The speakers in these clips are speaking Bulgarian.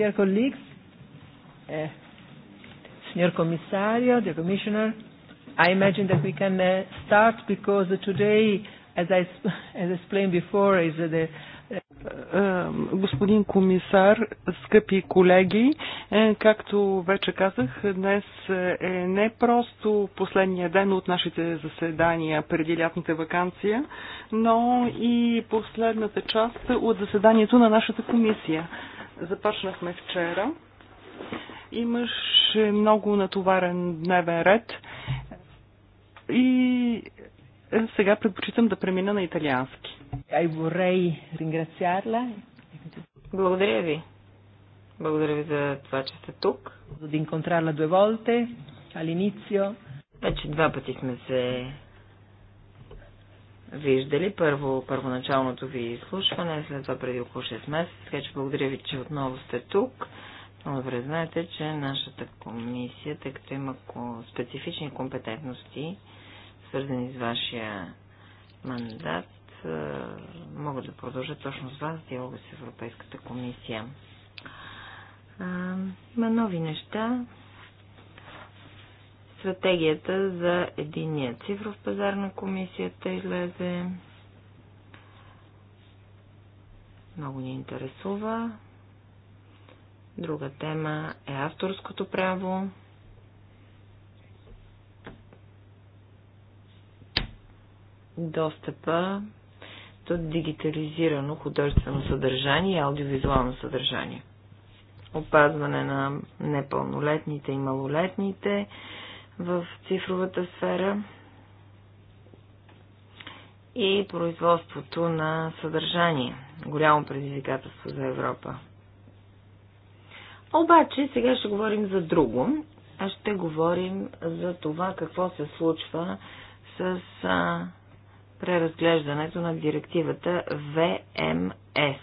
Dear colleagues, uh, eh, senior Commissario, dear Commissioner, I imagine that we can uh, start because today, as I, as explained before, is uh, the eh, Господин комисар, скъпи колеги, е, както вече казах, днес е не просто последния ден от нашите заседания преди лятната вакансия, но и последната част от заседанието на нашата комисия. Започнахме вчера. Имаш много натоварен дневен ред и сега предпочитам да премина на италиански. Благодаря ви. Благодаря ви за това, че сте тук. Да инконтрарла две волте, алиницио. Вече два пъти сме се виждали. Първо, първоначалното ви изслушване, след това преди около 6 месеца. Така че благодаря ви, че отново сте тук. Но добре знаете, че нашата комисия, тъй като има специфични компетентности, свързани с вашия мандат, могат да продължат точно с вас диалога с Европейската комисия. Има нови неща, стратегията за единния цифров пазар на комисията излезе. Много ни интересува. Друга тема е авторското право. Достъпа до дигитализирано художествено съдържание и аудиовизуално съдържание опазване на непълнолетните и малолетните, в цифровата сфера и производството на съдържание. Голямо предизвикателство за Европа. Обаче сега ще говорим за друго, а ще говорим за това какво се случва с а, преразглеждането на директивата ВМС.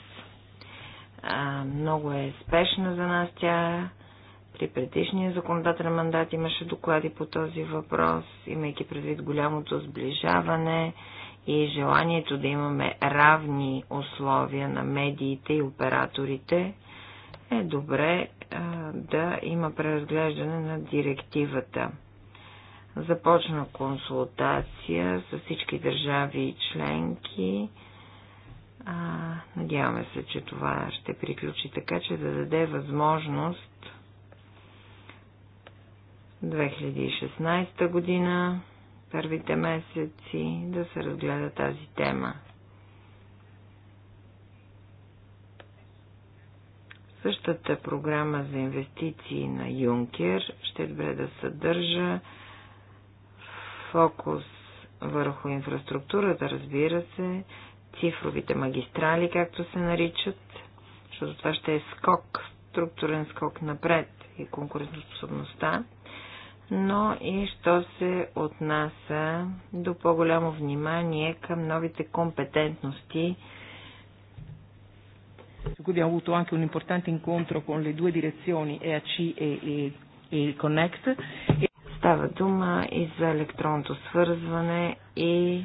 А, много е спешна за нас тя при предишния законодателен мандат имаше доклади по този въпрос, имайки предвид голямото сближаване и желанието да имаме равни условия на медиите и операторите, е добре а, да има преразглеждане на директивата. Започна консултация с всички държави и членки. А, надяваме се, че това ще приключи така, че да даде възможност 2016 година, първите месеци, да се разгледа тази тема. Същата програма за инвестиции на Юнкер ще добре да съдържа фокус върху инфраструктурата, разбира се, цифровите магистрали, както се наричат, защото това ще е скок, структурен скок напред и конкурентоспособността но и що се отнася до по-голямо внимание към новите компетентности. Su cui abbiamo avuto anche un importante incontro con le due direzioni EAC e, e, e Connect. Става дума и за електронното свързване и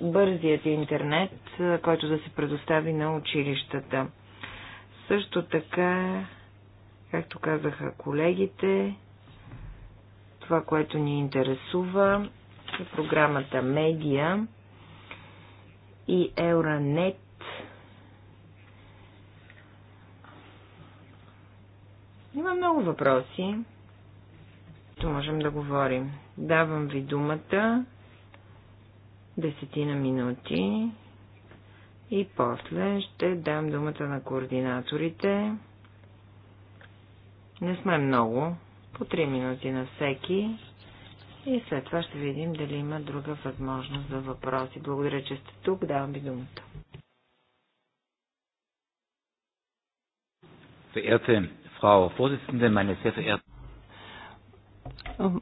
бързият интернет, който да се предостави на училищата. Също така, както казаха колегите, това, което ни интересува е програмата Медиа и Euronet. Има много въпроси. То можем да говорим. Давам ви думата. Десетина минути. И после ще дам думата на координаторите. Не сме много по 3 минути на всеки и след това ще видим дали има друга възможност за въпроси. Благодаря, че сте тук. Давам ви думата.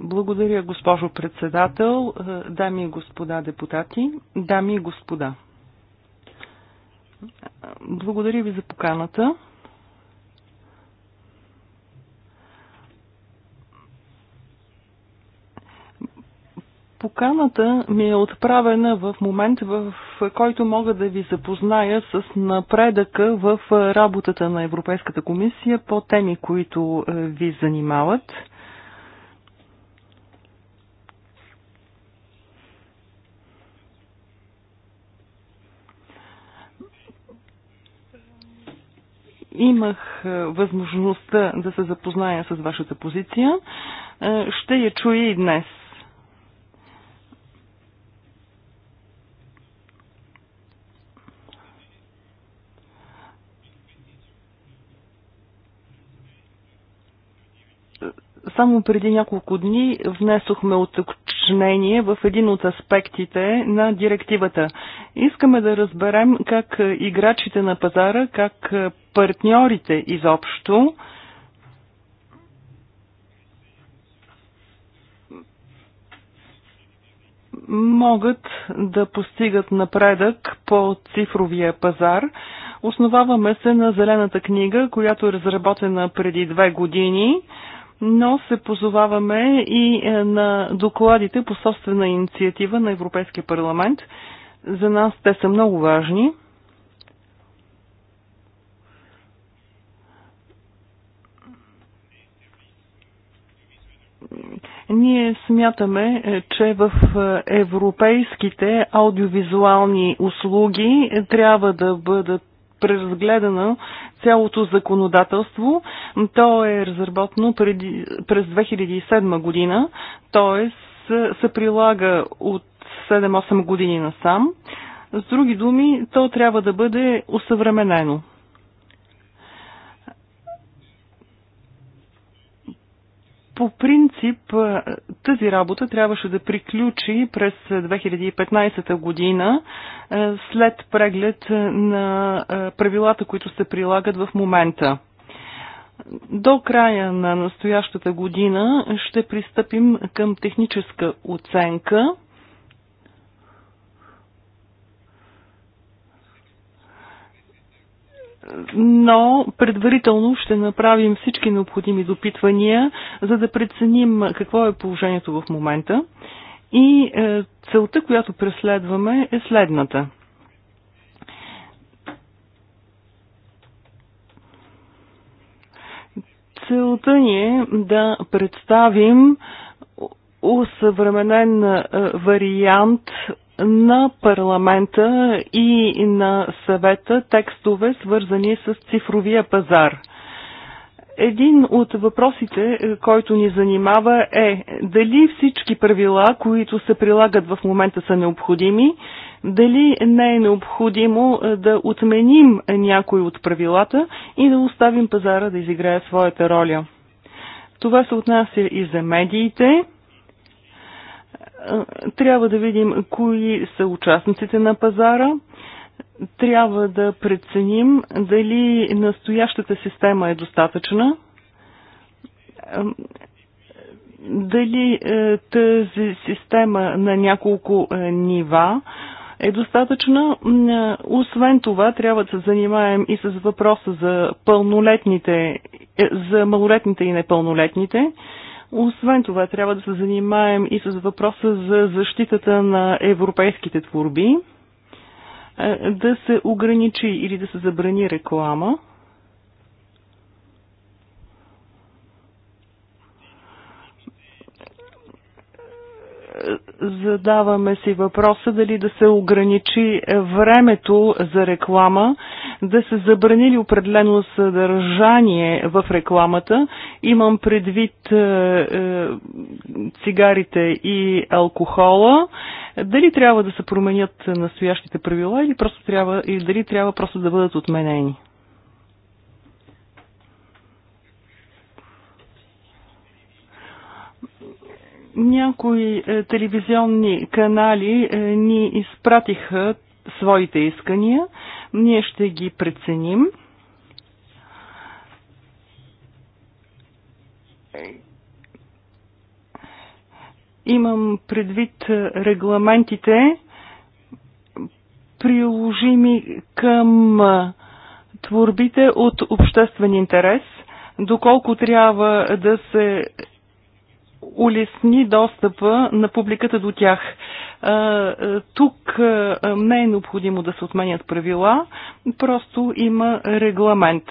благодаря, госпожо председател, дами и господа депутати, дами и господа. Благодаря ви за поканата. Поканата ми е отправена в момент, в който мога да ви запозная с напредъка в работата на Европейската комисия по теми, които е, ви занимават. имах е, възможността да се запозная с вашата позиция. Е, ще я чуя и днес. Само преди няколко дни внесохме уточнение в един от аспектите на директивата. Искаме да разберем как играчите на пазара, как партньорите изобщо, могат да постигат напредък по цифровия пазар. Основаваме се на Зелената книга, която е разработена преди две години но се позоваваме и е, на докладите по собствена инициатива на Европейския парламент. За нас те са много важни. Ние смятаме, е, че в е, европейските аудиовизуални услуги трябва да бъдат преразгледано цялото законодателство. То е разработено преди, през 2007 година, т.е. се прилага от 7-8 години насам. С други думи, то трябва да бъде усъвременено. По принцип тази работа трябваше да приключи през 2015 година след преглед на правилата, които се прилагат в момента. До края на настоящата година ще пристъпим към техническа оценка но предварително ще направим всички необходими допитвания, за да преценим какво е положението в момента. И е, целта, която преследваме, е следната. Целта ни е да представим усъвременен е, вариант на парламента и на съвета текстове, свързани с цифровия пазар. Един от въпросите, е, който ни занимава е дали всички правила, които се прилагат в момента са необходими, дали не е необходимо е, да отменим някои от правилата и да оставим пазара да изиграе своята роля. Това се отнася и за медиите, е, трябва да видим кои са участниците на пазара. Трябва да преценим дали настоящата система е достатъчна е, дали е, тази система на няколко нива е достатъчна. Освен това, трябва да се занимаем и с въпроса за пълнолетните, за малолетните и непълнолетните. Освен това, трябва да се занимаем и с въпроса за защитата на европейските творби, е, да се ограничи или да се забрани реклама, задаваме си въпроса дали да се ограничи времето за реклама, да се забрани определено съдържание в рекламата. Имам предвид е, е, цигарите и алкохола. Дали трябва да се променят настоящите правила или просто трябва, или дали трябва просто да бъдат отменени? Някои е, телевизионни канали е, ни изпратиха своите искания. Ние ще ги преценим. Имам предвид е, регламентите, приложими към творбите от обществен интерес, доколко трябва да се улесни достъпа на публиката до тях. Тук не е необходимо да се отменят правила, просто има регламент.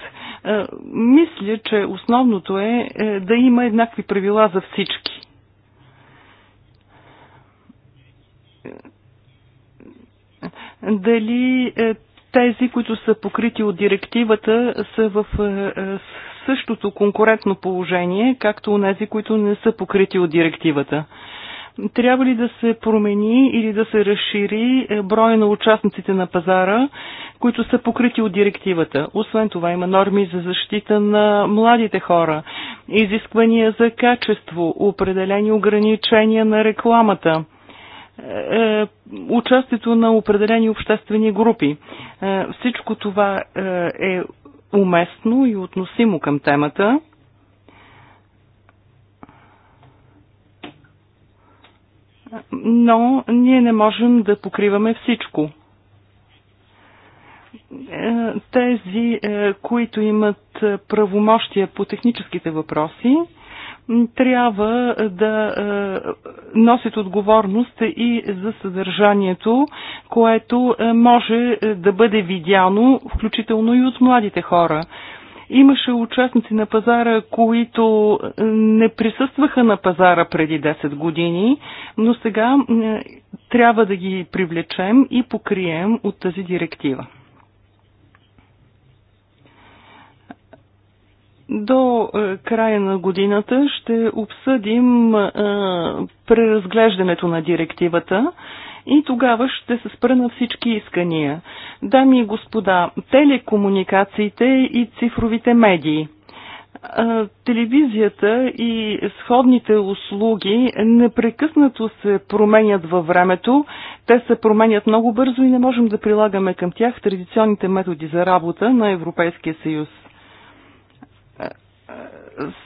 Мисля, че основното е, е да има еднакви правила за всички. Дали е, тези, които са покрити от директивата, са в е, същото конкурентно положение, както у нези, които не са покрити от директивата. Трябва ли да се промени или да се разшири е, броя на участниците на пазара, които са покрити от директивата? Освен това има норми за защита на младите хора, изисквания за качество, определени ограничения на рекламата е, е участието на определени обществени групи. Е, всичко това е, е уместно и относимо към темата. Но ние не можем да покриваме всичко. Е, тези, е, които имат правомощия по техническите въпроси, трябва да е, носят отговорност и за съдържанието, което е, може е, да бъде видяно, включително и от младите хора. Имаше участници на пазара, които не присъстваха на пазара преди 10 години, но сега трябва да ги привлечем и покрием от тази директива. До е, края на годината ще обсъдим е, преразглеждането на директивата и тогава ще се спра на всички искания. Дами и господа, телекомуникациите и цифровите медии. Е, телевизията и сходните услуги непрекъснато се променят във времето. Те се променят много бързо и не можем да прилагаме към тях традиционните методи за работа на Европейския съюз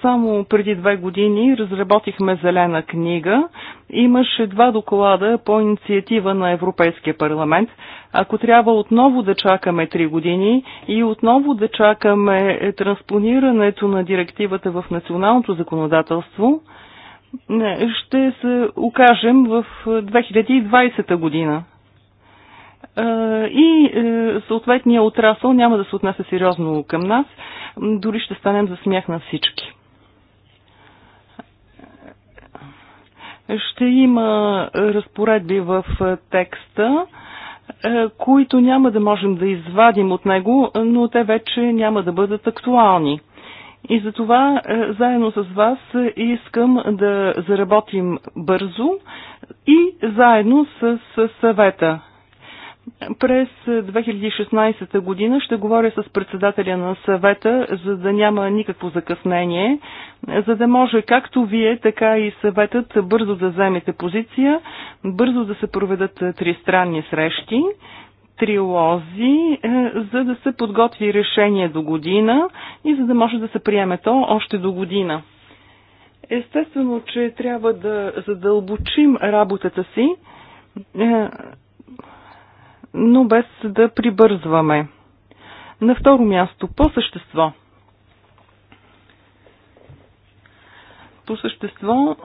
само преди две години разработихме зелена книга. Имаше два доклада по инициатива на Европейския парламент. Ако трябва отново да чакаме три години и отново да чакаме транспонирането на директивата в националното законодателство, ще се окажем в 2020 година и е, съответния отрасъл няма да се отнася сериозно към нас, дори ще станем за смях на всички. Ще има разпоредби в е, текста, е, които няма да можем да извадим от него, но те вече няма да бъдат актуални. И затова заедно с вас искам да заработим бързо и заедно с съвета. През 2016 година ще говоря с председателя на съвета, за да няма никакво закъснение, за да може както вие, така и съветът бързо да вземете позиция, бързо да се проведат тристранни срещи, трилози, е, за да се подготви решение до година и за да може да се приеме то още до година. Естествено, че трябва да задълбочим работата си, е, но без да прибързваме. На второ място, по същество. По същество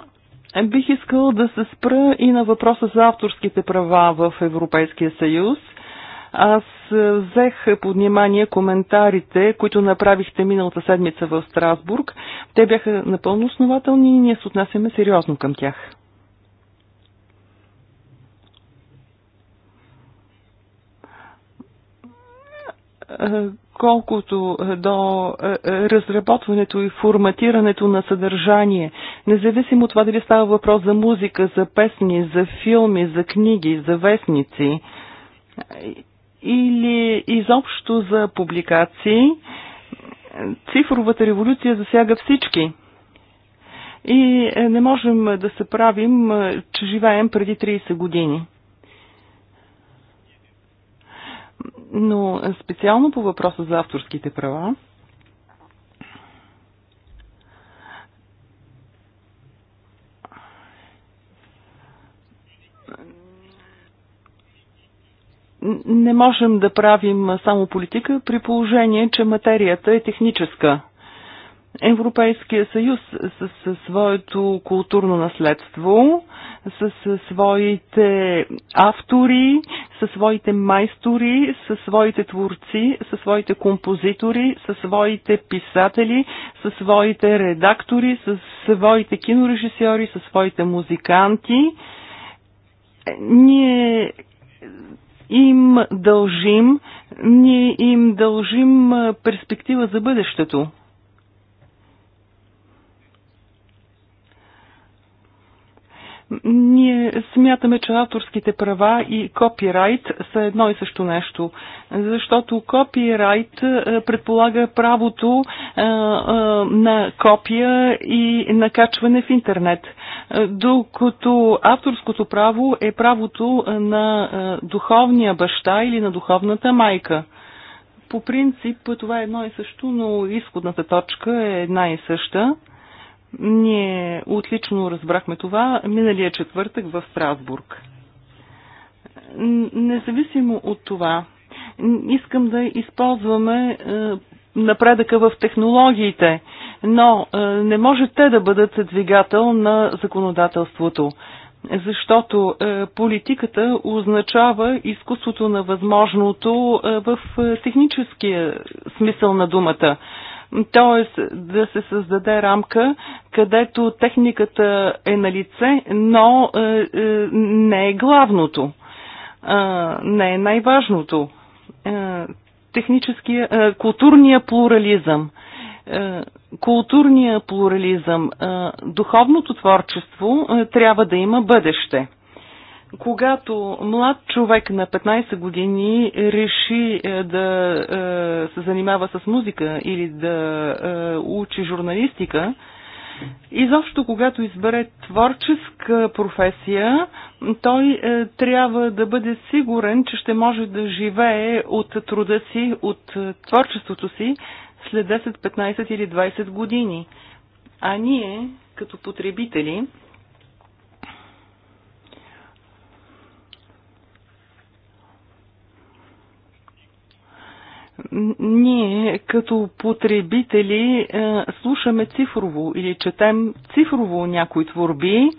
бих искала да се спра и на въпроса за авторските права в Европейския съюз. Аз е, взех под внимание коментарите, които направихте миналата седмица в Страсбург. Те бяха напълно основателни и ние се отнасяме сериозно към тях. колкото до е, е, разработването и форматирането на съдържание, независимо от това дали става въпрос за музика, за песни, за филми, за книги, за вестници или изобщо за публикации, цифровата революция засяга всички. И е, не можем да се правим, че живеем преди 30 години. Но специално по въпроса за авторските права, не можем да правим само политика при положение, че материята е техническа. Европейския съюз с, с своето културно наследство, с, с своите автори, със своите майстори, със своите творци, със своите композитори, със своите писатели, със своите редактори, със своите кинорежисьори, със своите музиканти. Ние им дължим, ние им дължим перспектива за бъдещето. Ние смятаме, че авторските права и копирайт са едно и също нещо, защото копирайт е, предполага правото е, е, на копия и накачване в интернет, докато авторското право е правото на духовния баща или на духовната майка. По принцип това е едно и също, но изходната точка е една и съща. Ние отлично разбрахме това миналия четвъртък в Страсбург. Независимо от това, искам да използваме е, напредъка в технологиите, но е, не може те да бъдат двигател на законодателството защото е, политиката означава изкуството на възможното в техническия смисъл на думата. Тоест да се създаде рамка, където техниката е на лице, но е, е, не е главното, е, не е най-важното. Техническия, културния плурализъм културния плурализъм, духовното творчество трябва да има бъдеще. Когато млад човек на 15 години реши е, да е, се занимава с музика или да е, учи журналистика, Изобщо, когато избере творческа професия, той е, трябва да бъде сигурен, че ще може да живее от труда си, от творчеството си след 10, 15 или 20 години. А ние, като потребители, ние като потребители е, слушаме цифрово или четем цифрово някои творби,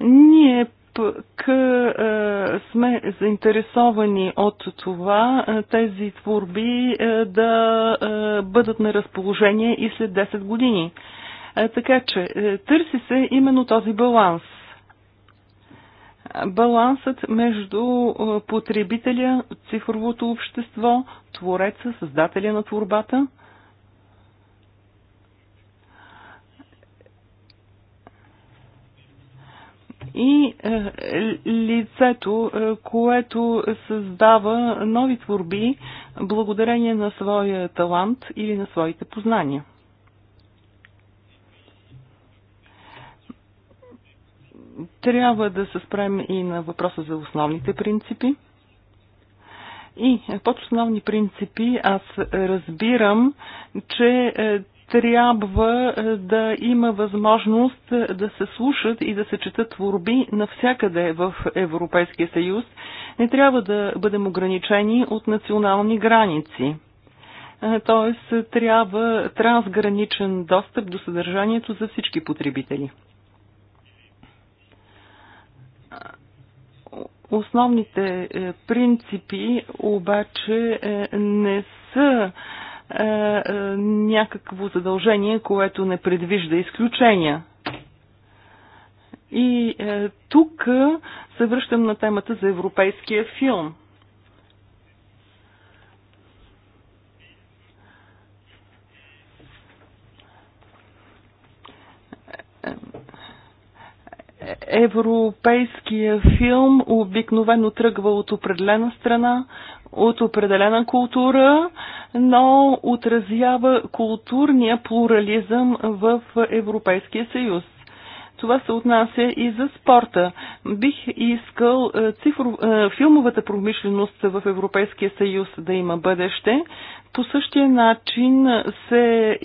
ние пък е, сме заинтересовани от това е, тези творби да бъдат на разположение и след 10 години. Така че търси се именно този баланс – балансът между потребителя, цифровото общество, твореца, създателя на творбата. И лицето, което създава нови творби благодарение на своя талант или на своите познания. трябва да се спрем и на въпроса за основните принципи. И под основни принципи аз разбирам, че е, трябва е, да има възможност е, да се слушат и да се четат творби навсякъде в Европейския съюз. Не трябва да бъдем ограничени от национални граници. Тоест трябва трансграничен достъп до съдържанието за всички потребители. Основните е, принципи обаче е, не са е, някакво задължение, което не предвижда изключения. И тук се връщам на темата за европейския филм. Европейския филм обикновено тръгва от определена страна, от определена култура, но отразява културния плурализъм в Европейския съюз. Това се отнася и за спорта. Бих искал е, цифров... Е, филмовата промишленост в Европейския съюз да има бъдеще. По същия начин се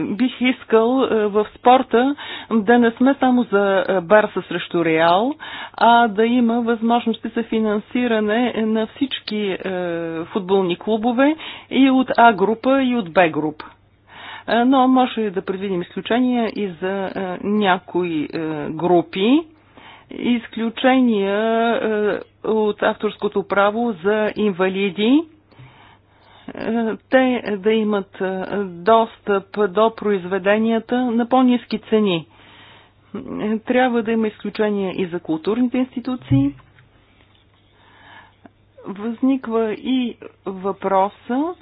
бих искал е, в спорта да не сме само за е, Барса срещу Реал, а да има възможности за финансиране на всички е, футболни клубове и от А група и от Б група. Но може да предвидим изключения и за някои групи изключения от авторското право за инвалиди, те да имат достъп до произведенията на по-низки цени. Трябва да има изключения и за културните институции. Възниква и въпроса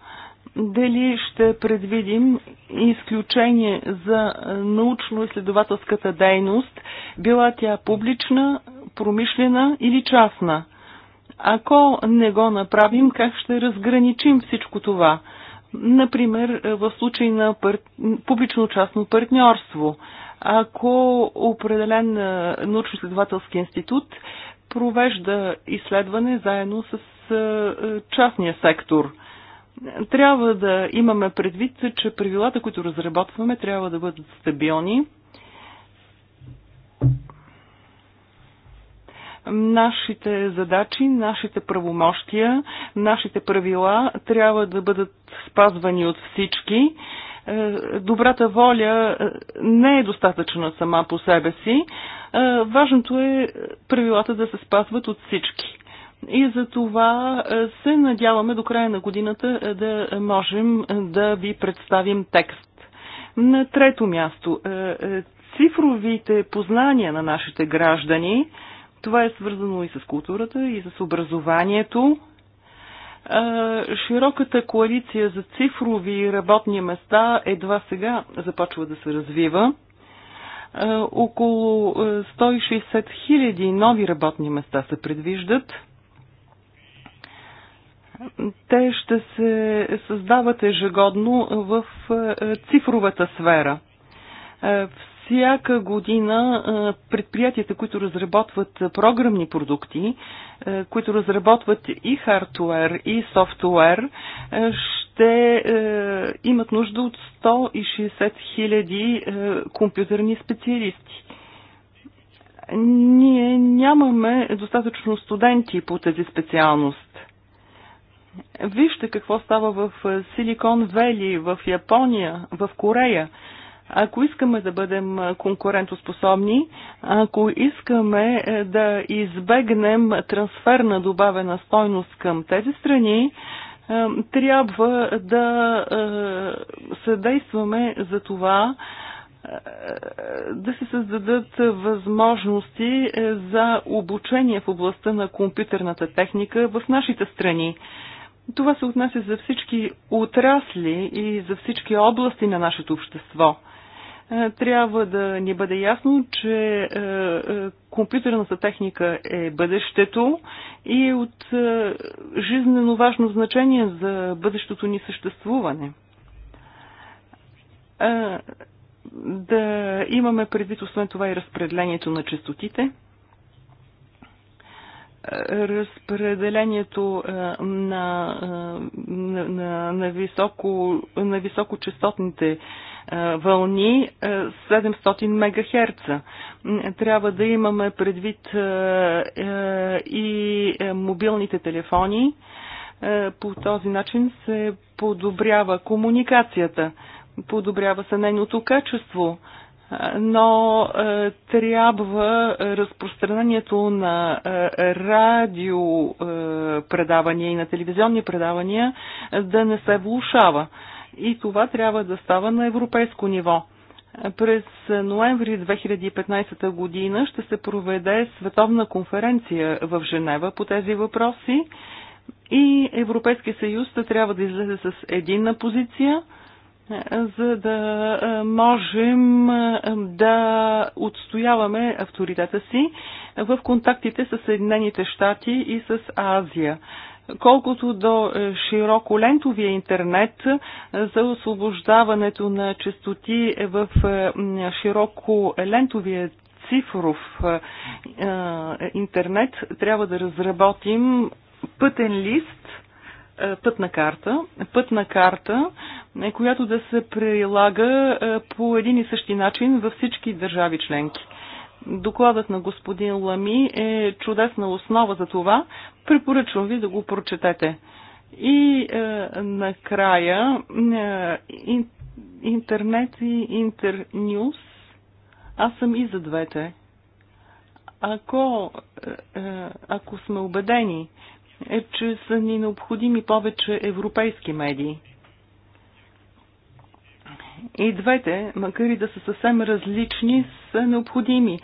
дали ще предвидим изключение за научно-изследователската дейност, била тя публична, промишлена или частна – ако не го направим, как ще разграничим всичко това? Например, е, в случай на пар... публично-частно партньорство, ако определен е, научно-следователски институт провежда изследване заедно с е, частния сектор, трябва да имаме предвид, че правилата, които разработваме, трябва да бъдат стабилни нашите задачи, нашите правомощия, нашите правила трябва да бъдат спазвани от всички. Е, добрата воля е, не е достатъчна сама по себе си. Е, важното е правилата да се спазват от всички. И за това се надяваме до края на годината да можем да ви представим текст. На трето място, цифровите познания на нашите граждани – това е свързано и с културата, и с образованието. Широката коалиция за цифрови работни места едва сега започва да се развива. Около 160 хиляди нови работни места се предвиждат. Те ще се създават ежегодно в цифровата сфера всяка година предприятията, които разработват програмни продукти, които разработват и хардуер, и софтуер, ще имат нужда от 160 хиляди компютърни специалисти. Ние нямаме достатъчно студенти по тази специалност. Вижте какво става в Силикон Вели, в Япония, в Корея. Ако искаме да бъдем конкурентоспособни, ако искаме е, да избегнем трансфер на добавена стойност към тези страни, е, трябва да е, съдействаме за това, да се създадат възможности за обучение в областта на компютърната техника в нашите страни. Това се отнася за всички отрасли и за всички области на нашето общество – е, трябва да ни бъде ясно, че е, е, компютърната техника е бъдещето и от жизнено важно значение за бъдещото ни съществуване. Да имаме предвид освен това и разпределението на частотите разпределението на, на, на, на високочастотните вълни 700 МГц. Трябва да имаме предвид и мобилните телефони. По този начин се подобрява комуникацията, подобрява се нейното качество, но трябва разпространението на радио предавания и на телевизионни предавания да не се влушава и това трябва да става на европейско ниво. През ноември 2015 година ще се проведе световна конференция в Женева по тези въпроси и Европейския съюз трябва да излезе с единна позиция, за да можем да отстояваме авторитета си в контактите с Съединените щати и с Азия. Колкото до е, широколентовия интернет е, за освобождаването на частоти е в широколентовия цифров интернет, трябва да разработим пътен лист, пътна карта, пътна карта, която да се прилага по един и същи начин във всички държави членки. Докладът на господин Лами е чудесна основа за това. Препоръчвам ви да го прочетете. И е, накрая е, интернет и интернюс. Аз съм и за двете. Ако, е, е, ако сме убедени, е, че са ни необходими повече европейски медии – и двете, макар и да са съвсем различни, са необходими.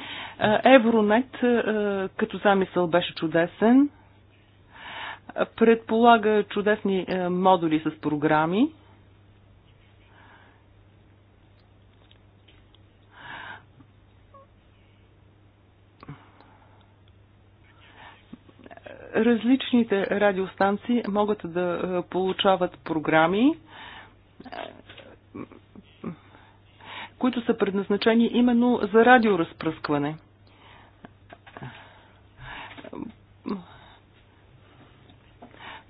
Евронет като замисъл беше чудесен. Предполага чудесни модули с програми. Различните радиостанции могат да получават програми които са предназначени именно за радиоразпръскване.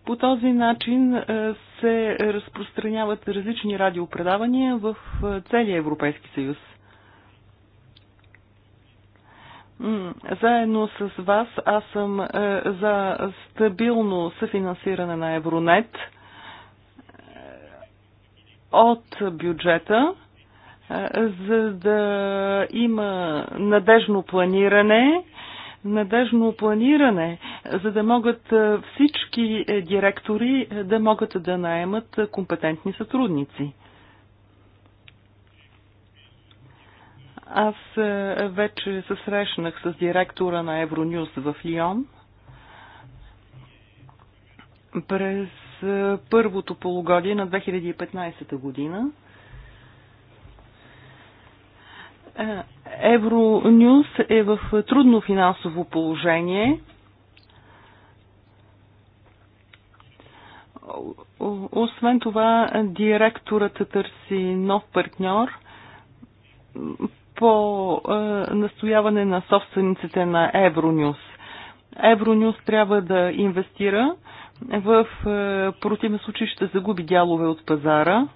По този начин е, се разпространяват различни радиопредавания в е, целия Европейски съюз. Заедно с вас аз съм е, за стабилно съфинансиране на Евронет от бюджета за да има надежно планиране, надежно планиране, за да могат всички е, директори е, да могат да наемат е, компетентни сътрудници. Аз вече се срещнах с директора на Евронюс в Лион. През първото полугодие на 2015 година Евронюс е в трудно финансово положение. Освен това, директорът търси нов партньор по е, настояване на собствениците на Евронюс. Евронюс трябва да инвестира, в е, противен случай ще загуби дялове от пазара.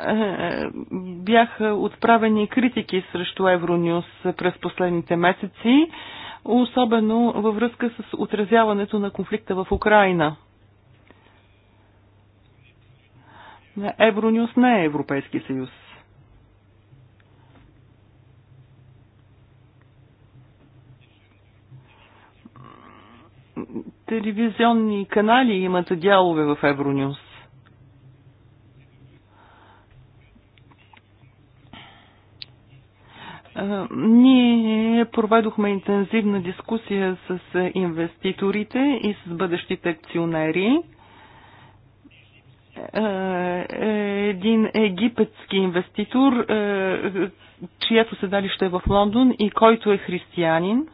Е, бяха отправени критики срещу Евронюс през последните месеци, особено във връзка с отразяването на конфликта в Украина. Евронюс не е Европейски съюз. Телевизионни канали имат дялове в Евронюс. Е, ние проведохме интензивна дискусия с инвеститорите и с бъдещите акционери. Е, е, един египетски инвеститор, чието седалище е в Лондон и който е християнин,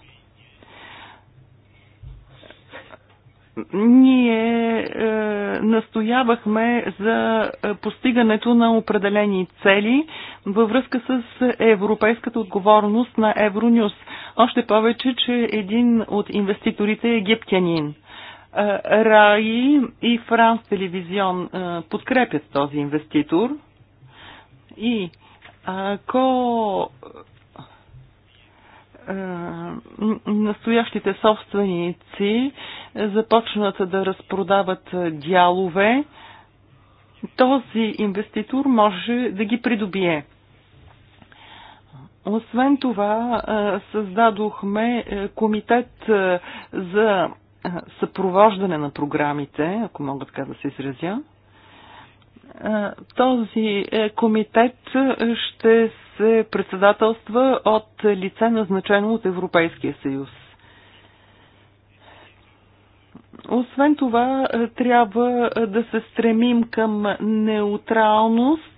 ние е, настоявахме за постигането на определени цели във връзка с европейската отговорност на Евронюс. Още повече, че един от инвеститорите е египтянин. Е, РАИ и Франс Телевизион е, подкрепят този инвеститор. И ако настоящите собственици започнат да разпродават дялове, този инвеститор може да ги придобие. Освен това, създадохме комитет за съпровождане на програмите, ако мога така да се изразя. Е, този е, комитет ще се председателства от лице назначено от Европейския съюз. Освен това, е, трябва да се стремим към неутралност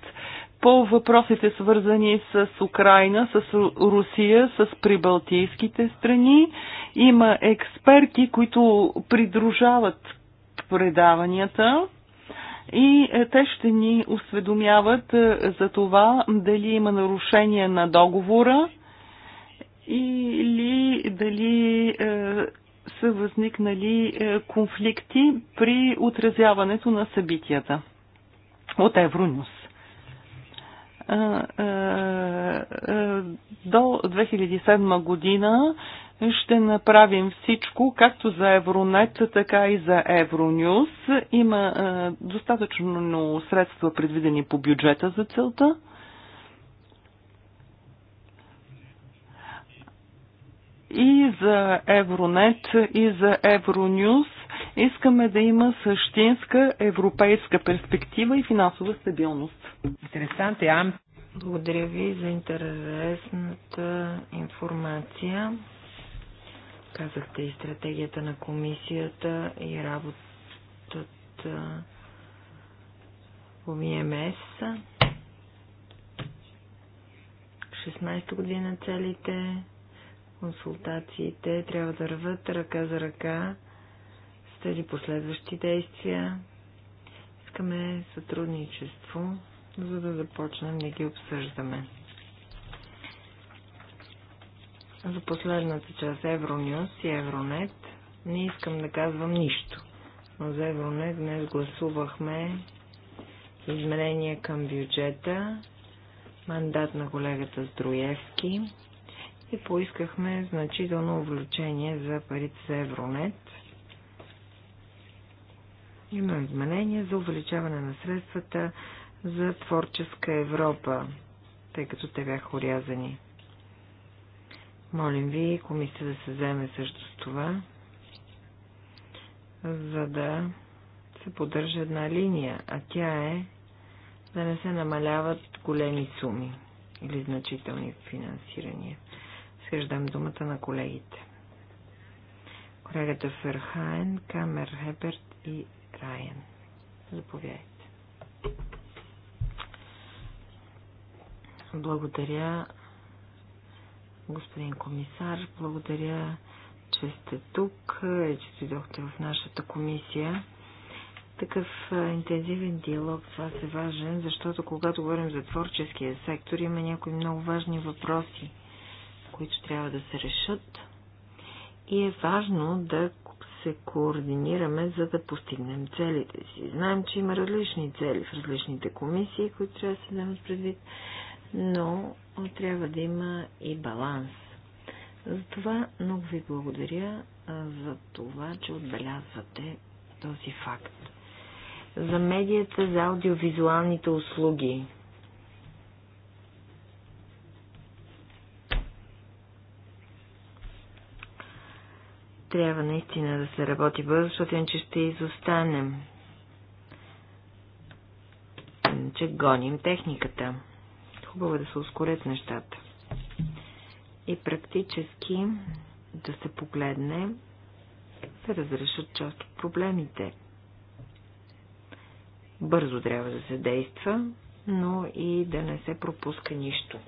по въпросите свързани с Украина, с Русия, с прибалтийските страни. Има експерти, които придружават предаванията и е, те ще ни осведомяват е, за това дали има нарушение на договора или дали е, са възникнали конфликти при отразяването на събитията от Евронюс. До 2007 година ще направим всичко, както за Евронет, така и за Евронюс. Има е, достатъчно средства предвидени по бюджета за целта. И за Евронет, и за Евронюс искаме да има същинска европейска перспектива и финансова стабилност. Интересанте, Ам. Благодаря ви за интересната информация. Казахте и стратегията на комисията и работата по МИМС. 16 та година целите, консултациите трябва да рват ръка за ръка с тези последващи действия. Искаме сътрудничество, за да започнем да ги обсъждаме. за последната част Евронюс и Евронет не искам да казвам нищо. Но за Евронет днес гласувахме изменения към бюджета, мандат на колегата Здроевски и поискахме значително увлечение за парите за Евронет. Има изменение за увеличаване на средствата за творческа Европа, тъй като те бяха урязани. Молим ви комисията да се вземе също с това, за да се поддържа една линия, а тя е да не се намаляват големи суми или значителни финансирания. Съждам думата на колегите. Колегата Ферхайн, Камер Хеберт и Райен. Заповядайте. Благодаря Господин комисар, благодаря, че сте тук, че дойдохте в нашата комисия. Такъв интензивен диалог с вас е важен, защото когато говорим за творческия сектор, има някои много важни въпроси, които трябва да се решат. И е важно да се координираме, за да постигнем целите си. Знаем, че има различни цели в различните комисии, които трябва да се вземат предвид но трябва да има и баланс. Затова много ви благодаря за това, че отбелязвате този факт. За медията за аудиовизуалните услуги. Трябва наистина да се работи бързо, защото иначе ще изостанем. Че гоним техниката. Хубаво е да се ускорят нещата. И практически да се погледне, се разрешат част от проблемите. Бързо трябва да се действа, но и да не се пропуска нищо.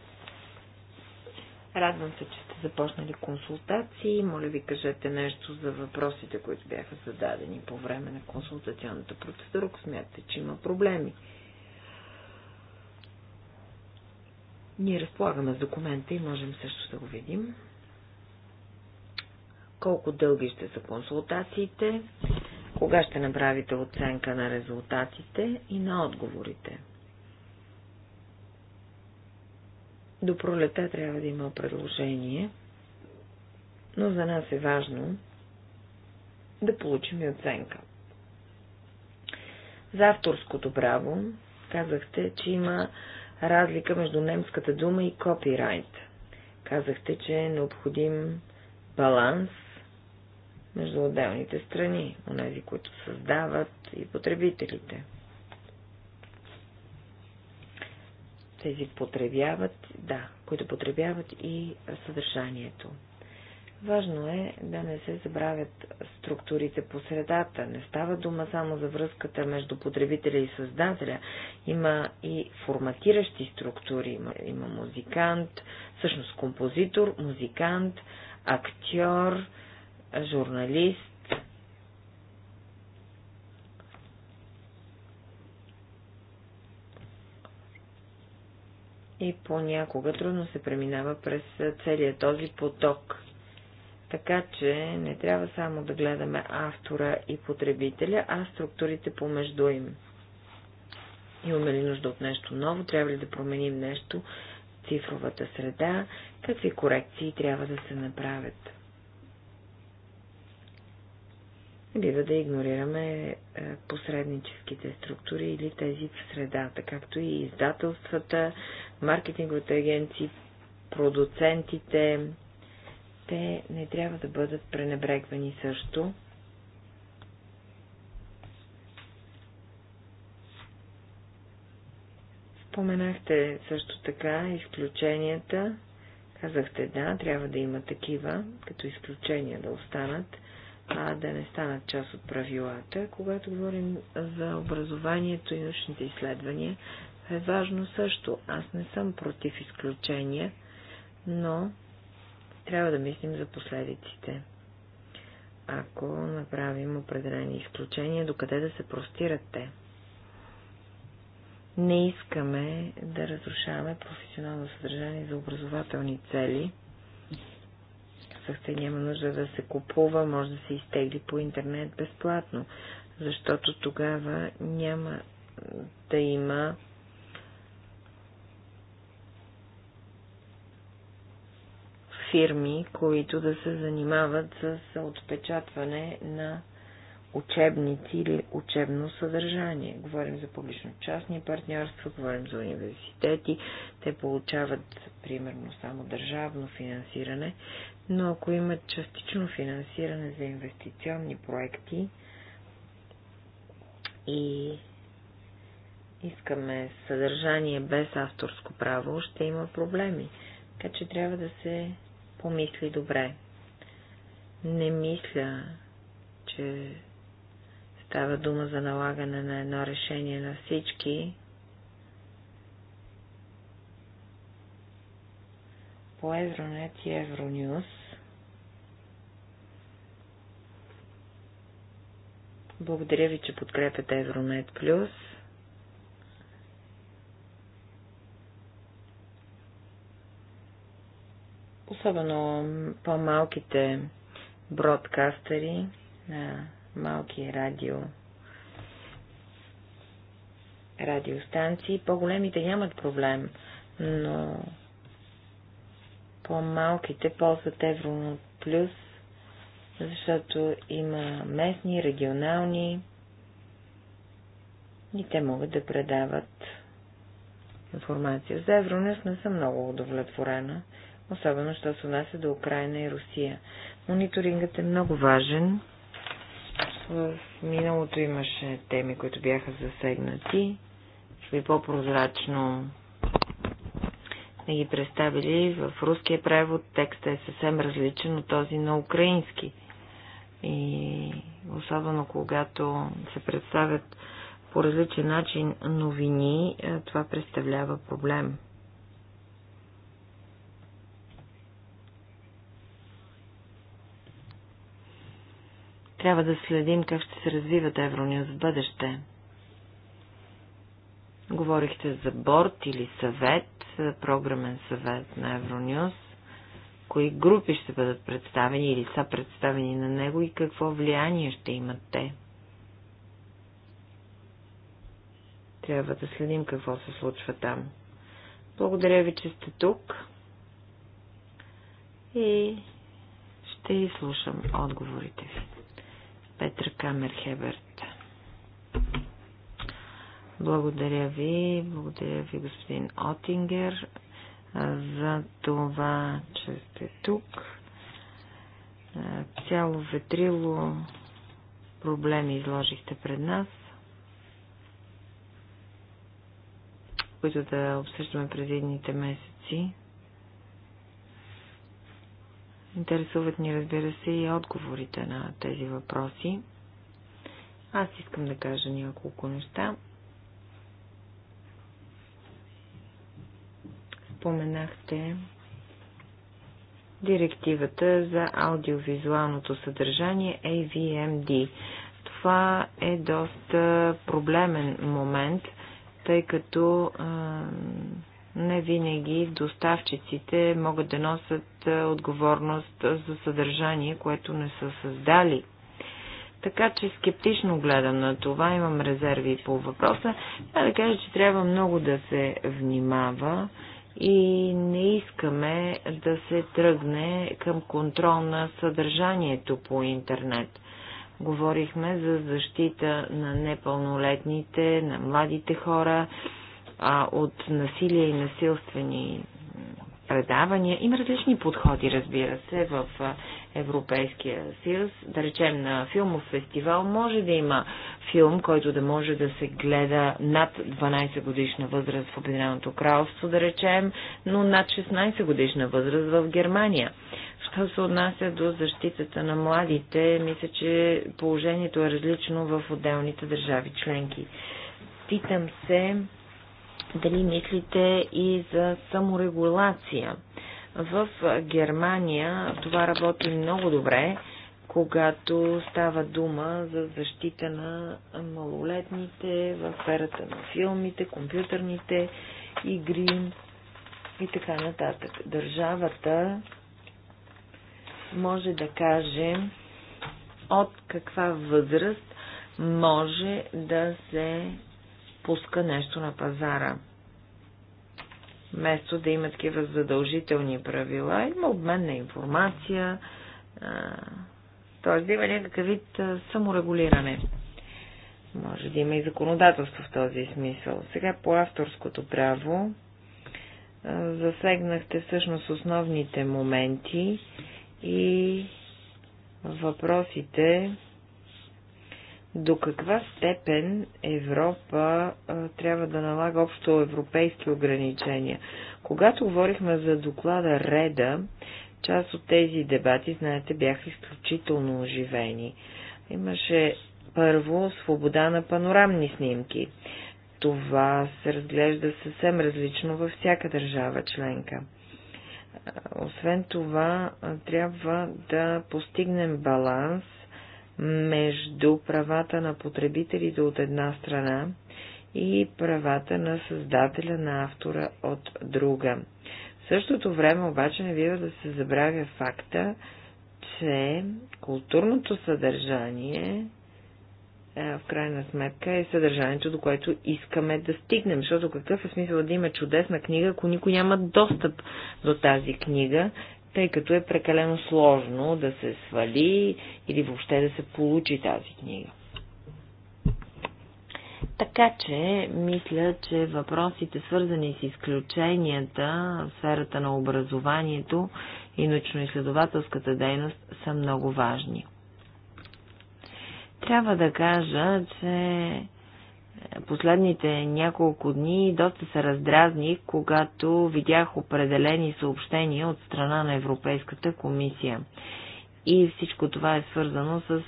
Радвам се, че сте започнали консултации. Моля ви кажете нещо за въпросите, които бяха зададени по време на консултационната процедура, ако смятате, че има проблеми. Ние разполагаме с документа и можем също да го видим. Колко дълги ще са консултациите, кога ще направите оценка на резултатите и на отговорите. До пролета трябва да има предложение, но за нас е важно да получим и оценка. За авторското право казахте, че има разлика между немската дума и копирайт. Казахте, че е необходим баланс между отделните страни, онези, които създават и потребителите. Тези потребяват, да, които потребяват и съдържанието. Важно е да не се забравят структурите по средата. Не става дума само за връзката между потребителя и създателя. Има и форматиращи структури. Има, има музикант, всъщност композитор, музикант, актьор, журналист. и понякога трудно се преминава през целия този поток. Така че не трябва само да гледаме автора и потребителя, а структурите помежду им. Имаме ли нужда от нещо ново? Трябва ли да променим нещо в цифровата среда? Какви корекции трябва да се направят? бива да игнорираме е, посредническите структури или тези в средата, както и издателствата, маркетинговите агенции, продуцентите, те не трябва да бъдат пренебрегвани също. Споменахте също така изключенията. Казахте да, трябва да има такива, като изключения да останат, а да не станат част от правилата. Когато говорим за образованието и научните изследвания, е важно също. Аз не съм против изключения, но трябва да мислим за последиците. Ако направим определени изключения, докъде да се простират те? Не искаме да разрушаваме професионално съдържание за образователни цели. Съхте няма нужда да се купува, може да се изтегли по интернет безплатно, защото тогава няма да има фирми, които да се занимават с отпечатване на учебници или учебно съдържание. Говорим за публично-частни партньорства, говорим за университети. Те получават, примерно, само държавно финансиране, но ако имат частично финансиране за инвестиционни проекти и искаме съдържание без авторско право, ще има проблеми. Така че трябва да се помисли добре. Не мисля, че става дума за налагане на едно решение на всички. По Евронет и Евронюс Благодаря ви, че подкрепяте Евронет Плюс. особено по-малките бродкастери на малки радио радиостанции. По-големите нямат проблем, но по-малките ползват Евро Плюс, защото има местни, регионални и те могат да предават информация. За Евронес не съм много удовлетворена особено, що се отнася до Украина и Русия. Мониторингът е много важен. В миналото имаше теми, които бяха засегнати. ви по-прозрачно не ги представили в руския превод. Текстът е съвсем различен от този на украински. И особено когато се представят по различен начин новини, е, това представлява проблем. Трябва да следим как ще се развиват Евронюс в бъдеще. Говорихте за борт или съвет, програмен съвет на Евронюс. Кои групи ще бъдат представени или са представени на него и какво влияние ще имат те? Трябва да следим какво се случва там. Благодаря ви, че сте тук и ще изслушам отговорите ви. Петра Камерхеберт. Благодаря ви, благодаря ви, господин Отингер, за това, че сте тук. Цяло ветрило проблеми изложихте пред нас, които да обсъждаме през едните месеци. Интересуват ни, разбира се, и отговорите на тези въпроси. Аз искам да кажа няколко неща. Споменахте директивата за аудиовизуалното съдържание AVMD. Това е доста проблемен момент, тъй като не винаги доставчиците могат да носят е, отговорност за съдържание, което не са създали. Така че скептично гледам на това, имам резерви по въпроса. Трябва да кажа, че трябва много да се внимава и не искаме да се тръгне към контрол на съдържанието по интернет. Говорихме за защита на непълнолетните, на младите хора, а, от насилие и насилствени предавания. Има различни подходи, разбира се, в Европейския съюз. Да речем на филмов фестивал може да има филм, който да може да се гледа над 12 годишна възраст в Обединеното кралство, да речем, но над 16 годишна възраст в Германия. Що се отнася до защитата на младите, мисля, че положението е различно в отделните държави членки. Питам се, дали мислите и за саморегулация. В Германия това работи много добре, когато става дума за защита на малолетните в сферата на филмите, компютърните игри и така нататък. Държавата може да каже от каква възраст може да се пуска нещо на пазара. Вместо да има такива задължителни правила, има обмен на информация, т.е. да има някакъв вид саморегулиране. Може да има и законодателство в този смисъл. Сега по авторското право засегнахте всъщност основните моменти и въпросите, до каква степен Европа а, трябва да налага общо европейски ограничения. Когато говорихме за доклада Реда, част от тези дебати, знаете, бяха изключително оживени. Имаше първо свобода на панорамни снимки. Това се разглежда съвсем различно във всяка държава членка. Освен това, трябва да постигнем баланс между правата на потребителите от една страна и правата на създателя на автора от друга. В същото време обаче не бива да се забравя факта, че културното съдържание е, в крайна сметка е съдържанието, до което искаме да стигнем. Защото какъв е смисъл да има чудесна книга, ако никой няма достъп до тази книга тъй като е прекалено сложно да се свали или въобще да се получи тази книга. Така че, мисля, че въпросите, свързани с изключенията в сферата на образованието и научно-изследователската дейност, са много важни. Трябва да кажа, че последните няколко дни доста се раздразних, когато видях определени съобщения от страна на Европейската комисия. И всичко това е свързано с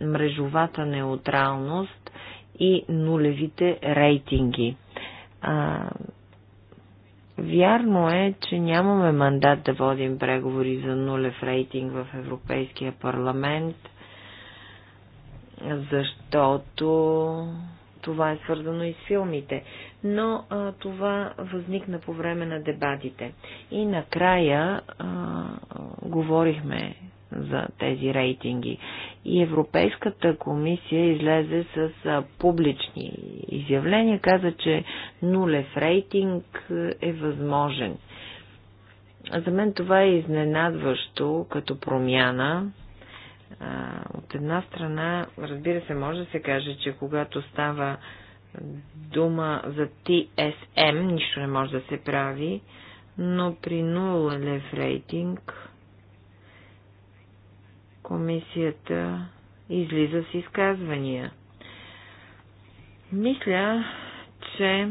мрежовата неутралност и нулевите рейтинги. А, вярно е, че нямаме мандат да водим преговори за нулев рейтинг в Европейския парламент, защото това е свързано и с филмите, но а, това възникна по време на дебатите. И накрая а, говорихме за тези рейтинги. И Европейската комисия излезе с а, публични изявления, каза, че нулев рейтинг е възможен. За мен това е изненадващо като промяна, от една страна, разбира се, може да се каже, че когато става дума за TSM, нищо не може да се прави, но при 0 лев рейтинг комисията излиза с изказвания. Мисля, че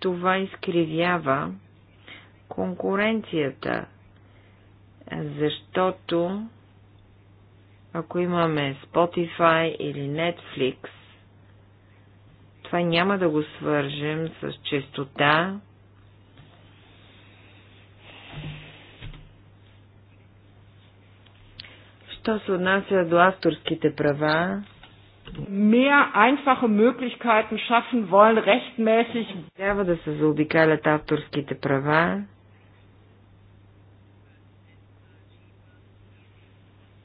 това изкривява конкуренцията, защото ако имаме Spotify или Netflix, това няма да го свържем с честота, що се отнася до авторските права, Mehr einfache Möglichkeiten schaffen wollen rechtmäßig. Трябва да се заобикалят авторските права.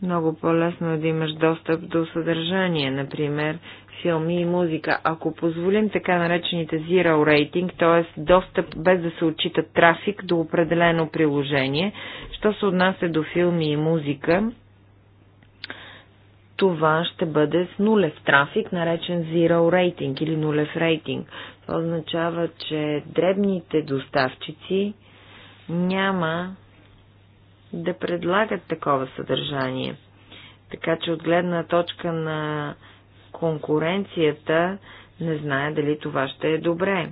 Много по-лесно е да имаш достъп до съдържание, например филми и музика. Ако позволим така наречените zero rating, т.е. достъп без да се отчита трафик до определено приложение, що се отнася до филми и музика, това ще бъде с нулев трафик, наречен zero rating или нулев рейтинг. Това означава, че дребните доставчици няма да предлагат такова съдържание. Така че от гледна точка на конкуренцията не зная дали това ще е добре.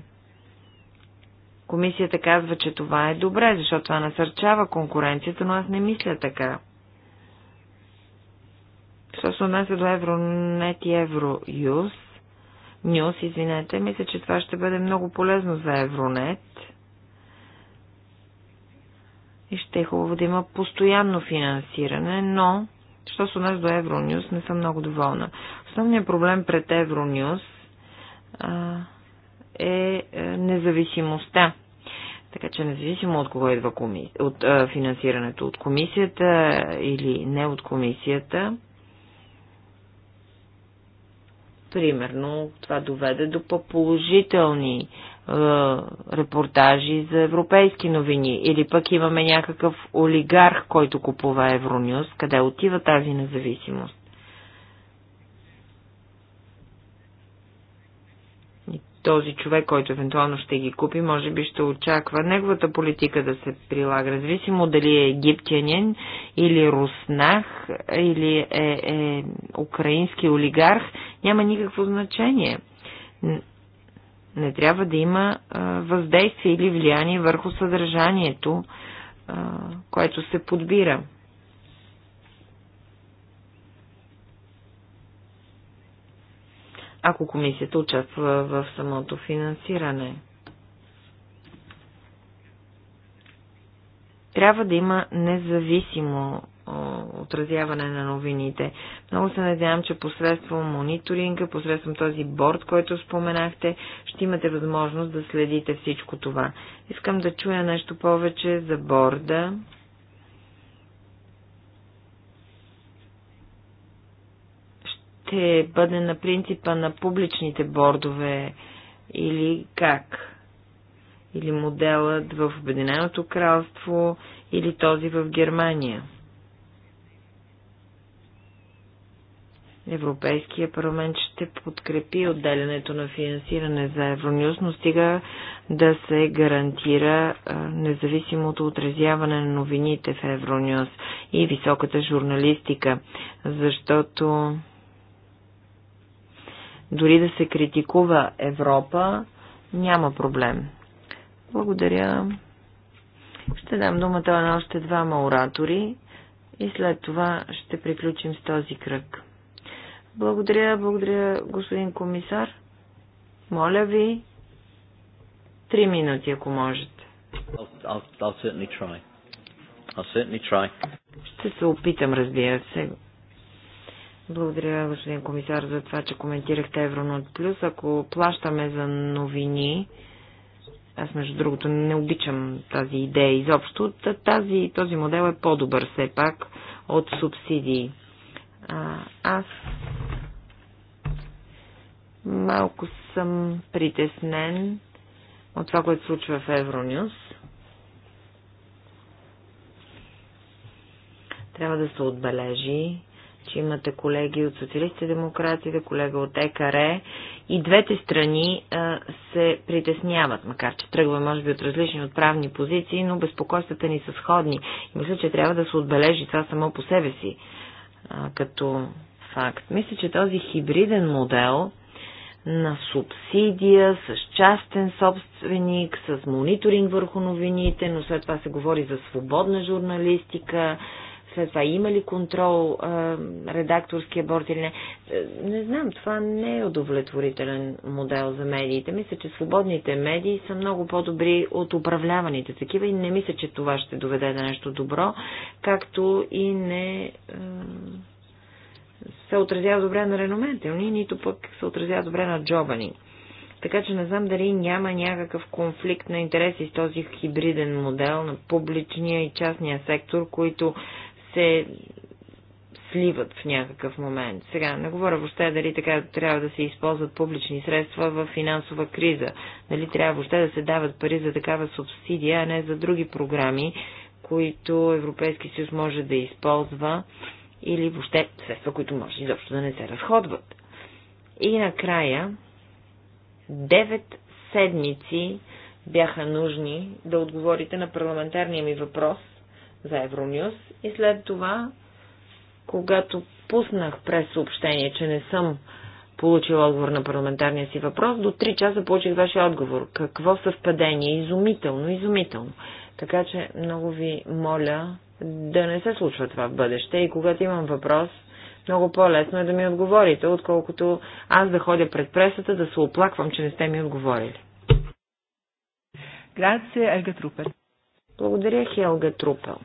Комисията казва, че това е добре, защото това насърчава конкуренцията, но аз не мисля така. Що се отнася до Евронет и Евроюз, Нюс, извинете, мисля, че това ще бъде много полезно за Евронет – и ще е хубаво да има постоянно финансиране, но, що се нас до Евронюс, не съм много доволна. Основният проблем пред Евронюс е, е независимостта. Така че независимо от кого идва коми... от, а, финансирането, от комисията или не от комисията, примерно това доведе до по-положителни е, репортажи за европейски новини. Или пък имаме някакъв олигарх, който купува Евронюс. Къде отива тази независимост? И този човек, който евентуално ще ги купи, може би ще очаква неговата политика да се прилага, независимо дали е египтянин или руснах или е, е украински олигарх, няма никакво значение не трябва да има въздействие или влияние върху съдържанието, което се подбира. ако комисията участва в самото финансиране. Трябва да има независимо отразяване на новините. Много се надявам, че посредством мониторинга, посредством този борт, който споменахте, ще имате възможност да следите всичко това. Искам да чуя нещо повече за борда. Ще бъде на принципа на публичните бордове или как? Или моделът в Обединеното кралство, или този в Германия? Европейския парламент ще подкрепи отделянето на финансиране за Евронюс, но стига да се гарантира независимото отразяване на новините в Евронюс и високата журналистика, защото дори да се критикува Европа, няма проблем. Благодаря. Ще дам думата на още двама оратори и след това ще приключим с този кръг. Благодаря, благодаря, господин комисар. Моля ви, три минути, ако можете. I'll, I'll, I'll Ще се опитам, разбира се. Благодаря, господин комисар, за това, че коментирахте Евронот Плюс. Ако плащаме за новини, аз между другото не обичам тази идея изобщо, тази, този модел е по-добър все пак от субсидии. А, аз Малко съм притеснен от това, което случва в Евронюс. Трябва да се отбележи, че имате колеги от социалистите демократите, колега от ЕКАРЕ и двете страни а, се притесняват, макар че тръгваме може би от различни отправни позиции, но безпокойствата ни са сходни. И мисля, че трябва да се отбележи това само по себе си а, като факт. Мисля, че този хибриден модел на субсидия, с частен собственик, с мониторинг върху новините, но след това се говори за свободна журналистика, след това има ли контрол е, редакторския борт или не. Е, не знам, това не е удовлетворителен модел за медиите. Мисля, че свободните медии са много по-добри от управляваните такива и не мисля, че това ще доведе до нещо добро, както и не. Е се отразява добре на реномента ни, нито пък се отразява добре на джоба ни. Така че не знам дали няма някакъв конфликт на интереси с този хибриден модел на публичния и частния сектор, които се сливат в някакъв момент. Сега не говоря въобще дали така трябва да се използват публични средства в финансова криза, дали трябва въобще да се дават пари за такава субсидия, а не за други програми, които Европейски съюз може да използва или въобще средства, които може изобщо да не се разходват. И накрая, 9 седмици бяха нужни да отговорите на парламентарния ми въпрос за Евронюс и след това, когато пуснах през съобщение, че не съм получила отговор на парламентарния си въпрос, до 3 часа получих вашия отговор. Какво съвпадение? Изумително, изумително. Така че много ви моля да не се случва това в бъдеще и когато имам въпрос, много по-лесно е да ми отговорите, отколкото аз да ходя пред пресата да се оплаквам, че не сте ми отговорили. Грация, Елга Трупел. Благодаря, Хелга Трупел.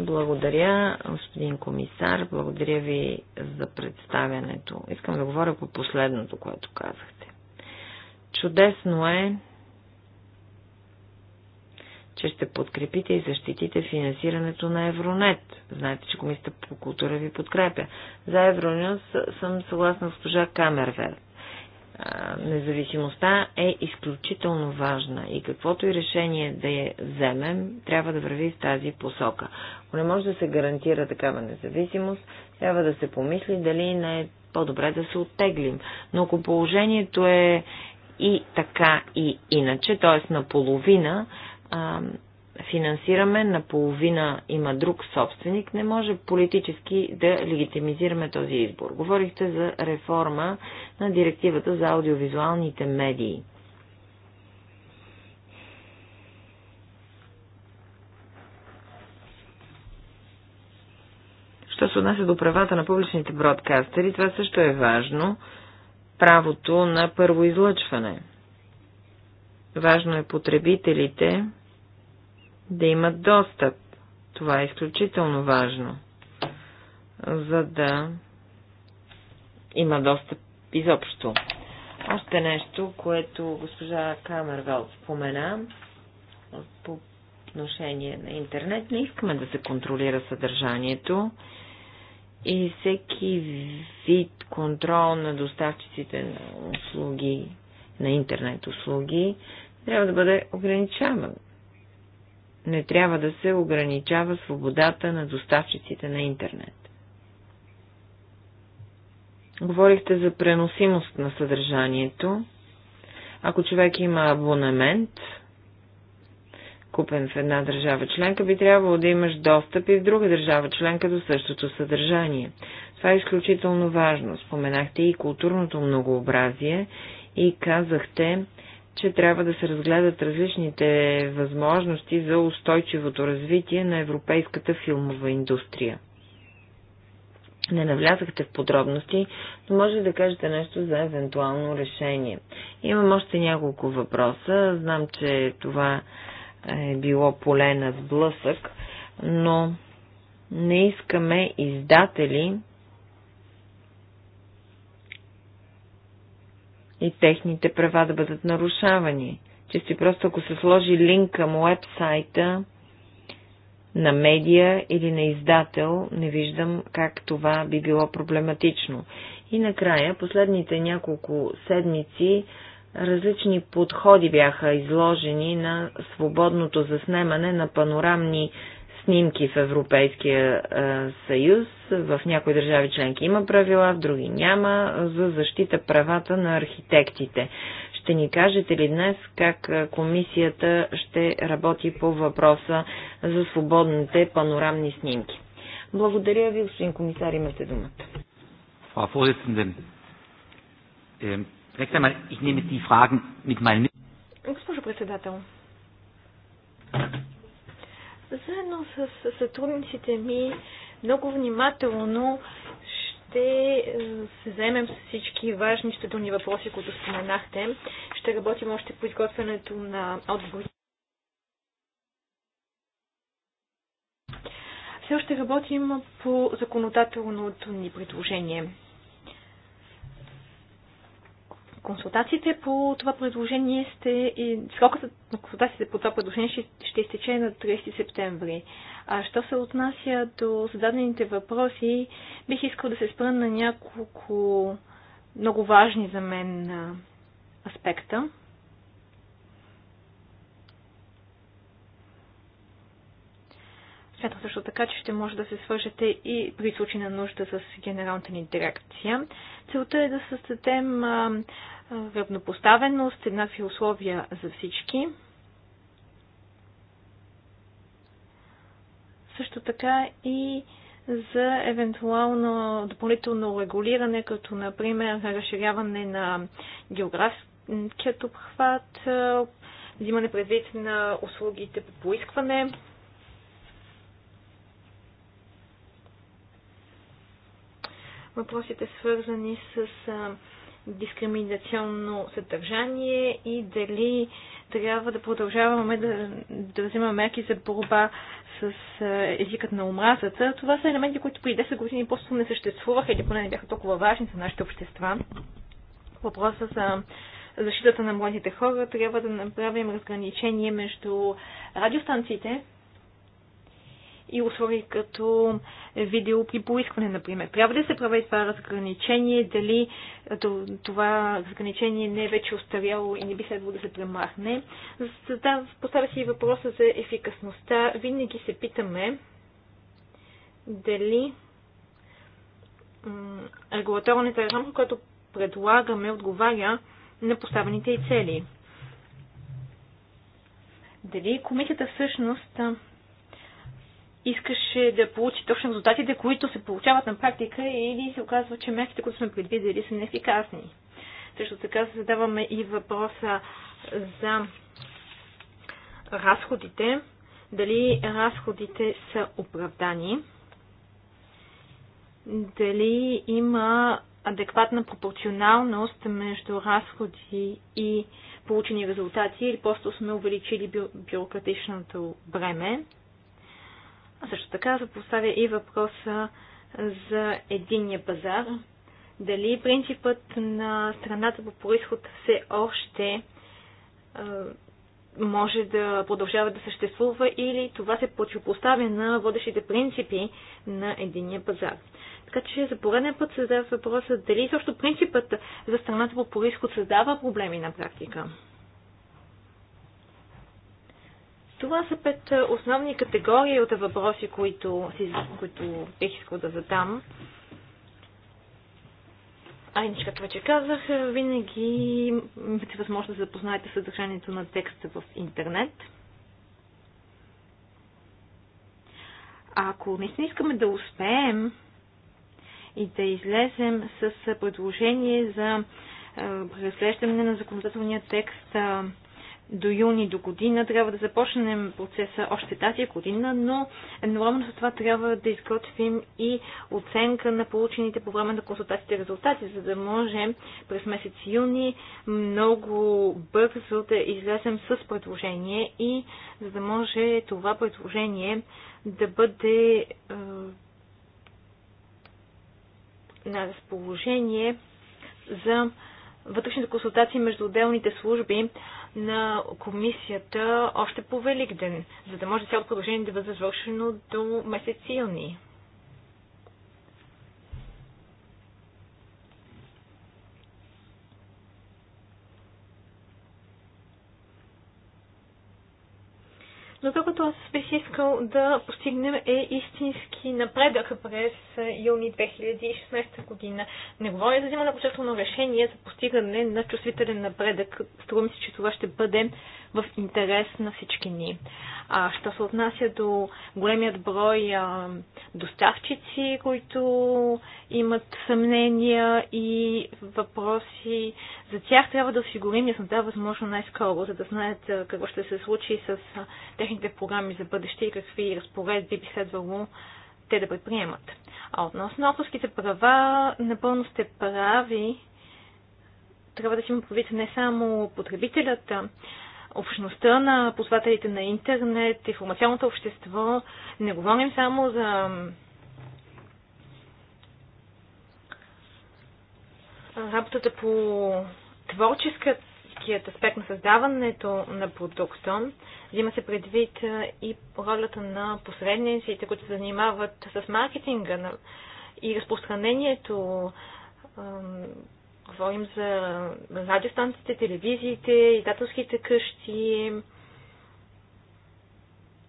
Благодаря, господин комисар. Благодаря ви за представянето. Искам да говоря по последното, което казахте. Чудесно е, че ще подкрепите и защитите финансирането на Евронет. Знаете, че Комисията по култура ви подкрепя. За Евронет съм съгласна с госпожа Камервер. Независимостта е изключително важна и каквото и решение да я вземем, трябва да върви в тази посока. Ако не може да се гарантира такава независимост, трябва да се помисли дали не е по-добре да се оттеглим. Но ако положението е и така и иначе, т.е. наполовина, а, финансираме, наполовина има друг собственик, не може политически да легитимизираме този избор. Говорихте за реформа на директивата за аудиовизуалните медии. Що се отнася до правата на публичните бродкастери, това също е важно. Правото на първо излъчване. Важно е потребителите да имат достъп. Това е изключително важно, за да има достъп изобщо. Още нещо, което госпожа Камервел спомена по отношение на интернет. Не искаме да се контролира съдържанието и всеки вид контрол на доставчиците на услуги, на интернет услуги, трябва да бъде ограничаван не трябва да се ограничава свободата на доставчиците на интернет. Говорихте за преносимост на съдържанието. Ако човек има абонамент, купен в една държава членка, би трябвало да имаш достъп и в друга държава членка до същото съдържание. Това е изключително важно. Споменахте и културното многообразие и казахте, че трябва да се разгледат различните възможности за устойчивото развитие на европейската филмова индустрия. Не навлязахте в подробности, но може да кажете нещо за евентуално решение. Имам още няколко въпроса. Знам, че това е било поле на сблъсък, но не искаме издатели и техните права да бъдат нарушавани. Чисто просто ако се сложи линк към уебсайта на медия или на издател, не виждам как това би било проблематично. И накрая, последните няколко седмици, различни подходи бяха изложени на свободното заснемане на панорамни снимки в Европейския съюз. В някои държави членки има правила, в други няма, за защита правата на архитектите. Ще ни кажете ли днес как комисията ще работи по въпроса за свободните панорамни снимки? Благодаря ви, господин комисар, имате думата. Ähm, Госпожо председател, заедно с сътрудниците ми много внимателно ще е, се заемем с всички важни щедони въпроси, които споменахте. Ще работим още по изготвянето на отговори. Все още работим по законодателното ни предложение. Консултациите по това предложение сте и срокът на консултациите по това предложение ще, ще изтече на 30 септември. А що се отнася до зададените въпроси, бих искал да се спра на няколко много важни за мен аспекта. Смятам също така, че ще може да се свържете и при случай на нужда с генералната ни дирекция. Целта е да създадем равнопоставеност, еднакви условия за всички. Също така и за евентуално допълнително регулиране, като например разширяване на географският обхват, взимане предвид на услугите по поискване, въпросите свързани с дискриминационно съдържание и дали трябва да продължаваме да, да вземаме мерки за борба с езикът на омразата. Това са елементи, които при 10 години просто не съществуваха или поне не бяха толкова важни за нашите общества. Въпроса за защитата на младите хора трябва да направим разграничение между радиостанциите, и условия като видео при поискване, например. Трябва да се прави това разграничение, дали това разграничение не е вече остаряло и не би следвало да се премахне. Да, поставя си и въпроса за ефикасността. Винаги се питаме дали регулаторната рамка, която предлагаме, отговаря на поставените и цели. Дали комисията всъщност искаше да получи точно резултатите, които се получават на практика или се оказва, че мерките, които сме предвидели, са неефикасни. Също така задаваме и въпроса за разходите. Дали разходите са оправдани? Дали има адекватна пропорционалност между разходи и получени резултати или просто сме увеличили бю- бюрократичното бреме? Също така се поставя и въпроса за единния пазар. Дали принципът на страната по происход все още е, може да продължава да съществува или това се противопоставя на водещите принципи на единия пазар. Така че за пореден път се задава въпроса дали също принципът за страната по происход създава проблеми на практика. Това са пет е, основни категории от въпроси, които, които бих искал да задам. А иначе, както вече казах, е, винаги имате възможност да запознаете съдържанието на текста в интернет. А ако наистина искаме да успеем и да излезем с предложение за е, разглеждане на законодателния текст до юни до година. Трябва да започнем процеса още тази година, но едновременно с това трябва да изготвим и оценка на получените по време на консултациите резултати, за да може през месец юни много бързо да излезем с предложение и за да може това предложение да бъде е, на разположение за вътрешните консултации между отделните служби на комисията още по Великден, за да може цялото продължение да бъде завършено до месец юни. Но това, което аз бих искал да постигнем е истински напредък през юни 2016 година. Не говоря за взимане на процесуално решение за постигане на чувствителен напредък. Струва ми се, че това ще бъде в интерес на всички ни. А, що се отнася до големият брой а, доставчици, които имат съмнения и въпроси, за тях трябва да осигурим яснота възможно най-скоро, за да знаят какво ще се случи с техните техните програми за бъдеще и какви разпоредби би следвало те да предприемат. А относно авторските права, напълно сте прави. Трябва да си има правите не само потребителят, общността на послателите на интернет, информационното общество. Не говорим само за работата по творческата техническият аспект на създаването на продукта. Взима се предвид и ролята на посредниците, които се занимават с маркетинга и разпространението. Говорим за радиостанциите, телевизиите, издателските къщи,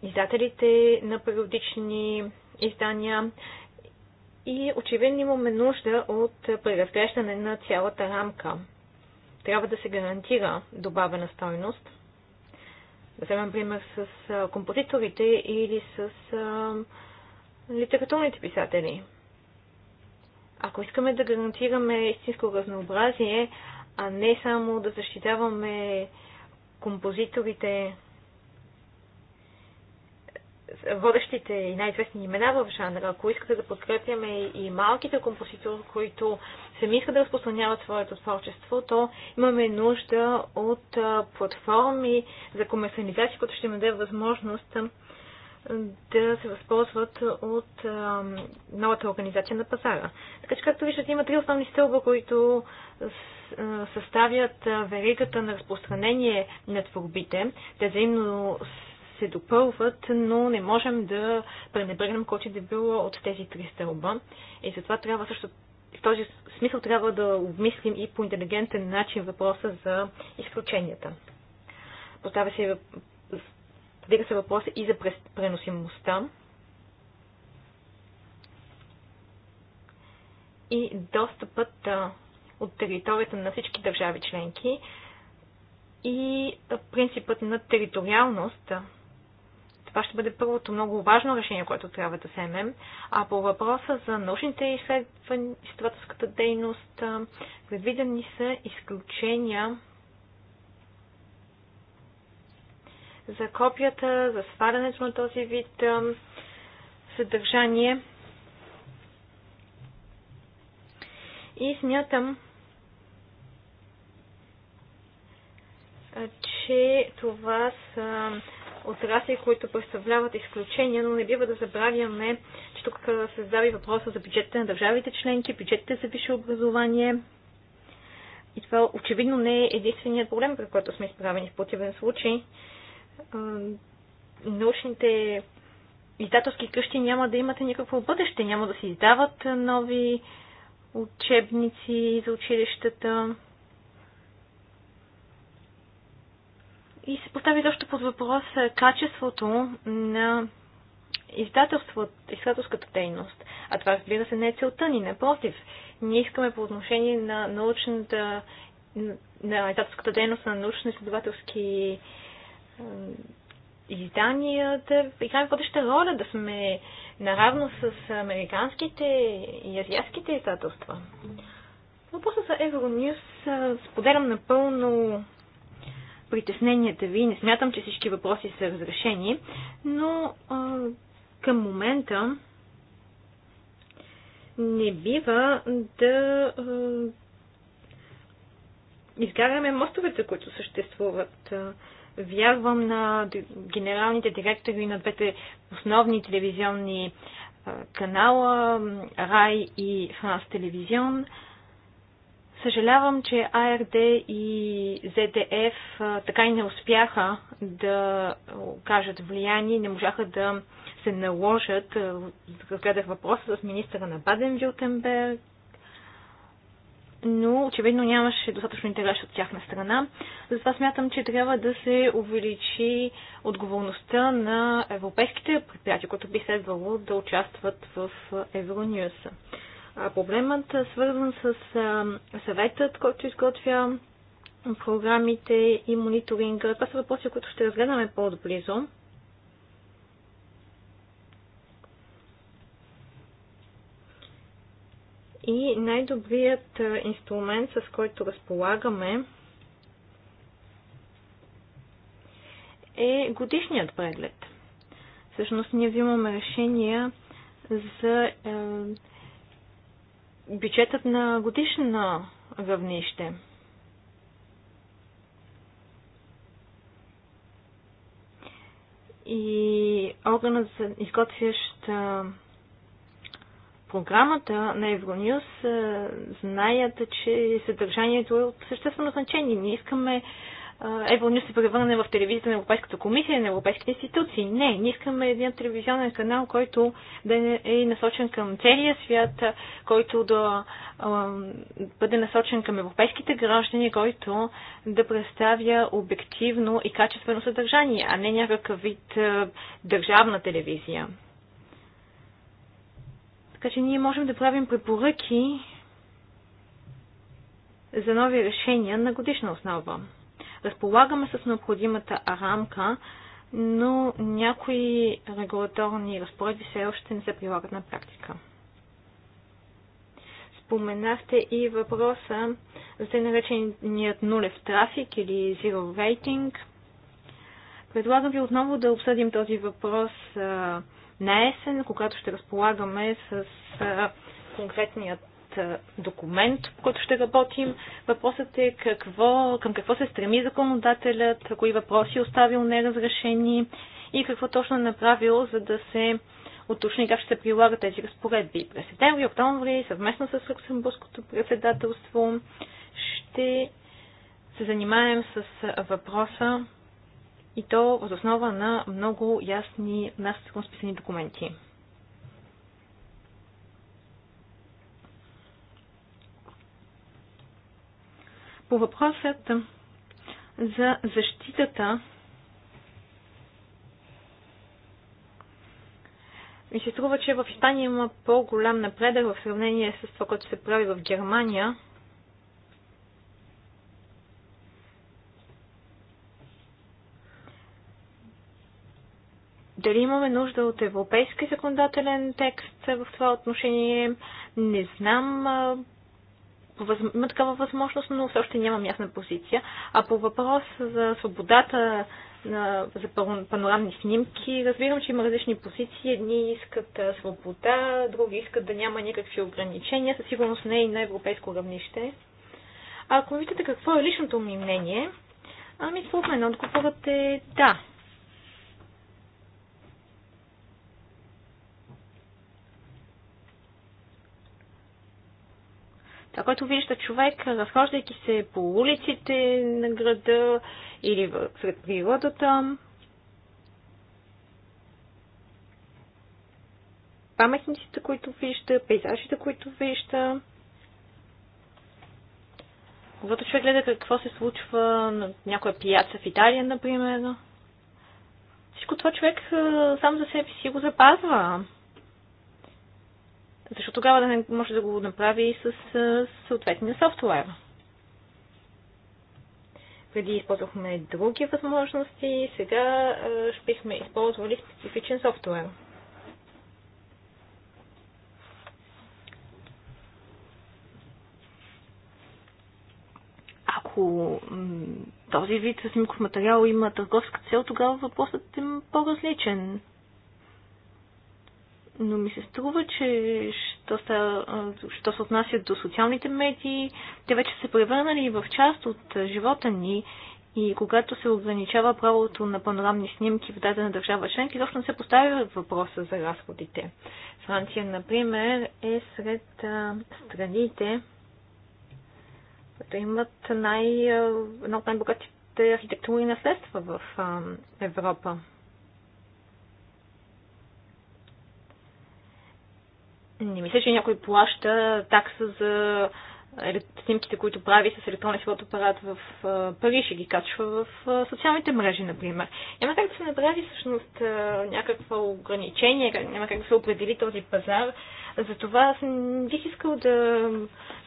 издателите на периодични издания и очевидно имаме нужда от преразглеждане на цялата рамка трябва да се гарантира добавена стойност. Да вземем пример с композиторите или с литературните писатели. Ако искаме да гарантираме истинско разнообразие, а не само да защитаваме композиторите водещите и най-известни имена в жанра, ако искате да подкрепяме и малките композитори, които сами искат да разпространяват своето творчество, то имаме нужда от платформи за комерциализация, които ще им даде възможност да се възползват от новата организация на пазара. Така че, както виждате, има три основни стълба, които съставят веригата на разпространение на творбите. Те взаимно се допълват, но не можем да пренебрегнем който да било от тези три стълба. И затова трябва също в този смисъл трябва да обмислим и по интелигентен начин въпроса за изключенията. Поставя се, подига се въпроса и за преносимостта. И достъпът от територията на всички държави членки и принципът на териториалност това ще бъде първото много важно решение, което трябва да вземем. А по въпроса за научните изследвания, изследователската дейност, предвидени са изключения за копията, за свалянето на този вид съдържание. И смятам, че това са отрасли, които представляват изключения, но не бива да забравяме, че тук се задава и въпроса за бюджетите на държавите членки, бюджетите за висше образование. И това очевидно не е единственият проблем, при който сме изправени в противен случай. Научните издателски къщи няма да имат никакво бъдеще, няма да се издават нови учебници за училищата. И се постави също под въпрос качеството на издателската дейност. А това, разбира се, не е целта ни. Напротив, ние искаме по отношение на научната, на издателската дейност на научно-изследователски издания, да играем водеща роля, да сме наравно с американските и азиатските издателства. Въпросът за Euronews споделям напълно притесненията ви. Не смятам, че всички въпроси са разрешени, но а, към момента не бива да а, изгаряме мостовете, които съществуват. Вярвам на генералните директори на двете основни телевизионни канала, Рай и Франс Телевизион. Съжалявам, че АРД и ЗДФ така и не успяха да окажат влияние, не можаха да се наложат. Разгледах въпроса с министъра на Баден-Вюртенберг, но очевидно нямаше достатъчно интерес от тяхна страна. Затова смятам, че трябва да се увеличи отговорността на европейските предприятия, които би следвало да участват в Евронюса проблемът, свързан с съветът, който изготвя програмите и мониторинга. Това са въпроси, които ще разгледаме по-отблизо. И най-добрият инструмент, с който разполагаме, е годишният преглед. Всъщност ние взимаме решения за бюджетът на годишна равнище. И органът, за изготвящ програмата на Евронюс, знаят, че съдържанието е от съществено значение. Ние искаме Евронюс се превърне в телевизията на Европейската комисия и на европейските институции. Не, ние искаме един телевизионен канал, който да е, е насочен към целия свят, който да бъде насочен към европейските граждани, който да представя обективно и качествено съдържание, а не някакъв вид е, държавна телевизия. Така че ние можем да правим препоръки за нови решения на годишна основа разполагаме с необходимата рамка, но някои регулаторни разпоредби все още не се прилагат на практика. Споменахте и въпроса за тъй нареченият нулев трафик или zero rating. Предлагам ви отново да обсъдим този въпрос на есен, когато ще разполагаме с конкретният е, документ, по който ще работим. Въпросът е какво, към какво се стреми законодателят, кои въпроси е оставил неразрешени и какво точно е направил, за да се уточни как ще се прилагат тези разпоредби. През септември, октомври, съвместно с Люксембургското председателство, ще се занимаем с въпроса и то възоснова на много ясни, нас списани документи. По въпросът за защитата ми се струва, че в Испания има по-голям напредък в сравнение с това, което се прави в Германия. Дали имаме нужда от европейски законодателен текст в това отношение, не знам въз... има такава възможност, но все още нямам ясна позиция. А по въпрос за свободата на, за панорамни снимки, разбирам, че има различни позиции. Едни искат свобода, други искат да няма никакви ограничения, със сигурност не и на европейско равнище. А ако питате какво е личното ми мнение, ами според мен отговорът е да. Това, което вижда човек, разхождайки се по улиците на града или сред природата, паметниците, които вижда, пейзажите, които вижда. Когато човек гледа какво се случва на някоя пияца в Италия, например, всичко това човек сам за себе си го запазва. Защото тогава да не може да го направи и с съответния софтуер. Преди използвахме други възможности, сега ще бихме използвали специфичен софтуер. Ако този вид снимков материал има търговска цел, тогава въпросът е по-различен но ми се струва, че що са що се отнася до социалните медии, те вече се превърнали в част от живота ни и когато се ограничава правото на панорамни снимки в дадена държава членки, точно не се поставя въпроса за разходите. Франция, например, е сред страните, които имат най, едно от най-богатите архитектурни наследства в Европа. Не мисля, че някой плаща такса за снимките, които прави с електронен фотоапарат в Париж и ги качва в социалните мрежи, например. Няма как да се направи всъщност някакво ограничение, няма как да се определи този пазар. Затова аз бих искал да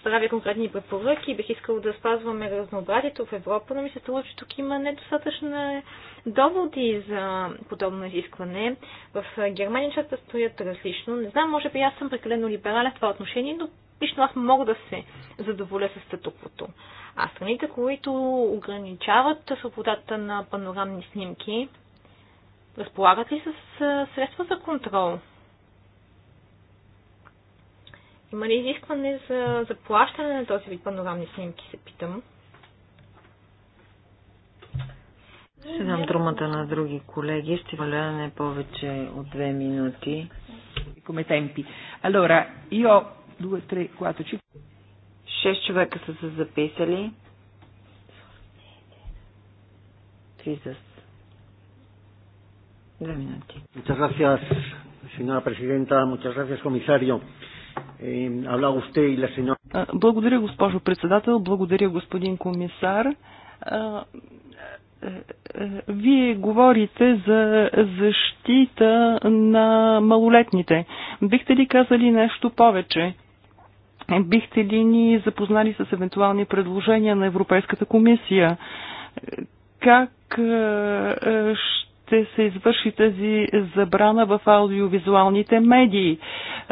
правя конкретни препоръки, бих искал да спазваме разнообразието в Европа, но ми се струва, че тук има недостатъчно доводи за подобно изискване. В Германия чата стоят различно. Не знам, може би аз съм прекалено либерален в това отношение, но лично аз мога да се задоволя с статуквото. А страните, които ограничават свободата на панорамни снимки, разполагат ли с средства за контрол? Има ли изискване за заплащане на този вид панорамни снимки, се питам? Ще дам думата на други колеги. Ще валя не повече от две минути. Come tempi. Allora, io 2, 3, 4, 5. Шест човека са се записали. Кризис. Две минути. Muchas gracias, señora presidenta. Muchas gracias, комисарио. Eh, благодаря, госпожо председател. Благодаря, господин комисар. Вие говорите за защита на малолетните. Бихте ли казали нещо повече? бихте ли ни запознали с евентуални предложения на Европейската комисия? Как ще е, ще се извърши тази забрана в аудиовизуалните медии.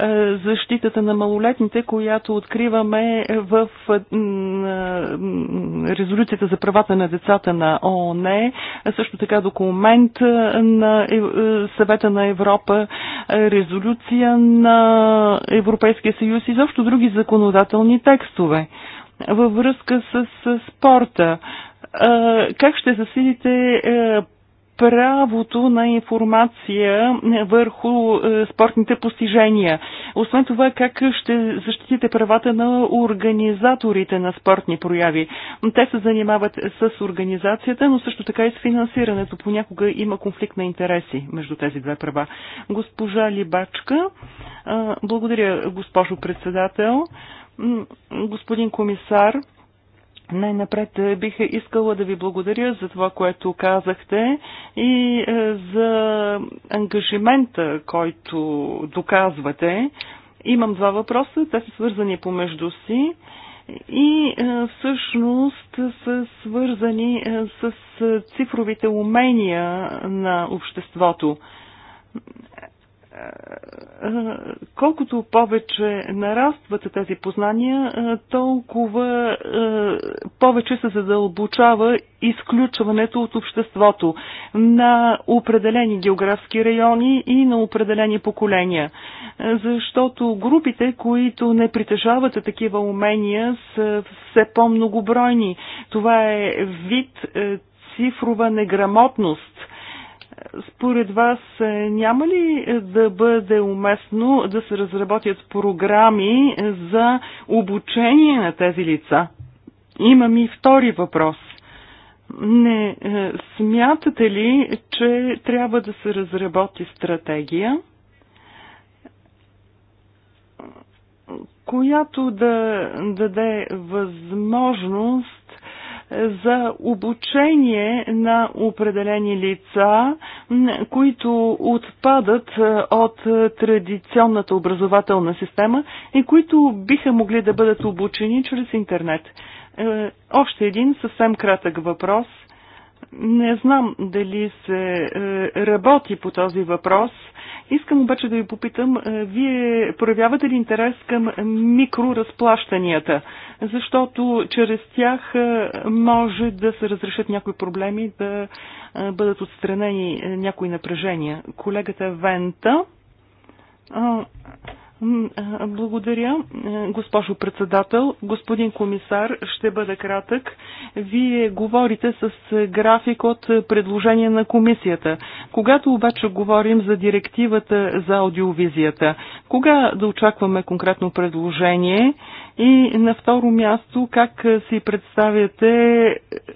Е, защитата на малолетните, която откриваме в е, е, резолюцията за правата на децата на ООН, също така документ на съвета на Европа, резолюция на Европейския съюз и защо други законодателни текстове във връзка с спорта как ще засилите правото на информация върху е, спортните постижения. Освен това, как ще защитите правата на организаторите на спортни прояви? Те се занимават с организацията, но също така и с финансирането. Понякога има конфликт на интереси между тези две права. Госпожа Либачка, е, благодаря, госпожо председател, господин комисар, най-напред е, бих искала да ви благодаря за това, което казахте и е, за ангажимента, който доказвате. Имам два въпроса, те са свързани помежду си и е, всъщност са свързани с цифровите умения на обществото. Е, колкото повече нарастват тези познания, е, толкова е, повече се задълбочава изключването от обществото на определени географски райони и на определени поколения. Защото групите, които не притежават такива умения, са все по-многобройни. Това е вид цифрова неграмотност – според вас е, няма ли да бъде уместно да се разработят програми за обучение на тези лица? Имам и втори въпрос. Не е, смятате ли, че трябва да се разработи стратегия, която да даде възможност за обучение на определени лица, които отпадат е, от традиционната образователна система и които биха могли да бъдат обучени чрез интернет. Е, още един съвсем кратък въпрос – не знам дали се е, работи по този въпрос. Искам обаче да ви попитам, е, вие проявявате ли интерес към микроразплащанията, защото чрез тях е, може да се разрешат някои проблеми, да бъдат отстранени някои напрежения. Колегата Вента. Благодаря, госпожо председател. Господин комисар, ще бъда кратък. Вие говорите с график от предложение на комисията. Когато обаче говорим за директивата за аудиовизията, кога да очакваме конкретно предложение и на второ място, как си представяте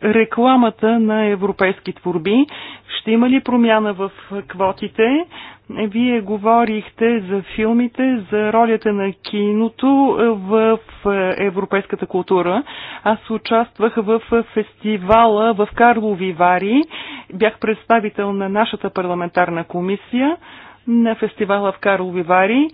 рекламата на европейски творби? Ще има ли промяна в квотите? Вие говорихте за филмите, за ролята на киното в е, европейската култура. Аз участвах в фестивала в Карлови Вари. Бях представител на нашата парламентарна комисия на фестивала в Карлови Вари.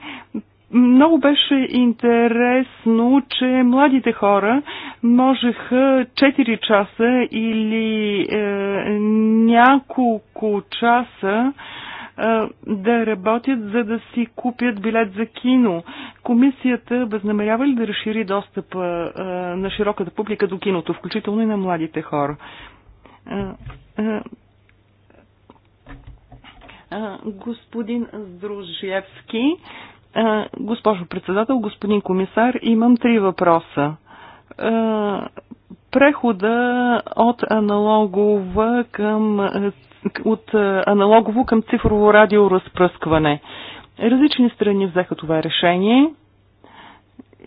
Много беше интересно, че младите хора можеха 4 часа или е, няколко часа да работят, за да си купят билет за кино. Комисията възнамерява ли да разшири достъпа на широката публика до киното, включително и на младите хора? Господин Здружевски, госпожо председател, господин комисар, имам три въпроса прехода от аналогова към от е, аналогово към цифрово радиоразпръскване. Различни страни взеха това решение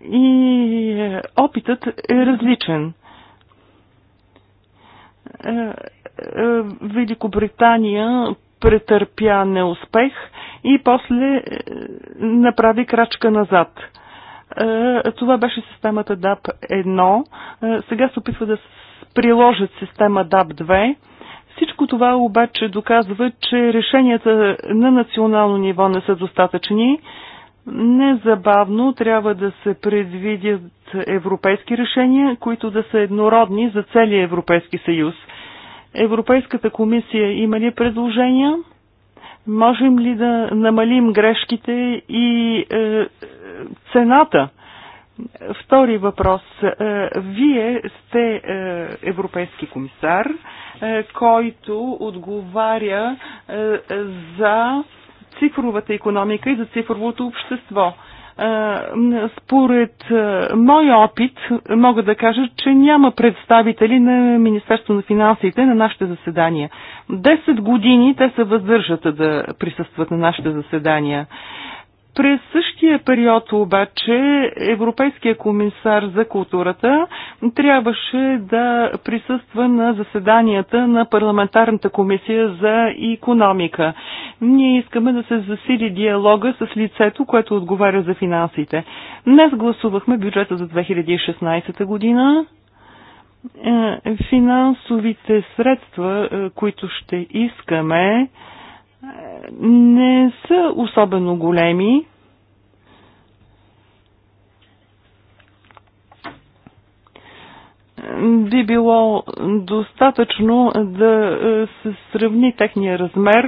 и е, опитът е различен. Е, Великобритания претърпя неуспех и после направи крачка назад. Това беше системата DAP 1. Сега се опитва да приложат система DAP 2 всичко това обаче доказва, че решенията на национално ниво не са достатъчни. Незабавно трябва да се предвидят европейски решения, които да са еднородни за целия Европейски съюз. Европейската комисия има ли предложения? Можем ли да намалим грешките и е, цената? Втори въпрос. Е, вие сте е, европейски комисар, е, който отговаря за цифровата економика и за цифровото общество. Според мой опит мога да кажа, че няма представители на Министерство на финансите на нашите заседания. Десет години те се въздържат да присъстват на нашите заседания. През същия период обаче Европейския комисар за културата трябваше да присъства на заседанията на парламентарната комисия за економика. Ние искаме да се засили диалога с лицето, което отговаря за финансите. Днес гласувахме бюджета за 2016 година е, финансовите средства, е, които ще искаме, не са особено големи. би било достатъчно да се сравни техния размер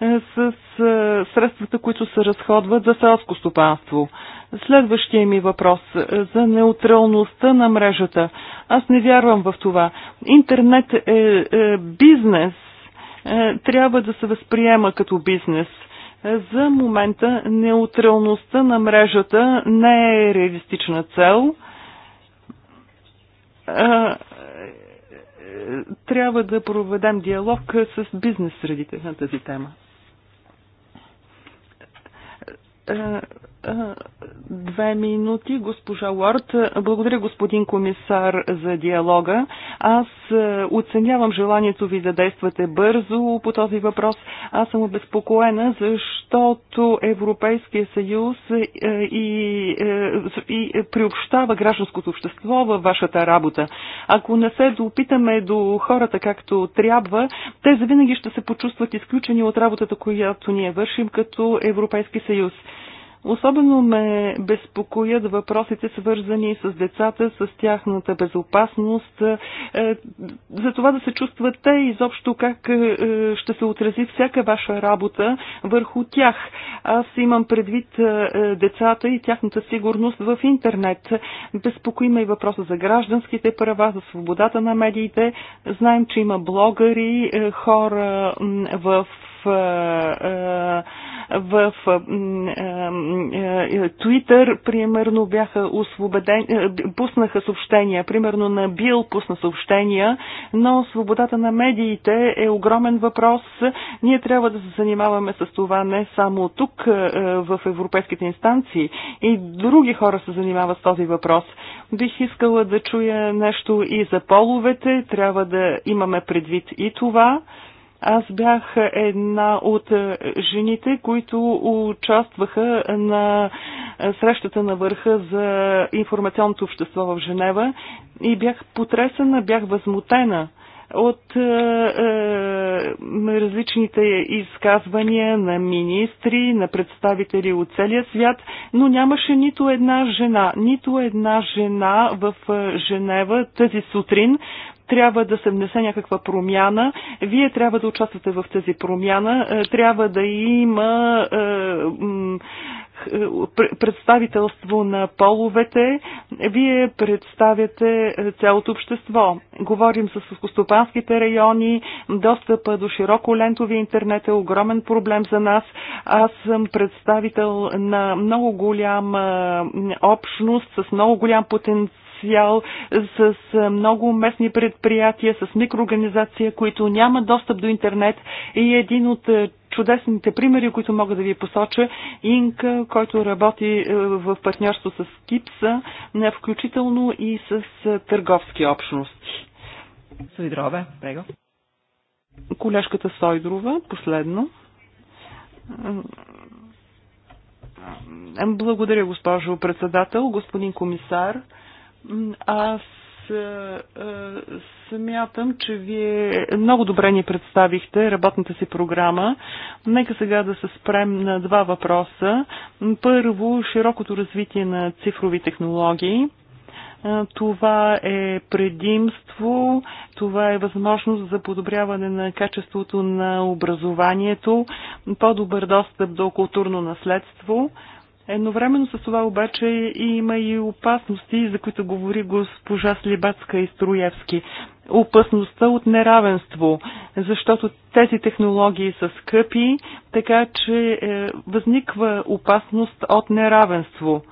е, с е, средствата, които се разходват за селско стопанство. Следващия ми въпрос е, за неутралността на мрежата. Аз не вярвам в това. Интернет е бизнес е, трябва да се възприема като бизнес. Е, за момента неутралността на мрежата не е реалистична цел. Е, трябва да проведем диалог с бизнес средите на тази тема Две минути, госпожа Уорд. Благодаря, господин комисар, за диалога. Аз е, оценявам желанието ви да действате бързо по този въпрос. Аз съм обезпокоена, защото Европейския съюз е, и, и, е, и приобщава гражданското общество във вашата работа. Ако не се допитаме до хората както трябва, те завинаги ще се почувстват изключени от работата, която ние вършим като Европейски съюз. Особено ме безпокоят въпросите, свързани с децата, с тяхната безопасност, е, за това да се чувстват те изобщо как е, ще се отрази всяка ваша работа върху тях. Аз имам предвид е, децата и тяхната сигурност в интернет. Безпокои ме и въпроса за гражданските права, за свободата на медиите. Знаем, че има блогъри, хора в в Твитър, примерно, бяха освободени, пуснаха съобщения, примерно на Бил пусна съобщения, но свободата на медиите е огромен въпрос. Ние трябва да се занимаваме с това не само тук, в европейските инстанции. И други хора се занимават с този въпрос. Бих искала да чуя нещо и за половете. Трябва да имаме предвид и това. Аз бях една от жените, които участваха на срещата на върха за информационното общество в Женева и бях потресена, бях възмутена от е, е, различните изказвания на министри, на представители от целия свят, но нямаше нито една жена, нито една жена в е, Женева тази сутрин, трябва да се внесе някаква промяна. Вие трябва да участвате в тази промяна. Е, трябва да има е, представителство на половете. Вие представяте е, цялото общество. Говорим с скостопанските райони. Достъпа до широко лентови интернет е огромен проблем за нас. Аз съм представител на много голяма общност с много голям потенциал потенциал, с много местни предприятия, с микроорганизация, които няма достъп до интернет и един от чудесните примери, които мога да ви посоча. Инк, който работи в партньорство с Кипса, включително и с търговски общности. Сойдрова, прего. Колешката Сойдрова, последно. Благодаря, госпожо председател, господин комисар. Аз е, е, смятам, че вие много добре ни представихте работната си програма. Нека сега да се спрем на два въпроса. Първо, широкото развитие на цифрови технологии. Е, това е предимство, това е възможност за подобряване на качеството на образованието, по-добър достъп до културно наследство. Едновременно с това обаче има и опасности, за които говори госпожа Слибацка и Строевски. Опасността от неравенство, защото тези технологии са скъпи, така че е, възниква опасност от неравенство.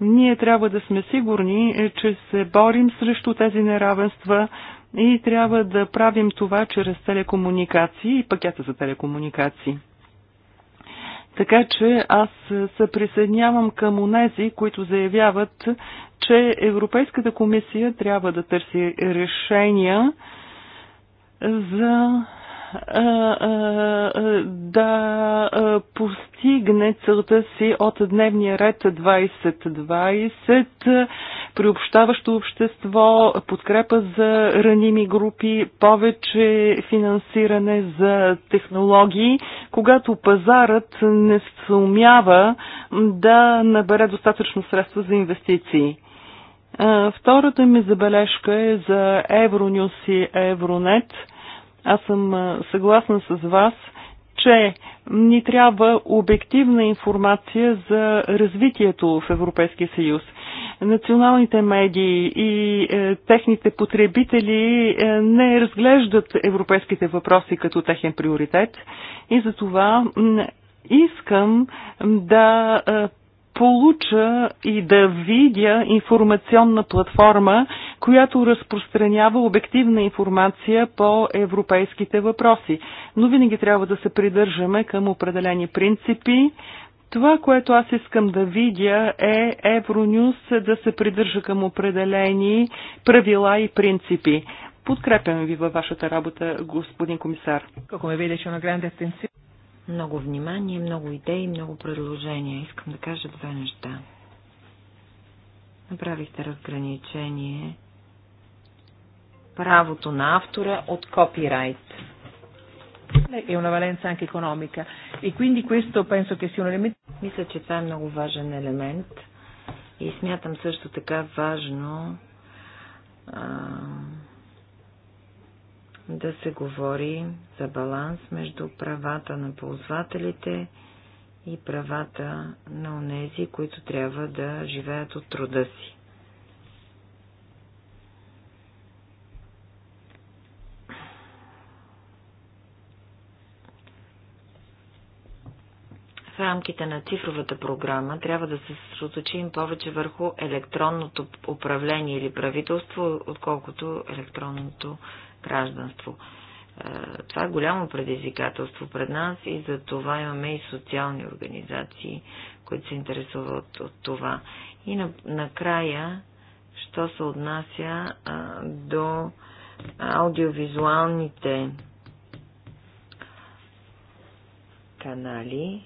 Ние трябва да сме сигурни, е, че се борим срещу тези неравенства и трябва да правим това чрез телекомуникации и пакета за телекомуникации. Така че аз се присъединявам към онези, които заявяват, че Европейската комисия трябва да търси решения за да постигне целта си от дневния ред 2020, приобщаващо общество, подкрепа за раними групи, повече финансиране за технологии, когато пазарът не съумява да набере достатъчно средства за инвестиции. Втората ми забележка е за Евронюс и Евронет – аз съм съгласна с вас, че ни трябва обективна информация за развитието в Европейския съюз. Националните медии и е, техните потребители е, не разглеждат европейските въпроси като техен приоритет и затова искам да е, получа и да видя информационна платформа, която разпространява обективна информация по европейските въпроси. Но винаги трябва да се придържаме към определени принципи. Това, което аз искам да видя е Евронюс да се придържа към определени правила и принципи. Подкрепям ви във вашата работа, господин комисар. ме на много внимание, много идеи, много предложения. Искам да кажа две неща. Направихте разграничение правото на автора от копирайт. И е una valenza anche economica. E quindi questo penso che sia un elemento... Мисля, че това е много важен елемент и смятам също така важно а да се говори за баланс между правата на ползвателите и правата на онези, които трябва да живеят от труда си. В рамките на цифровата програма трябва да се съсредоточим повече върху електронното управление или правителство, отколкото електронното гражданство. Е, това е голямо предизвикателство пред нас и за това имаме и социални организации, които се интересуват от това. И на, накрая, що се отнася а, до аудиовизуалните канали,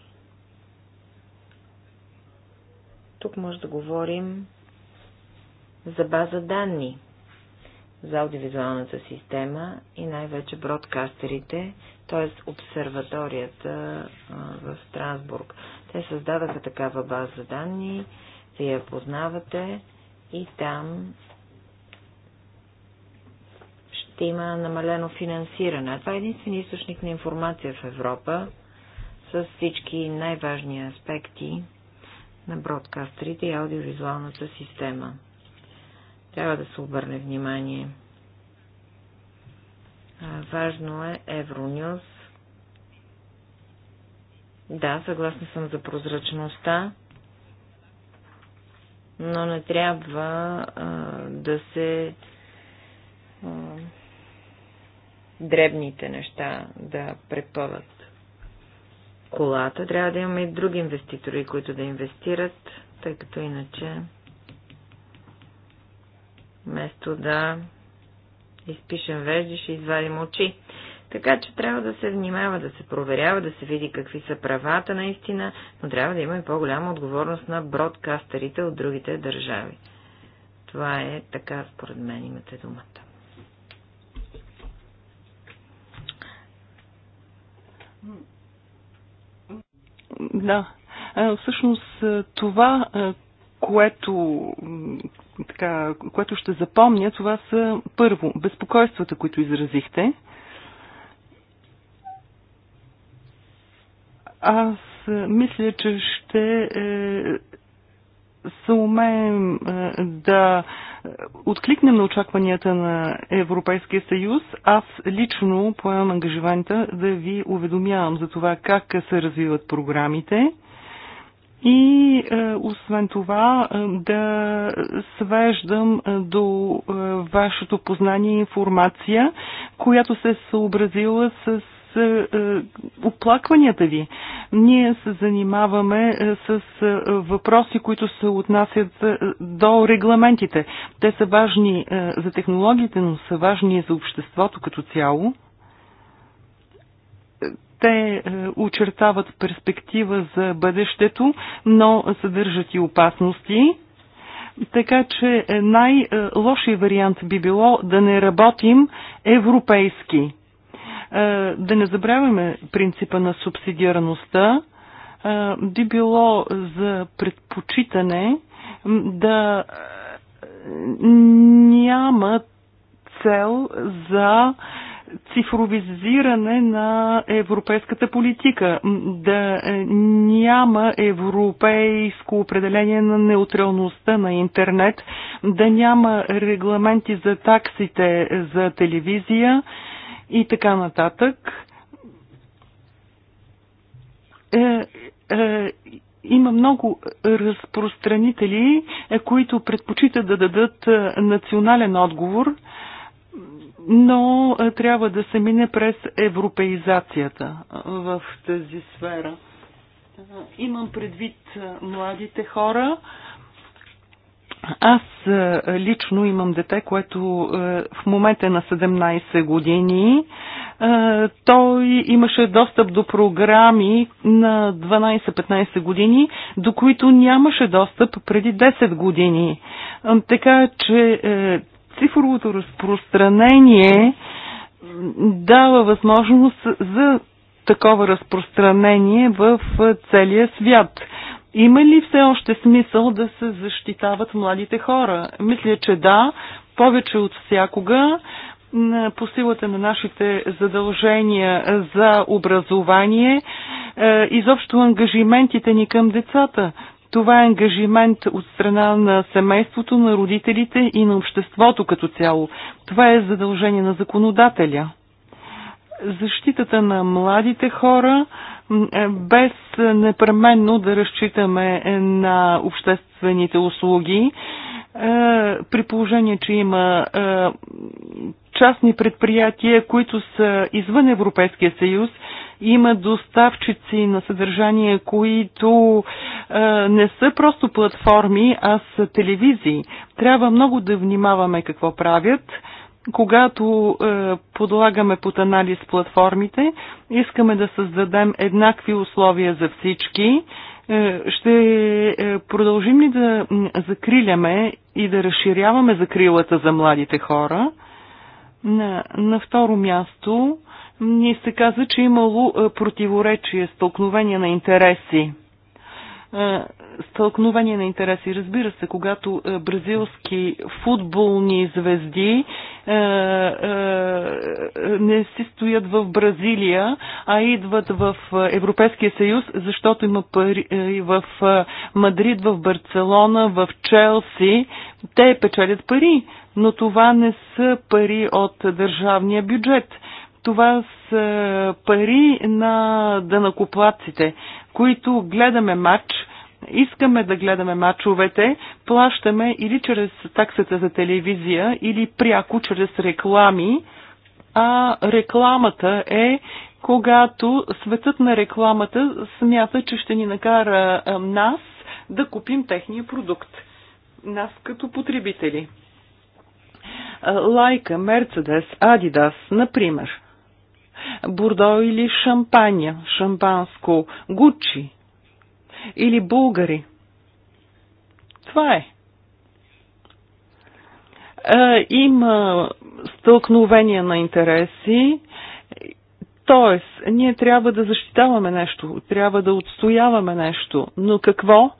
тук може да говорим за база данни за аудиовизуалната система и най-вече бродкастерите, т.е. обсерваторията в Страсбург. Те създадаха такава база данни, вие я познавате и там ще има намалено финансиране. Това е единствен източник на информация в Европа с всички най-важни аспекти на бродкастерите и аудиовизуалната система. Трябва да се обърне внимание. Важно е Евронюс. Да, съгласна съм за прозрачността, но не трябва а, да се а, дребните неща да препъват колата. Трябва да имаме и други инвеститори, които да инвестират, тъй като иначе вместо да изпишем вежди, ще извадим очи. Така че трябва да се внимава, да се проверява, да се види какви са правата наистина, но трябва да има и по-голяма отговорност на бродкастерите от другите държави. Това е така, според мен, имате думата. Да, всъщност това, което така, което ще запомня, това са първо безпокойствата, които изразихте. Аз е, мисля, че ще е, съумеем е, да е, откликнем на очакванията на Европейския съюз. Аз лично поемам ангажимента да ви уведомявам за това как се развиват програмите и е, освен това е, да свеждам е, до е, вашето познание и информация, която се е съобразила с е, оплакванията ви. Ние се занимаваме с въпроси, които се отнасят до регламентите. Те са важни за технологиите, но са важни и за обществото като цяло. Те е, очертават перспектива за бъдещето, но съдържат и опасности. Така че е, най-лошия вариант би било да не работим европейски. Е, да не забравяме принципа на субсидиарността. Би било за предпочитане да няма цел за цифровизиране на европейската политика, да е, няма европейско определение на неутралността на интернет, да няма регламенти за таксите за телевизия и така нататък. Е, е, има много разпространители, е, които предпочитат да дадат е, национален отговор. Е, но е, трябва да се мине през европеизацията е, в тази сфера. Е, имам предвид младите хора. Аз лично имам дете, което в момента е на 17 години. Той имаше достъп до програми на 12-15 години, до които нямаше достъп преди 10 години. Така че цифровото разпространение дава възможност за такова разпространение в целия свят. Има ли все още смисъл да се защитават младите хора? Мисля, че да, повече от всякога по силата на нашите задължения за образование, е, изобщо ангажиментите ни към децата. Това е ангажимент от страна на семейството, на родителите и на обществото като цяло. Това е задължение на законодателя. Защитата на младите хора, е, без непременно да разчитаме на обществените услуги, е, при положение, че има е, частни предприятия, които са извън Европейския съюз има доставчици на съдържание, които е, не са просто платформи, а са телевизии. Трябва много да внимаваме какво правят когато е, подлагаме под анализ платформите, искаме да създадем еднакви условия за всички. Е, ще е, продължим ли да закриляме и да разширяваме закрилата за младите хора? На, на второ място, ни се каза, че е имало е, противоречие, стълкновение на интереси. Е, стълкновение на интереси. Разбира се, когато бразилски футболни звезди не си стоят в Бразилия, а идват в Европейския съюз, защото има пари в Мадрид, в Барселона, в Челси. Те печелят пари, но това не са пари от държавния бюджет – това са пари на дънакоплаците, които гледаме матч, искаме да гледаме матчовете, плащаме или чрез таксата за телевизия, или пряко чрез реклами, а рекламата е когато светът на рекламата смята, че ще ни накара нас да купим техния продукт. Нас като потребители. Лайка, Мерцедес, Адидас, например – бурдо или Шампаня, шампанско, Гучи или българи. Това е. Има стълкновения на интереси, т.е. ние трябва да защитаваме нещо, трябва да отстояваме нещо, но какво?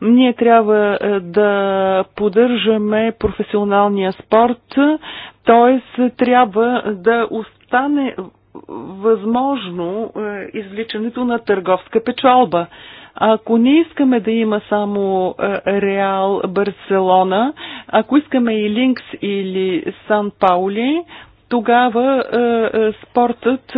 Ние трябва да поддържаме професионалния спорт, т.е. трябва да остане възможно е, извличането на търговска печалба. Ако не искаме да има само е, Реал Барселона, ако искаме и Линкс или Сан Паули, тогава е, спортът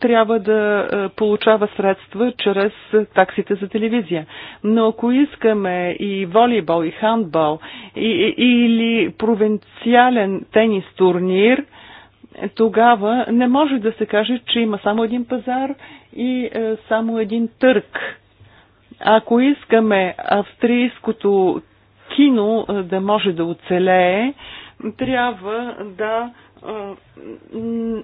трябва да получава средства чрез таксите за телевизия. Но ако искаме и волейбол, и хандбол, и, или провинциален тенис турнир – тогава не може да се каже, че има само един пазар и е, само един търг. Ако искаме австрийското кино е, да може да оцелее, трябва да е,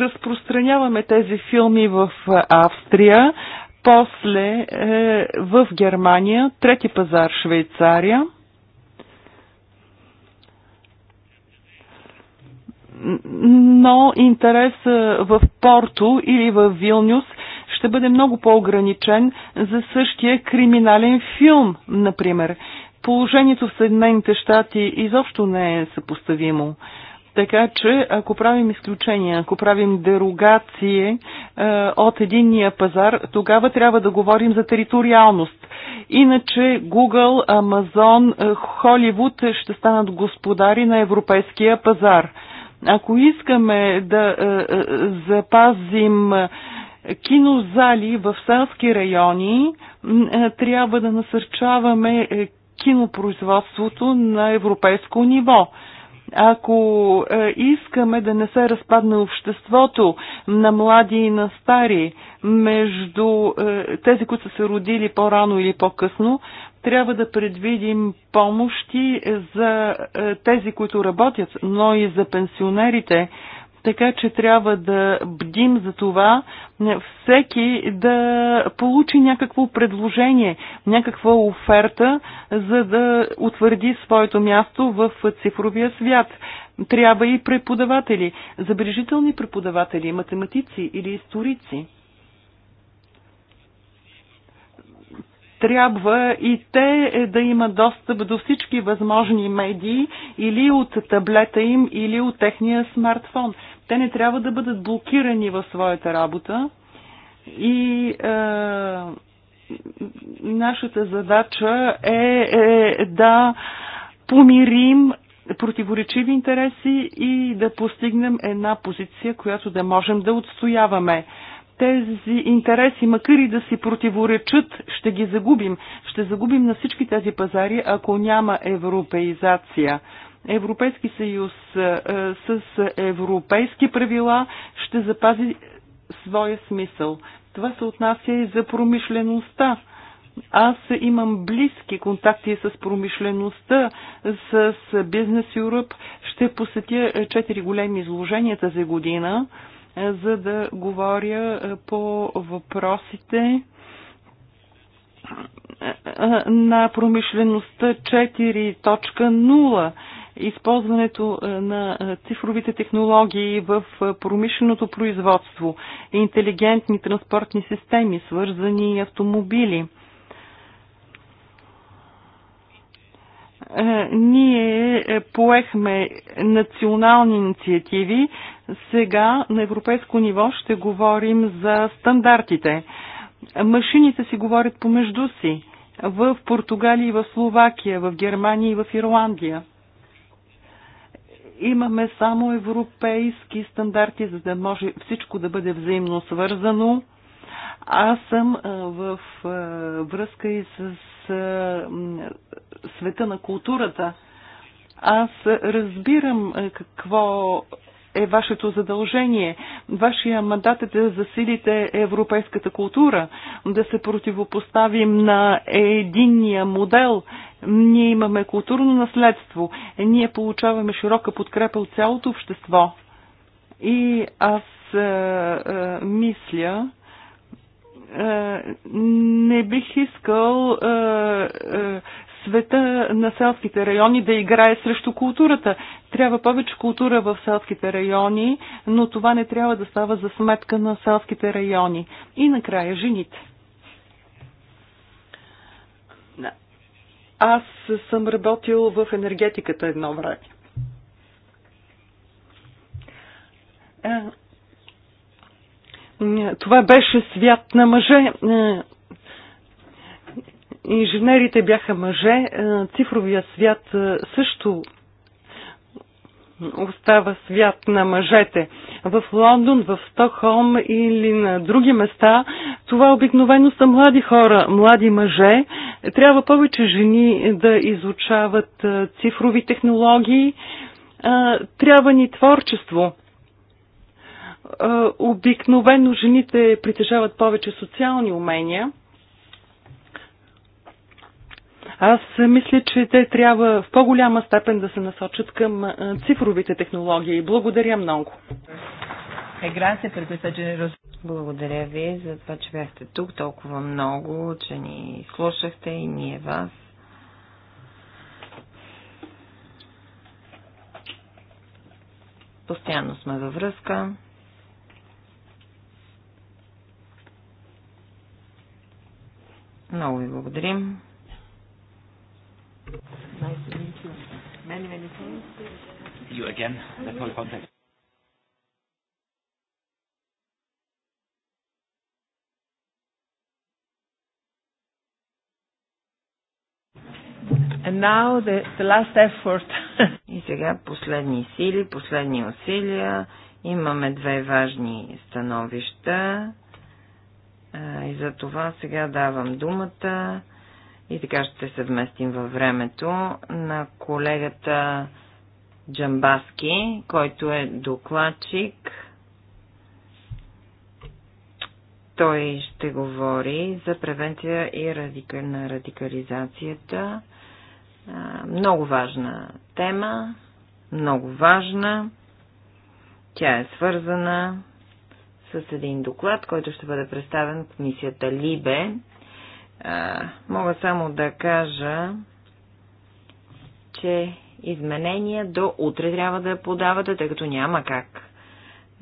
разпространяваме тези филми в Австрия, после в Германия, трети пазар Швейцария – но интерес в Порто или в Вилнюс ще бъде много по-ограничен за същия криминален филм, например. Положението в Съединените щати изобщо не е съпоставимо. Така че, ако правим изключения, ако правим дерогации е, от единния пазар, тогава трябва да говорим за териториалност. Иначе Google, Amazon, Холивуд е, ще станат господари на европейския пазар. Ако искаме да е, е, запазим кинозали в селски райони, е, трябва да насърчаваме кинопроизводството на европейско ниво. Ако искаме да не се разпадне обществото на млади и на стари, между тези, които са се родили по-рано или по-късно, трябва да предвидим помощи за е, тези, които работят, но и за пенсионерите. Така че трябва да бдим за това е, всеки да получи някакво предложение, някаква оферта, за да утвърди своето място в цифровия свят. Трябва и преподаватели, забележителни преподаватели, математици или историци. трябва и те да имат достъп до всички възможни медии или от таблета им, или от техния смартфон. Те не трябва да бъдат блокирани в своята работа и е, нашата задача е, е да помирим противоречиви интереси и да постигнем една позиция, която да можем да отстояваме тези интереси, макар и да си противоречат, ще ги загубим. Ще загубим на всички тези пазари, ако няма европеизация. Европейски съюз е, е, с европейски правила ще запази своя смисъл. Това се отнася и за промишлеността. Аз имам близки контакти с промишлеността, с Бизнес Europe. Ще посетя четири големи изложения тази година. Е, за да говоря е, по въпросите е, на промишлеността 4.0 използването на цифровите технологии в промишленото производство, интелигентни транспортни системи, свързани автомобили. Ние поехме национални инициативи, сега на европейско ниво ще говорим за стандартите. Машините си говорят помежду си в Португалия и в Словакия, в Германия и в Ирландия. Имаме само европейски стандарти, за да може всичко да бъде взаимно свързано. Аз съм в връзка и с света на културата. Аз разбирам какво е вашето задължение. Вашия мандат е да засилите европейската култура, да се противопоставим на единния модел. Ние имаме културно наследство, ние получаваме широка подкрепа от цялото общество. И аз е, е, мисля, е, не бих искал е, е, света на селските райони да играе срещу културата. Трябва повече култура в селските райони, но това не трябва да става за сметка на селските райони. И накрая жените. Аз съм работил в енергетиката едно време. Е, това беше свят на мъже. Е, инженерите бяха мъже, цифровия свят също остава свят на мъжете. В Лондон, в Стокхолм или на други места, това обикновено са млади хора, млади мъже. Трябва повече жени да изучават цифрови технологии. Трябва ни творчество. Обикновено жените притежават повече социални умения. Аз мисля, че те трябва в по-голяма степен да се насочат към цифровите технологии. Благодаря много. Е, Благодаря ви за това, че бяхте тук толкова много, че ни слушахте и ние вас. Постоянно сме във връзка. Много ви благодарим. Nice to meet you. Many, many thanks. You again. That's all contact. And now the, the last effort. И сега последни сили, последни усилия. Имаме две важни становища. И за това сега давам думата и така ще се вместим във времето на колегата Джамбаски, който е докладчик. Той ще говори за превенция и радика... на радикализацията. Много важна тема, много важна. Тя е свързана с един доклад, който ще бъде представен в комисията Либе а, мога само да кажа, че изменения до утре трябва да подавате, тъй като няма как.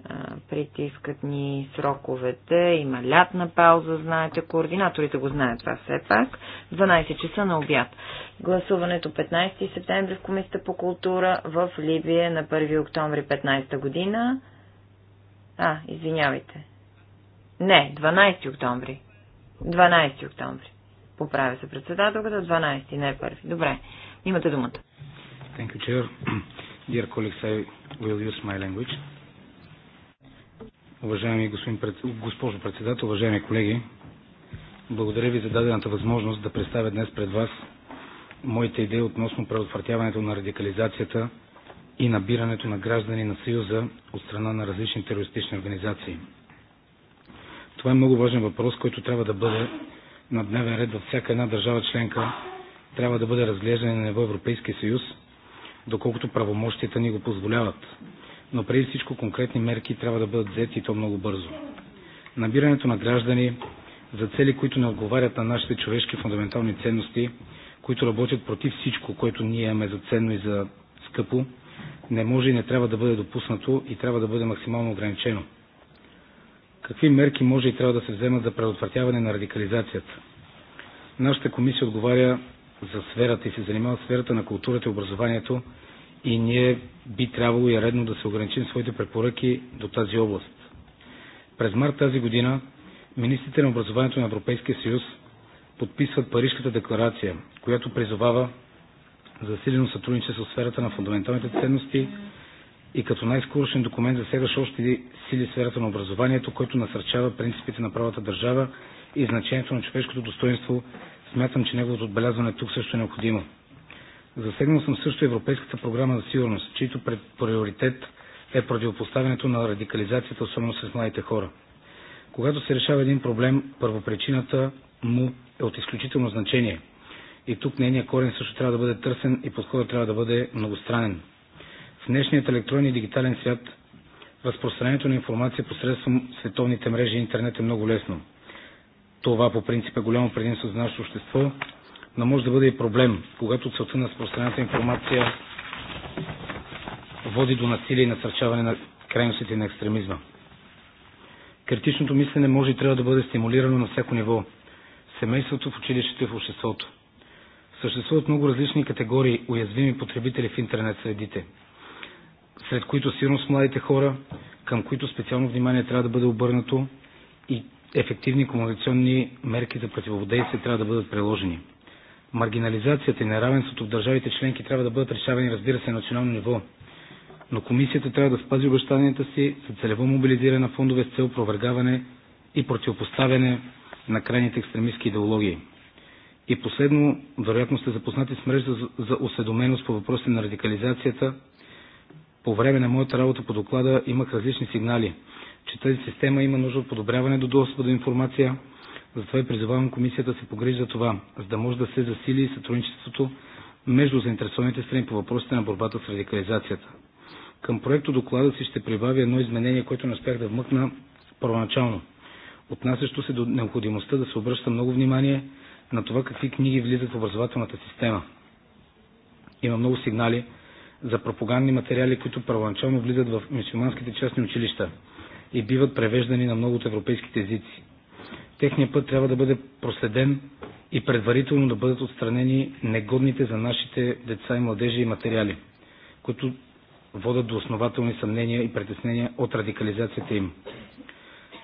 А, притискат ни сроковете, има лятна пауза, знаете, координаторите го знаят това все пак. 12 часа на обяд. Гласуването 15 септември в Комисията по култура в Либия на 1 октомври 15 година. А, извинявайте. Не, 12 октомври. 12 октомври. Поправя се председателката, 12, не е първи. Добре, имате думата. Thank you, Chair. Dear colleagues, I will use my language. Уважаеми господин, госпожо председател, уважаеми колеги, благодаря ви за дадената възможност да представя днес пред вас моите идеи относно предотвратяването на радикализацията и набирането на граждани на Съюза от страна на различни терористични организации – това е много важен въпрос, който трябва да бъде на дневен ред във всяка една държава членка, трябва да бъде разглеждане на ниво Европейския съюз, доколкото правомощията ни го позволяват. Но преди всичко конкретни мерки трябва да бъдат взети и то много бързо. Набирането на граждани за цели, които не отговарят на нашите човешки фундаментални ценности, които работят против всичко, което ние имаме за ценно и за скъпо, не може и не трябва да бъде допуснато и трябва да бъде максимално ограничено – Какви мерки може и трябва да се вземат за предотвратяване на радикализацията? Нашата комисия отговаря за сферата и се занимава с сферата на културата и образованието и ние би трябвало и е редно да се ограничим своите препоръки до тази област. През март тази година министрите на образованието на Европейския съюз подписват Парижската декларация, която призовава за силено сътрудничество в сферата на фундаменталните ценности, и като най-скорошен документ, засягащ още сили в сферата на образованието, който насърчава принципите на правата държава и значението на човешкото достоинство, смятам, че неговото отбелязване тук също е необходимо. Засегнал съм също Европейската програма за сигурност, чийто приоритет е противопоставянето на радикализацията, особено с младите хора. Когато се решава един проблем, първопричината му е от изключително значение. И тук нейният корен също трябва да бъде търсен и подходът трябва да бъде многостранен днешният електронен и дигитален свят разпространението на информация посредством световните мрежи и интернет е много лесно. Това по принцип е голямо предимство за нашето общество, но може да бъде и проблем, когато целта на разпространената информация води до насилие и насърчаване на крайностите на екстремизма. Критичното мислене може и трябва да бъде стимулирано на всяко ниво в семейството, в училището и в обществото. Съществуват много различни категории уязвими потребители в интернет средите сред които сигурно с младите хора, към които специално внимание трябва да бъде обърнато и ефективни комуникационни мерки за противодействие трябва да бъдат приложени. Маргинализацията и неравенството в държавите членки трябва да бъдат решавани, разбира се, на национално ниво. Но комисията трябва да спази обещанията си за целево мобилизиране на фондове с цел провъргаване и противопоставяне на крайните екстремистски идеологии. И последно, вероятно сте запознати с мрежа за осведоменост по въпроси на радикализацията, по време на моята работа по доклада имах различни сигнали, че тази система има нужда от подобряване до достъпа до информация, затова и призовавам Комисията да се погрижи за това, за да може да се засили сътрудничеството между заинтересованите страни по въпросите на борбата с радикализацията. Към проекто доклада си ще прибавя едно изменение, което не успях да вмъкна първоначално, отнасящо се до необходимостта да се обръща много внимание на това какви книги влизат в образователната система. Има много сигнали, за пропагандни материали, които първоначално влизат в мусулманските частни училища и биват превеждани на много от европейските езици. Техният път трябва да бъде проследен и предварително да бъдат отстранени негодните за нашите деца и младежи и материали, които водят до основателни съмнения и притеснения от радикализацията им.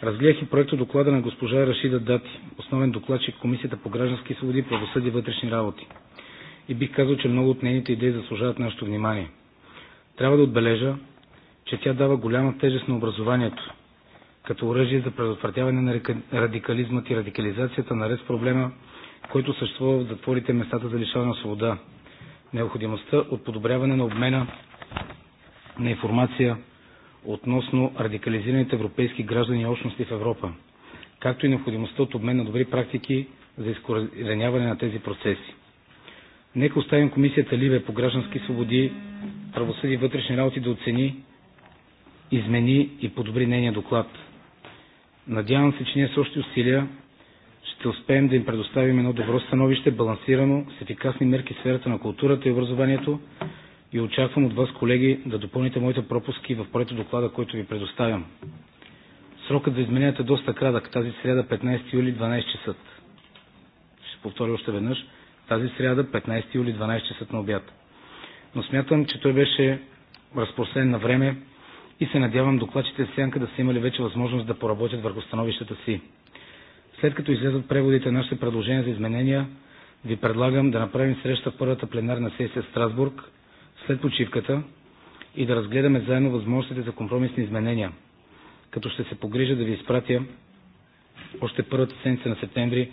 Разгледах и проекта доклада на госпожа Рашида Дати, основен докладчик Комисията по граждански свободи, правосъди вътрешни работи и бих казал, че много от нейните идеи заслужават нашето внимание. Трябва да отбележа, че тя дава голяма тежест на образованието, като оръжие за предотвратяване на радикализма и радикализацията, наред с проблема, който съществува в затворите местата за лишаване на свобода, необходимостта от подобряване на обмена на информация относно радикализираните европейски граждани и общности в Европа, както и необходимостта от обмен на добри практики за изкореняване на тези процеси. Нека оставим комисията Либе по граждански свободи, правосъди и вътрешни работи да оцени, измени и подобри нейния доклад. Надявам се, че ние с още усилия ще успеем да им предоставим едно добро становище, балансирано, с ефикасни мерки в сферата на културата и образованието и очаквам от вас, колеги, да допълните моите пропуски в проекта доклада, който ви предоставям. Срокът за измененията е доста кратък, тази среда 15 юли 12 часа. Ще повторя още веднъж тази сряда, 15 юли, 12 часа на обяд. Но смятам, че той беше разпространен на време и се надявам докладчите с сянка да са имали вече възможност да поработят върху становищата си. След като излезат преводите на нашите предложения за изменения, ви предлагам да направим среща в първата пленарна сесия в Страсбург след почивката и да разгледаме заедно възможностите за компромисни изменения, като ще се погрижа да ви изпратя още първата седмица на септември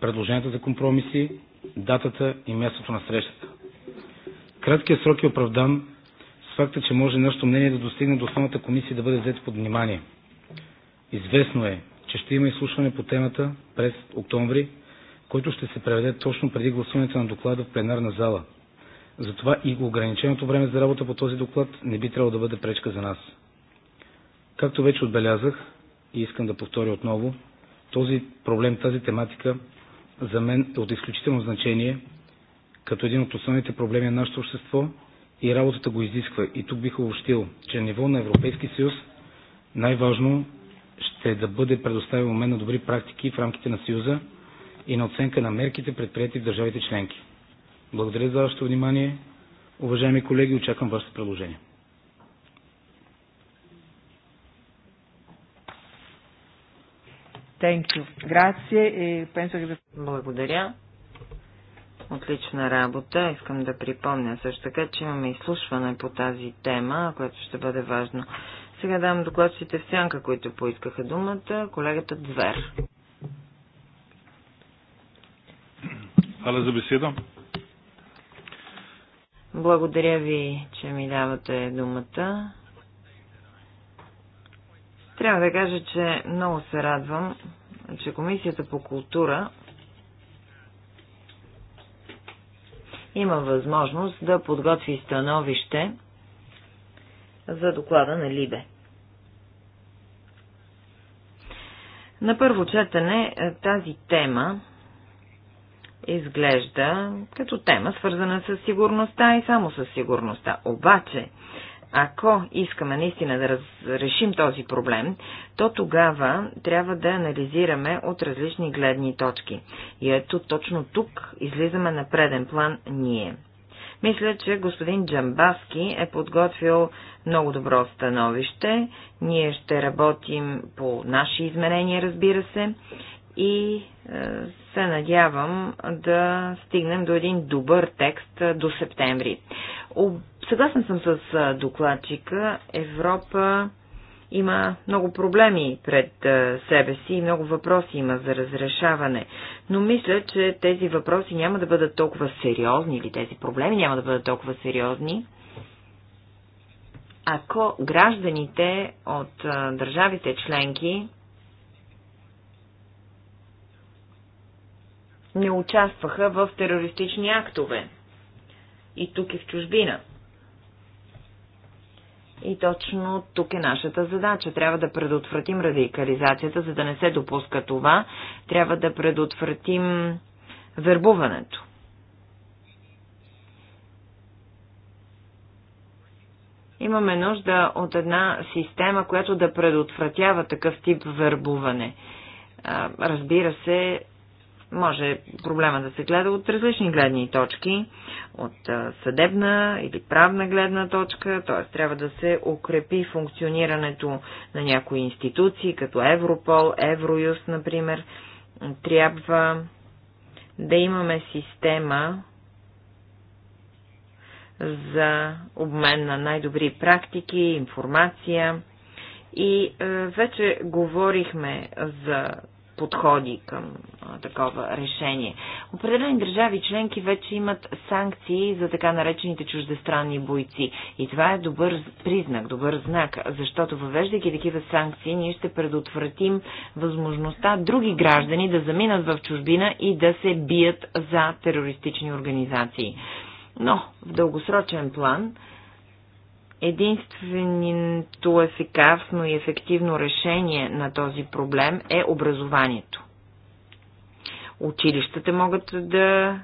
предложенията за компромиси датата и мястото на срещата. Краткият срок е оправдан с факта, че може нашето мнение да достигне до основната комисия да бъде взето под внимание. Известно е, че ще има изслушване по темата през октомври, който ще се преведе точно преди гласуването на доклада в пленарна зала. Затова и ограниченото време за работа по този доклад не би трябвало да бъде пречка за нас. Както вече отбелязах и искам да повторя отново, този проблем, тази тематика за мен е от изключително значение, като един от основните проблеми на нашето общество и работата го изисква. И тук бих обобщил, че на ниво на Европейски съюз най-важно ще е да бъде предоставен момент на добри практики в рамките на Съюза и на оценка на мерките предприяти в държавите членки. Благодаря за вашето внимание. Уважаеми колеги, очаквам вашето предложение. Thank you. Grazie и e penso che... Благодаря. Отлична работа. Искам да припомня също така, че имаме изслушване по тази тема, което ще бъде важно. Сега давам докладчите в сянка, които поискаха думата. Колегата Двер. Хвала за беседа. Благодаря ви, че ми давате думата. Трябва да кажа, че много се радвам, че Комисията по култура има възможност да подготви становище за доклада на Либе. На първо четене е, тази тема изглежда като тема, свързана с сигурността и само с сигурността. Обаче, ако искаме наистина да разрешим този проблем, то тогава трябва да анализираме от различни гледни точки. И ето точно тук излизаме на преден план ние. Мисля, че господин Джамбаски е подготвил много добро становище. Ние ще работим по наши изменения, разбира се, и е, се надявам да стигнем до един добър текст е, до септември. Съгласен съм с докладчика. Европа има много проблеми пред себе си и много въпроси има за разрешаване. Но мисля, че тези въпроси няма да бъдат толкова сериозни или тези проблеми няма да бъдат толкова сериозни, ако гражданите от държавите членки не участваха в терористични актове и тук и в чужбина. И точно тук е нашата задача. Трябва да предотвратим радикализацията, за да не се допуска това. Трябва да предотвратим вербуването. Имаме нужда от една система, която да предотвратява такъв тип вербуване. Разбира се, може проблема да се гледа от различни гледни точки, от съдебна или правна гледна точка, т.е. трябва да се укрепи функционирането на някои институции, като Европол, Евроюст, например. Трябва да имаме система за обмен на най-добри практики, информация. И вече говорихме за подходи към такова решение. Определени държави членки вече имат санкции за така наречените чуждестранни бойци. И това е добър признак, добър знак, защото въвеждайки такива санкции, ние ще предотвратим възможността други граждани да заминат в чужбина и да се бият за терористични организации. Но в дългосрочен план единственото ефикасно и ефективно решение на този проблем е образованието. Училищата могат да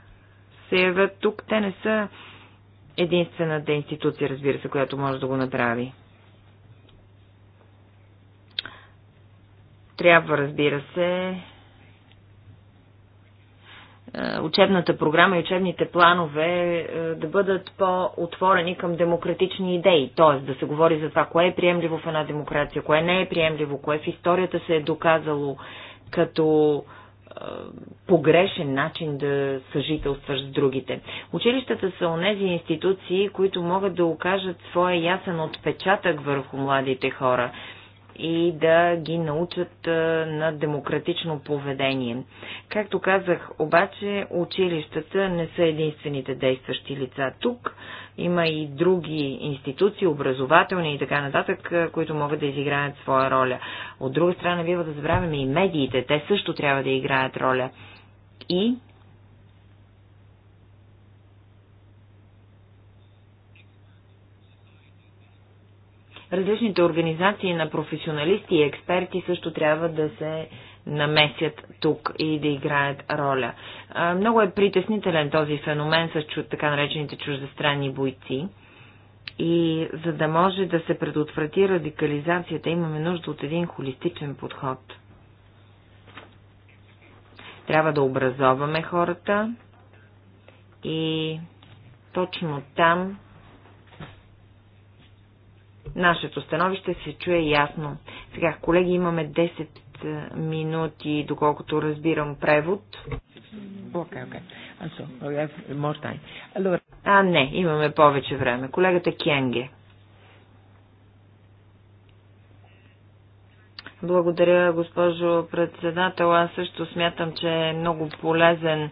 се явят тук. Те не са единствената институция, разбира се, която може да го направи. Трябва, разбира се, е, учебната програма и учебните планове е, да бъдат по-отворени към демократични идеи, т.е. да се говори за това, кое е приемливо в една демокрация, кое не е приемливо, кое в историята се е доказало като е, погрешен начин да съжителстваш с другите. Училищата са онези институции, които могат да окажат своя ясен отпечатък върху младите хора и да ги научат на демократично поведение. Както казах, обаче училищата не са единствените действащи лица тук. Има и други институции, образователни и така нататък, които могат да изиграят своя роля. От друга страна, бива да забравяме и медиите. Те също трябва да играят роля. И Различните организации на професионалисти и експерти също трябва да се намесят тук и да играят роля. Много е притеснителен този феномен с така наречените чуждестранни бойци. И за да може да се предотврати радикализацията, имаме нужда от един холистичен подход. Трябва да образоваме хората и точно там Нашето становище се чуе ясно. Сега, колеги, имаме 10 е, минути, доколкото разбирам превод. Okay, okay. So, А, не, имаме повече време. Колегата Кенге. Благодаря, госпожо председател. Аз също смятам, че е много полезен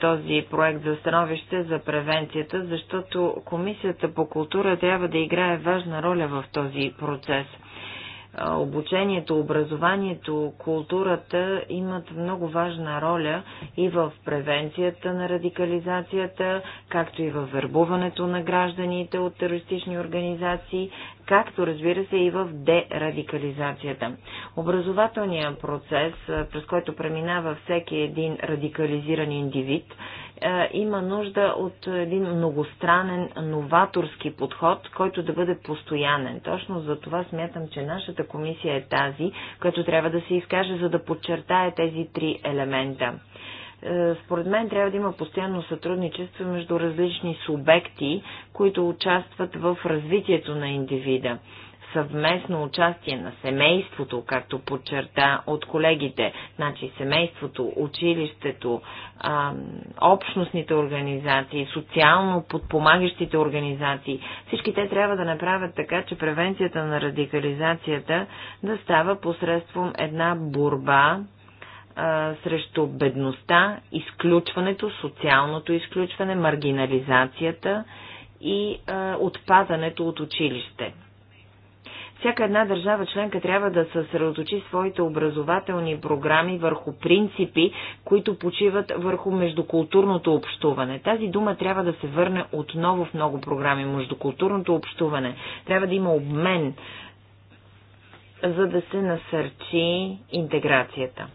този проект за становище за превенцията, защото Комисията по култура трябва да играе важна роля в този процес. Обучението, образованието, културата имат много важна роля и в превенцията на радикализацията, както и в вербуването на гражданите от терористични организации, както разбира се и в дерадикализацията. Образователният процес, през който преминава всеки един радикализиран индивид, има нужда от един многостранен, новаторски подход, който да бъде постоянен. Точно за това смятам, че нашата комисия е тази, която трябва да се изкаже, за да подчертае тези три елемента. Е, според мен трябва да има постоянно сътрудничество между различни субекти, които участват в развитието на индивида съвместно участие на семейството, както подчерта от колегите, значи семейството, училището, общностните организации, социално подпомагащите организации, всички те трябва да направят така, че превенцията на радикализацията да става посредством една борба а, срещу бедността, изключването, социалното изключване, маргинализацията и а, отпадането от училище. Всяка една държава членка трябва да съсредоточи своите образователни програми върху принципи, които почиват върху междукултурното общуване. Тази дума трябва да се върне отново в много програми. Междукултурното общуване. Трябва да има обмен, за да се насърчи интеграцията.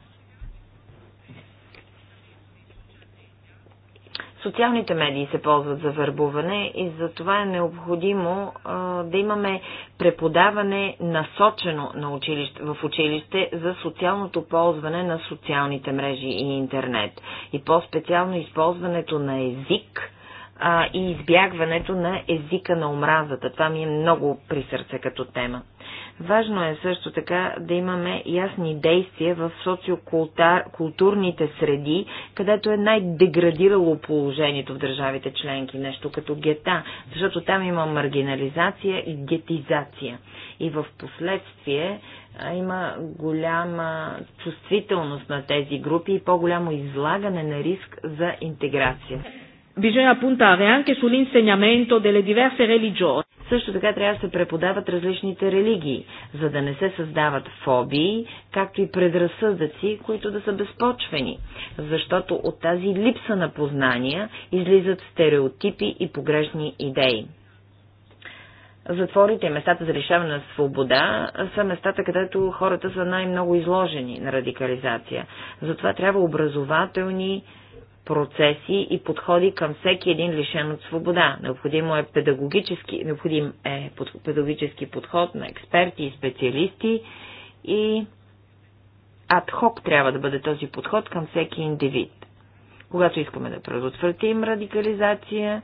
Социалните медии се ползват за върбуване и за това е необходимо а, да имаме преподаване насочено на училище, в училище за социалното ползване на социалните мрежи и интернет. И по-специално използването на език а, и избягването на езика на омразата. Това ми е много при сърце като тема. Важно е също така да имаме ясни действия в социокултурните среди, където е най-деградирало положението в държавите членки, нещо като гета, защото там има маргинализация и гетизация. И в последствие има голяма чувствителност на тези групи и по-голямо излагане на риск за интеграция bisogna puntare anche sull'insegnamento delle diverse religioni. Също така трябва да се преподават различните религии, за да не се създават фобии, както и предразсъдъци, които да са безпочвени, защото от тази липса на познания излизат стереотипи и погрешни идеи. Затворите и местата за лишаване на свобода са местата, където хората са най-много изложени на радикализация. Затова трябва образователни процеси и подходи към всеки един лишен от свобода. Необходимо е педагогически, необходим е под, педагогически подход на експерти и специалисти и адхок трябва да бъде този подход към всеки индивид. Когато искаме да предотвратим радикализация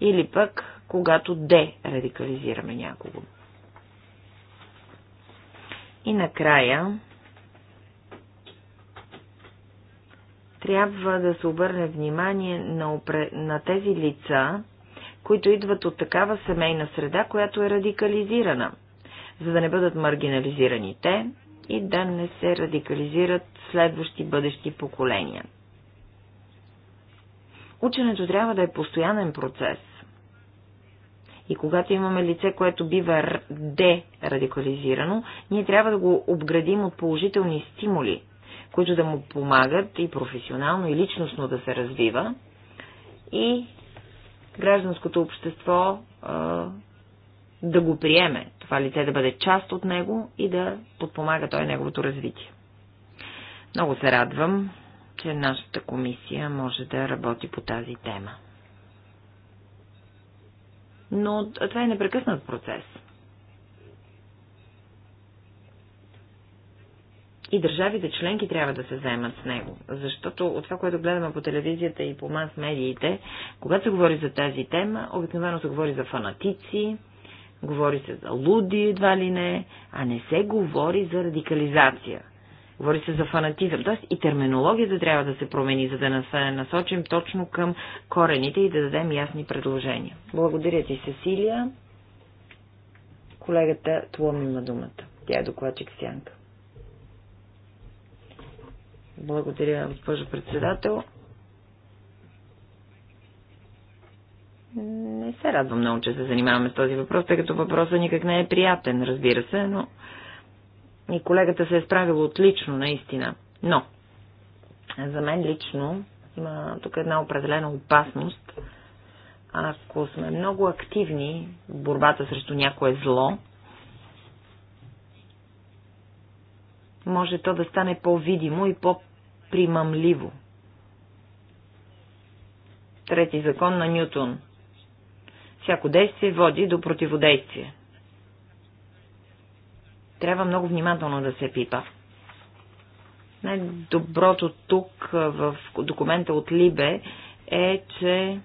или пък когато дерадикализираме някого. И накрая трябва да се обърне внимание на, опре... на тези лица, които идват от такава семейна среда, която е радикализирана, за да не бъдат маргинализирани те и да не се радикализират следващи бъдещи поколения. Ученето трябва да е постоянен процес. И когато имаме лице, което бива дерадикализирано, ние трябва да го обградим от положителни стимули – които да му помагат и професионално, и личностно да се развива. И гражданското общество а, да го приеме, това лице да бъде част от него и да подпомага той неговото развитие. Много се радвам, че нашата комисия може да работи по тази тема. Но това е непрекъснат процес – и държавите членки трябва да се заемат с него. Защото от това, което гледаме по телевизията и по мас-медиите, когато се говори за тази тема, обикновено се говори за фанатици, говори се за луди едва ли не, а не се говори за радикализация. Говори се за фанатизъм. Тоест и терминологията трябва да се промени, за да се насочим точно към корените и да дадем ясни предложения. Благодаря ти, Сесилия. Колегата Тлом има думата. Тя е докладчик Сянка. Благодаря, госпожо председател. Не се радвам много, че се занимаваме с този въпрос, тъй като въпросът никак не е приятен, разбира се, но и колегата се е справила отлично, наистина. Но, за мен лично има тук една определена опасност. Ако сме много активни в борбата срещу някое зло, може то да стане по-видимо и по-примамливо. Трети закон на Нютон. Всяко действие води до противодействие. Трябва много внимателно да се пипа. Най-доброто тук в документа от Либе е, че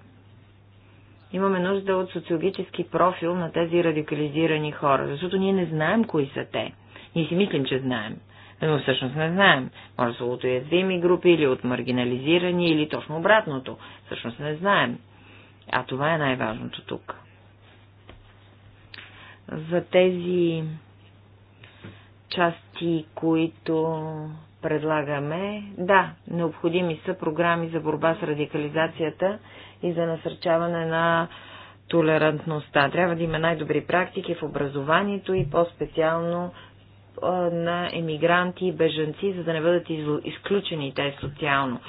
имаме нужда от социологически профил на тези радикализирани хора, защото ние не знаем кои са те. Ние си мислим, че знаем но всъщност не знаем. Може да са от уязвими групи или от маргинализирани или точно обратното. Всъщност не знаем. А това е най-важното тук. За тези части, които предлагаме, да, необходими са програми за борба с радикализацията и за насърчаване на толерантността. Трябва да има най-добри практики в образованието и по-специално на емигранти, и бежанци, за да не бъдат изключени те социално.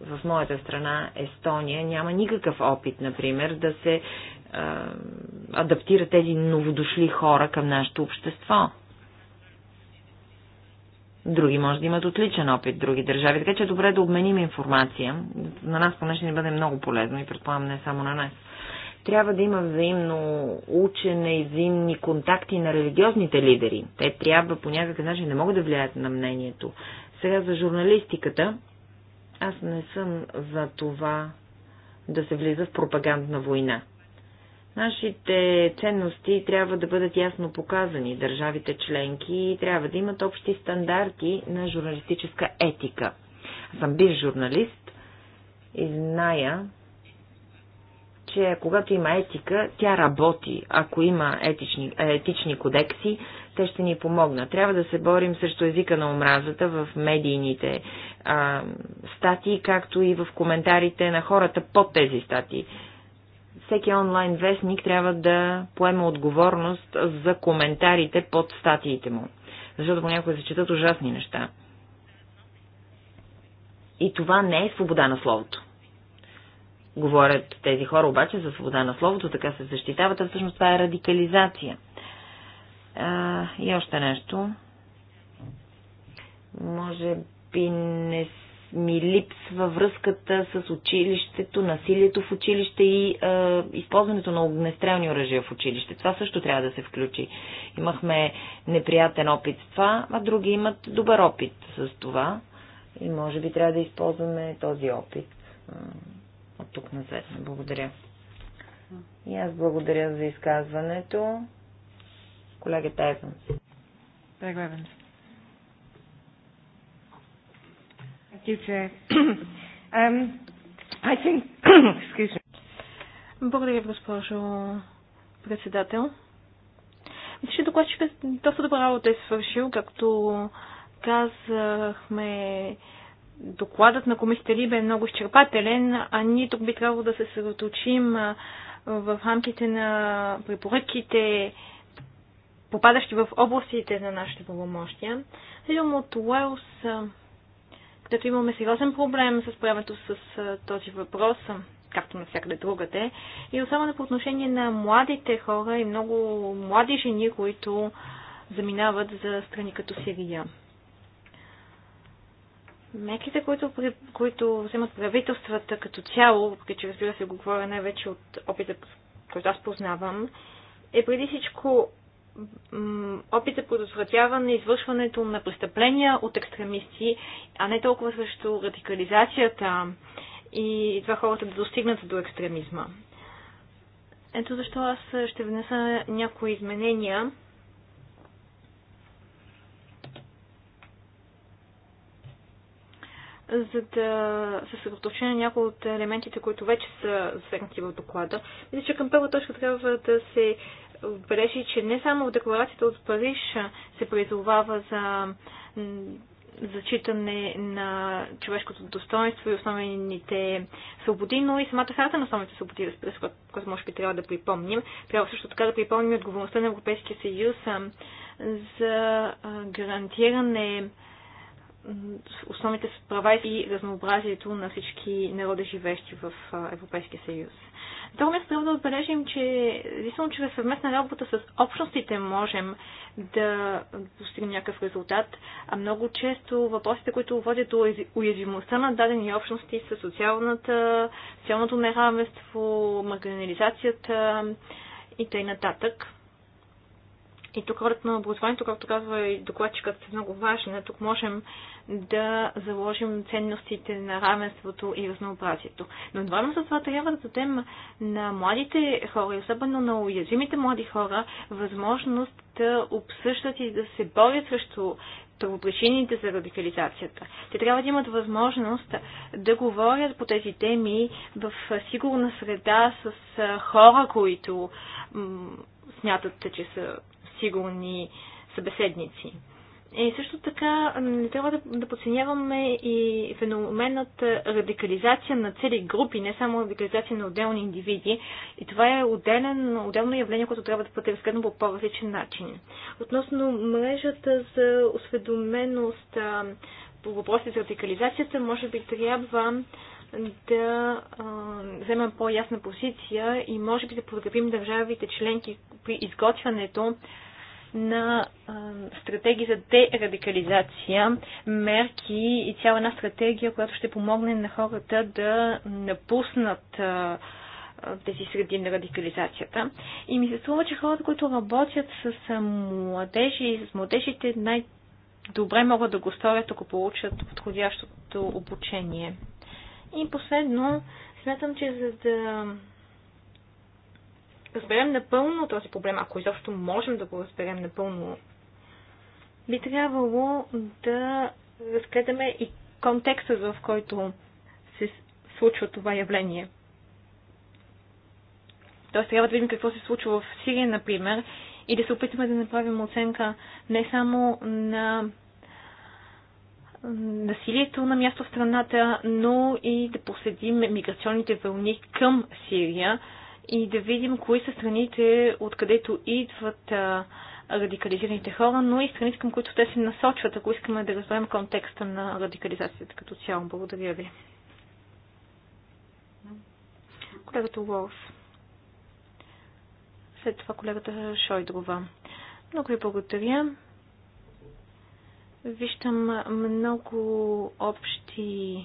В моята страна, Естония, няма никакъв опит, например, да се адаптира тези новодошли хора към нашето общество. Други може да имат отличен опит, други държави. Така че е добре да обменим информация. На нас поне ще ни бъде много полезно и предполагам не само на нас. Трябва да има взаимно учене и взаимни контакти на религиозните лидери. Те трябва по някакъв начин не могат да влияят на мнението. Сега за журналистиката. Аз не съм за това да се влиза в пропагандна война. Нашите ценности трябва да бъдат ясно показани. Държавите членки трябва да имат общи стандарти на журналистическа етика. Аз съм бив журналист и зная, че когато има етика, тя работи. Ако има етични, етични кодекси, те ще ни помогнат. Трябва да се борим срещу езика на омразата в медийните а, статии, както и в коментарите на хората под тези статии. Всеки онлайн вестник трябва да поема отговорност за коментарите под статиите му, защото понякога се четат ужасни неща. И това не е свобода на словото. Говорят тези хора обаче за свобода на словото, така се защитават, а всъщност това е радикализация. А, и още нещо. Може би не ми липсва връзката с училището, насилието в училище и е, използването на огнестрелни оръжия в училище. Това също трябва да се включи. Имахме неприятен опит с това, а други имат добър опит с това. И може би трябва да използваме този опит от тук на след. Благодаря. И аз благодаря за изказването. Колега Еванс. Тег Еванс. Um, благодаря, госпожо председател. Мисля, че докладчикът доста добра работа е свършил, както казахме докладът на комисията Либе е много изчерпателен, а ние тук би трябвало да се съсредоточим в рамките на препоръките, попадащи в областите на нашите правомощия. Следвам от Уелс, където имаме сериозен проблем с правенето с този въпрос, както навсякъде другаде. И особено по отношение на младите хора и много млади жени, които заминават за страни като Сирия. Мерките, които, които вземат правителствата като цяло, въпреки че разбира се го говоря най-вече от опита, който аз познавам, е преди всичко опит за предотвратяване извършването на престъпления от екстремисти, а не толкова срещу радикализацията и това хората да достигнат до екстремизма. Ето защо аз ще внеса някои изменения за да се съсредоточа на някои от елементите, които вече са засегнати в доклада. Мисля, че към първа точка трябва да се отбележи, че не само в декларацията от Париж се призовава за зачитане на човешкото достоинство и основните свободи, но и самата харта на основните свободи, разбира се, която може би трябва да припомним. Трябва също така да припомним отговорността на Европейския съюз за гарантиране основните права и разнообразието на всички народи, живещи в Европейския съюз. На второ място трябва да отбележим, че единствено чрез съвместна работа с общностите можем да постигнем някакъв резултат, а много често въпросите, които водят до уязвимостта на дадени общности са социалната, социалното неравенство, маргинализацията и т.н. нататък и тук ролята на образованието, както казва и докладчикът, е много важна. Тук можем да заложим ценностите на равенството и разнообразието. Но едновременно за това трябва да дадем на младите хора, и особено на уязвимите млади хора, възможност да обсъждат и да се борят срещу първопричините за радикализацията. Те трябва да имат възможност да говорят по тези теми в сигурна среда с хора, които смятат, че са сигурни събеседници. И също така не трябва да, да подценяваме и феноменът радикализация на цели групи, не само радикализация на отделни индивиди. И това е отделен, отделно явление, което трябва да бъде разгледано по по-различен начин. Относно мрежата за осведоменост по въпроси за радикализацията, може би трябва да а, вземем по-ясна позиция и може би да подкрепим държавите членки при изготвянето на стратегии за дерадикализация, мерки и цяла една стратегия, която ще помогне на хората да напуснат тези среди на радикализацията. И ми се струва, че хората, които работят с младежи и с младежите, най-добре могат да го сторят, ако получат подходящото обучение. И последно, смятам, че за да разберем напълно този проблем, ако изобщо можем да го разберем напълно, би трябвало да разгледаме и контекста, в който се случва това явление. Тоест трябва да видим какво се случва в Сирия, например, и да се опитаме да направим оценка не само на насилието на място в страната, но и да последим миграционните вълни към Сирия, и да видим кои са страните, откъдето идват а, радикализираните хора, но и страните, към които те се насочват, ако искаме да разберем контекста на радикализацията като цяло. Благодаря ви. Колегата Уолс. След това колегата Шойдрова. Много ви благодаря. Виждам много общи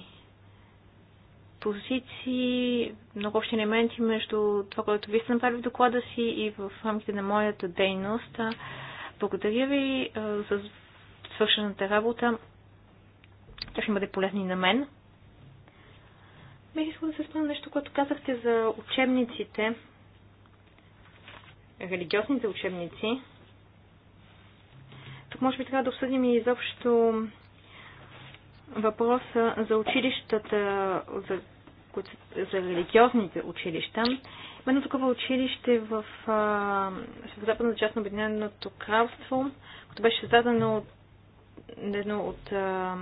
позиции, много общи елементи между това, което вие сте направили в доклада си и в рамките на моята дейност. Благодаря ви за свършената работа. Тя ще бъде полезна и на мен. Бих искала да се спомня нещо, което казахте за учебниците, религиозните учебници. Тук може би трябва да обсъдим и изобщо въпроса за училищата, за които са за религиозните училища. Едно такова училище в северо част на Обединеното кралство, което беше създадено от, едно от а,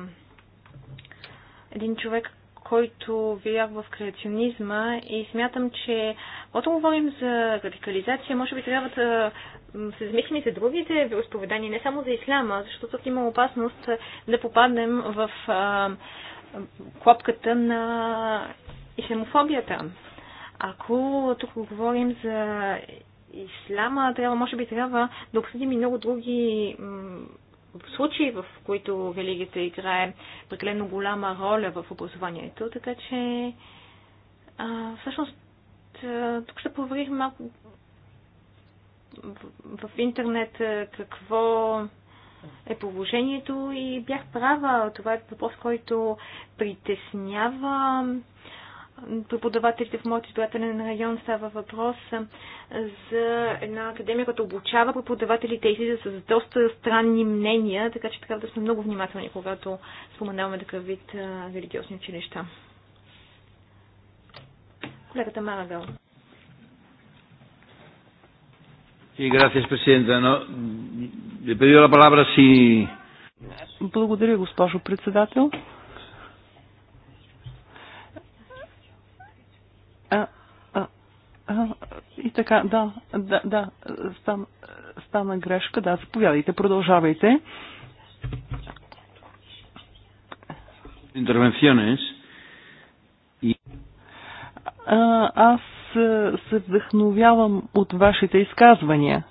един човек, който вярва в креационизма и смятам, че когато говорим за радикализация, може би трябва да се замислим и за другите вероисповедания, не само за исляма, защото тук има опасност да попаднем в а, клопката на хемофобията. Ако тук говорим за исляма, трябва, може би трябва да обсъдим и много други случаи, в които религията играе прекалено голяма роля в образованието, така че а, всъщност тук ще проверих малко в, в интернет какво е положението и бях права. Това е въпрос, който притеснява преподавателите в моят избирателен район става въпрос за една академия, която обучава преподавателите и излиза с доста странни мнения, така че трябва да сме много внимателни, когато споменаваме такъв вид религиозни училища. Колегата Марагал. Благодаря, госпожо председател. И така, да, да, да, стана, стана грешка. Да, заповядайте, продължавайте. Интервенционes. Аз се вдъхновявам от вашите изказвания.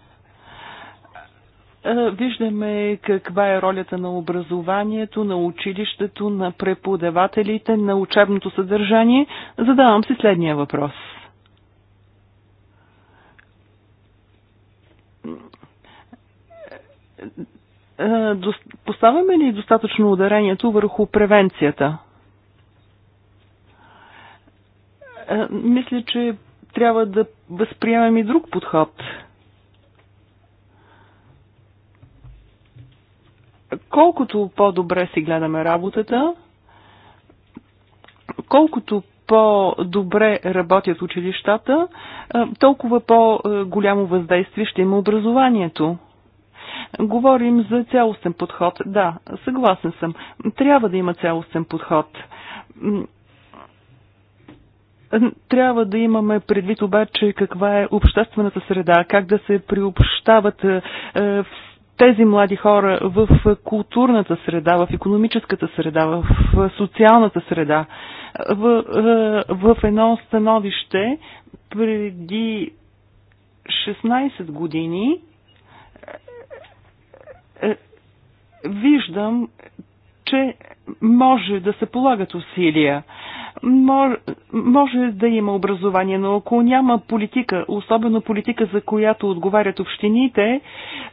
Виждаме каква е ролята на образованието, на училището, на преподавателите, на учебното съдържание. Задавам си следния въпрос – Е, поставяме ли достатъчно ударението върху превенцията? Е, мисля, че трябва да възприемем и друг подход. Колкото по-добре си гледаме работата, колкото по-добре работят училищата, е, толкова по-голямо въздействие ще има образованието. Говорим за цялостен подход. Да, съгласен съм. Трябва да има цялостен подход. Трябва да имаме предвид обаче каква е обществената среда, как да се приобщават е, е, тези млади хора в културната среда, в економическата среда, в социалната среда. В, е, в едно становище преди 16 години е, виждам, че може да се полагат усилия. Може да има образование, но ако няма политика, особено политика, за която отговарят общините,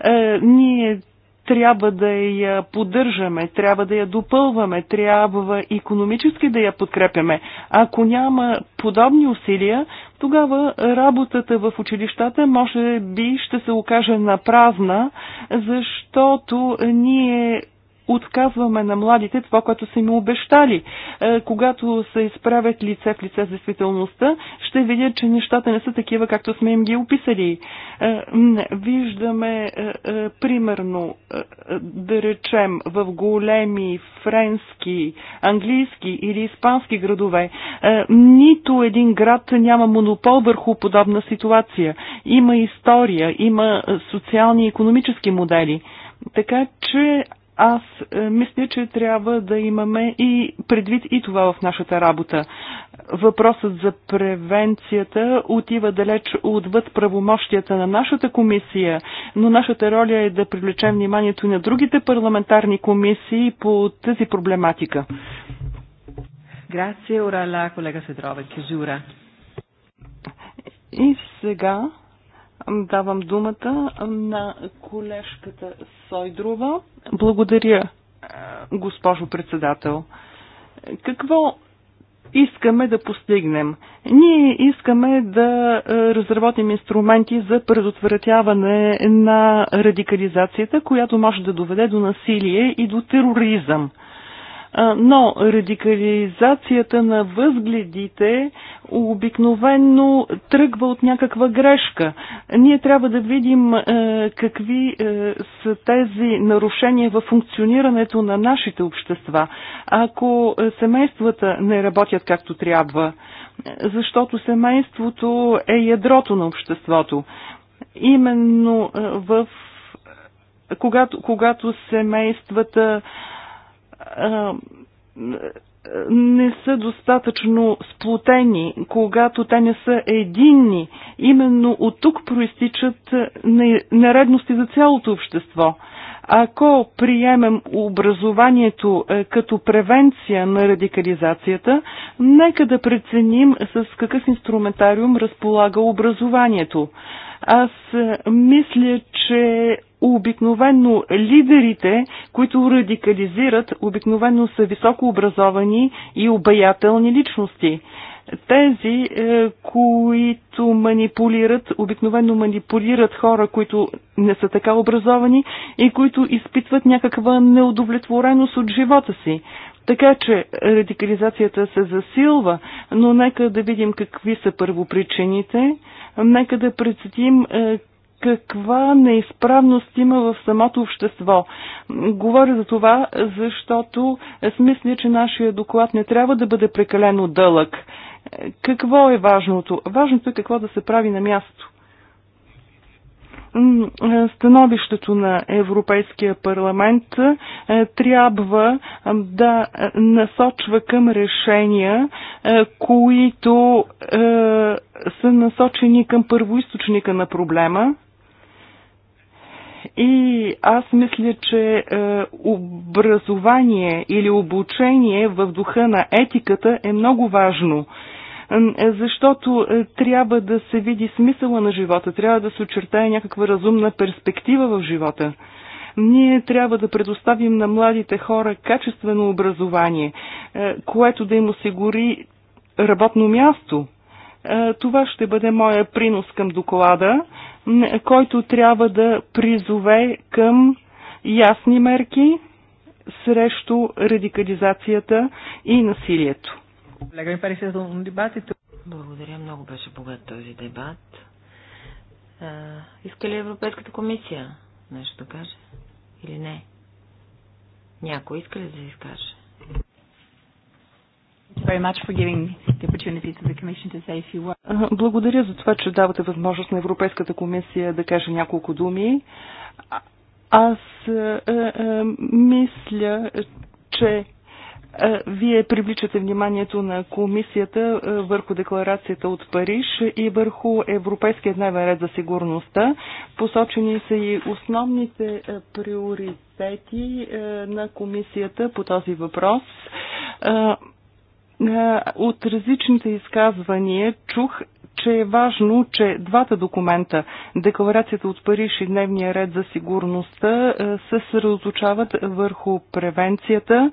е, ние трябва да я поддържаме, трябва да я допълваме, трябва економически да я подкрепяме. Ако няма подобни усилия, тогава работата в училищата може би ще се окаже напразна, защото ние отказваме на младите това, което са им обещали. Е, когато се изправят лице в лице с действителността, ще видят, че нещата не са такива, както сме им ги описали. Е, виждаме, е, примерно, да речем, в големи френски, английски или испански градове, нито един град няма монопол върху подобна ситуация. Има история, има социални и економически модели. Така че аз е, мисля, че трябва да имаме и предвид и това в нашата работа. Въпросът за превенцията отива далеч отвъд правомощията на нашата комисия, но нашата роля е да привлечем вниманието на другите парламентарни комисии по тази проблематика. Грация, Орала, колега Седрова, Кизура. И сега давам думата на колежката Сойдрова. Благодаря, е, госпожо председател. Какво искаме да постигнем? Ние искаме да е, разработим инструменти за предотвратяване на радикализацията, която може да доведе до насилие и до тероризъм но радикализацията на възгледите обикновенно тръгва от някаква грешка. Ние трябва да видим какви са тези нарушения в функционирането на нашите общества. Ако семействата не работят както трябва, защото семейството е ядрото на обществото. Именно в когато, когато семействата не са достатъчно сплутени, когато те не са единни. Именно от тук проистичат нередности за цялото общество. Ако приемем образованието като превенция на радикализацията, нека да преценим с какъв инструментариум разполага образованието. Аз мисля, че обикновено лидерите, които радикализират, обикновено са високо образовани и обаятелни личности. Тези, е, които манипулират, обикновено манипулират хора, които не са така образовани и които изпитват някаква неудовлетвореност от живота си. Така че радикализацията се засилва, но нека да видим какви са първопричините нека да прецетим е, каква неизправност има в самото общество. Говоря за това, защото аз мисля, че нашия доклад не трябва да бъде прекалено дълъг. Е, какво е важното? Важното е какво да се прави на място. Е, становището на Европейския парламент е, трябва е, да насочва към решения, които са насочени към първоисточника на проблема, и аз мисля, че е, образование или обучение в духа на етиката е много важно. Е, защото е, трябва да се види смисъла на живота, трябва да се очертае някаква разумна перспектива в живота. Ние трябва да предоставим на младите хора качествено образование, е, което да им осигури работно място. Това ще бъде моя принос към доклада, който трябва да призове към ясни мерки срещу радикализацията и насилието. Благодаря, много беше богат този дебат. А, иска ли Европейската комисия нещо да каже? Или не? Някой иска ли да изкаже? Благодаря за това, че давате възможност на Европейската комисия да каже няколко думи. Аз мисля, че е, вие привличате вниманието на комисията е, върху декларацията от Париж и върху Европейския дневен ред за сигурността. Посочени са и основните е, приоритети на комисията по този въпрос. От различните изказвания чух че е важно, че двата документа, декларацията от Париж и дневния ред за сигурността, е, се съсредоточават върху превенцията,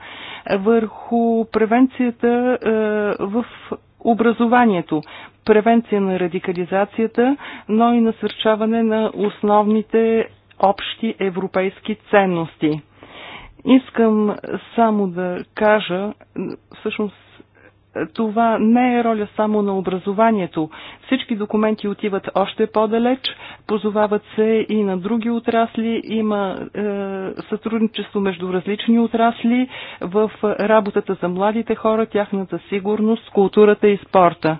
върху превенцията е, в образованието, превенция на радикализацията, но и насърчаване на основните общи европейски ценности. Искам само да кажа, всъщност това не е роля само на образованието. Всички документи отиват още по-далеч, позовават се и на други отрасли, има е, сътрудничество между различни отрасли в работата за младите хора, тяхната сигурност, културата и спорта.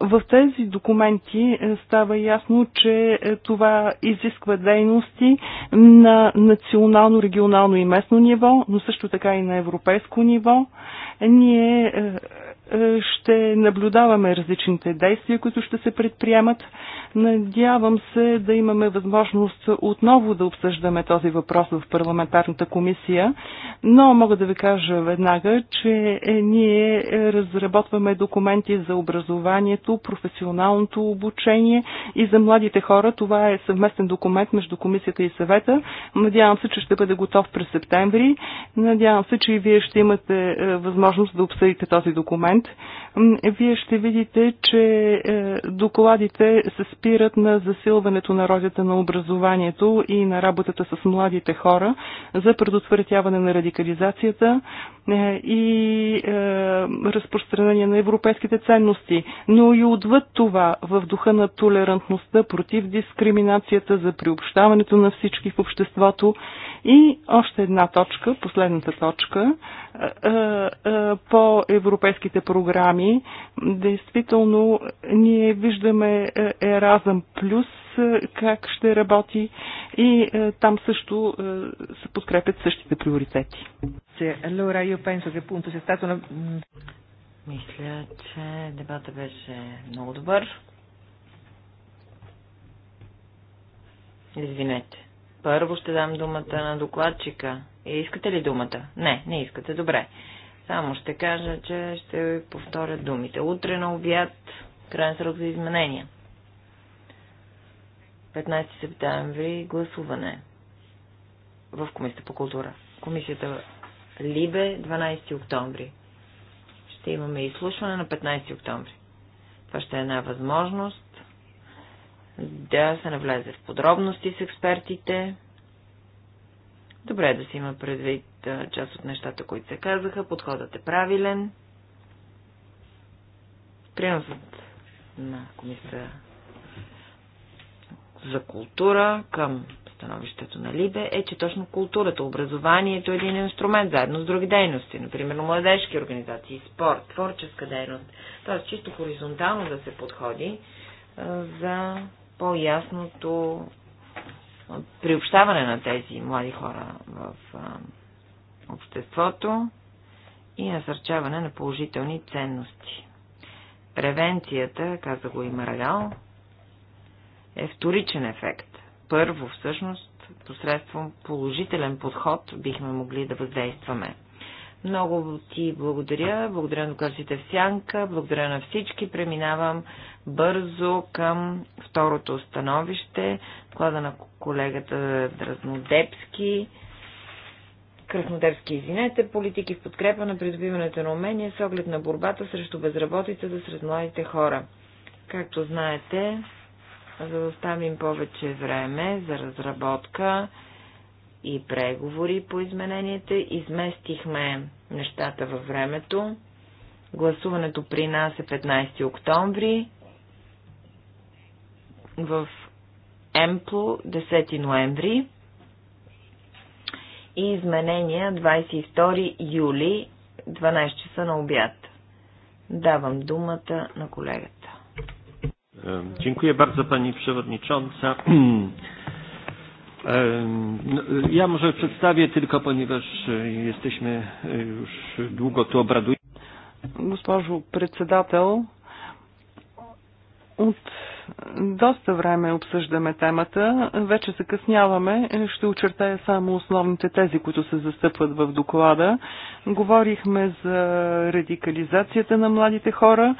В тези документи е, става ясно, че е, това изисква дейности на национално, регионално и местно ниво, но също така и на европейско ниво. Ние е, е, ще наблюдаваме различните действия, които ще се предприемат. Надявам се да имаме възможност отново да обсъждаме този въпрос в парламентарната комисия, но мога да ви кажа веднага, че е, ние е, разработваме документи за образованието, професионалното обучение и за младите хора. Това е съвместен документ между комисията и съвета. Надявам се, че ще бъде готов през септември. Надявам се, че и вие ще имате възможност да обсъдите този документ момент вие ще видите, че е, докладите се спират на засилването на ролята на образованието и на работата с младите хора за предотвратяване на радикализацията, е, и е, разпространение на европейските ценности, но и отвъд това, в духа на толерантността, против дискриминацията, за приобщаването на всички в обществото. И още една точка, последната точка, е, по европейските програми. Действително, ние виждаме Еразъм Плюс, как ще работи и там също се подкрепят същите приоритети. Grazie. Allora io penso che appunto sia stato una... Mm, Мисля, че дебата беше много добър. Извинете. Първо ще дам думата на докладчика. Е, искате ли думата? Не, не искате. Добре. Само ще кажа, че ще ви повторя думите. Утре на обяд, крайен срок за изменения. 15 септември гласуване в Комисията по култура. Комисията Либе 12 октомври. Ще имаме изслушване на 15 октомври. Това ще е една възможност да се навлезе в подробности с експертите. Добре е да си има предвид част от нещата, които се казаха. Подходът е правилен. Приносът на комисията за култура към становището на Либе, е, че точно културата, образованието е един инструмент, заедно с други дейности, например младежки организации, спорт, творческа дейност. Тоест чисто хоризонтално да се подходи за по-ясното приобщаване на тези млади хора в обществото и насърчаване на положителни ценности. Превенцията, каза го и Марагал, е вторичен ефект първо всъщност посредством положителен подход бихме могли да въздействаме. Много ти благодаря. Благодаря на докладчите в Сянка. Благодаря на всички. Преминавам бързо към второто становище. Доклада на колегата Дразнодепски. Краснодепски, извинете, политики в подкрепа на придобиването на умения с оглед на борбата срещу безработицата сред младите хора. Както знаете, за да оставим повече време за разработка и преговори по измененията. Изместихме нещата във времето. Гласуването при нас е 15 октомври. В Емпло 10 ноември и изменения 22 юли 12 часа на обяд. Давам думата на колегата. Dziękuję bardzo Pani Przewodnicząca. Ja może przedstawię tylko, ponieważ jesteśmy już długo tu obradujemy. Госпожо председател, от доста време обсъждаме темата. Вече закъсняваме. Ще очертая само основните тези, които се застъпват в доклада. Говорихме за радикализацията на младите хора.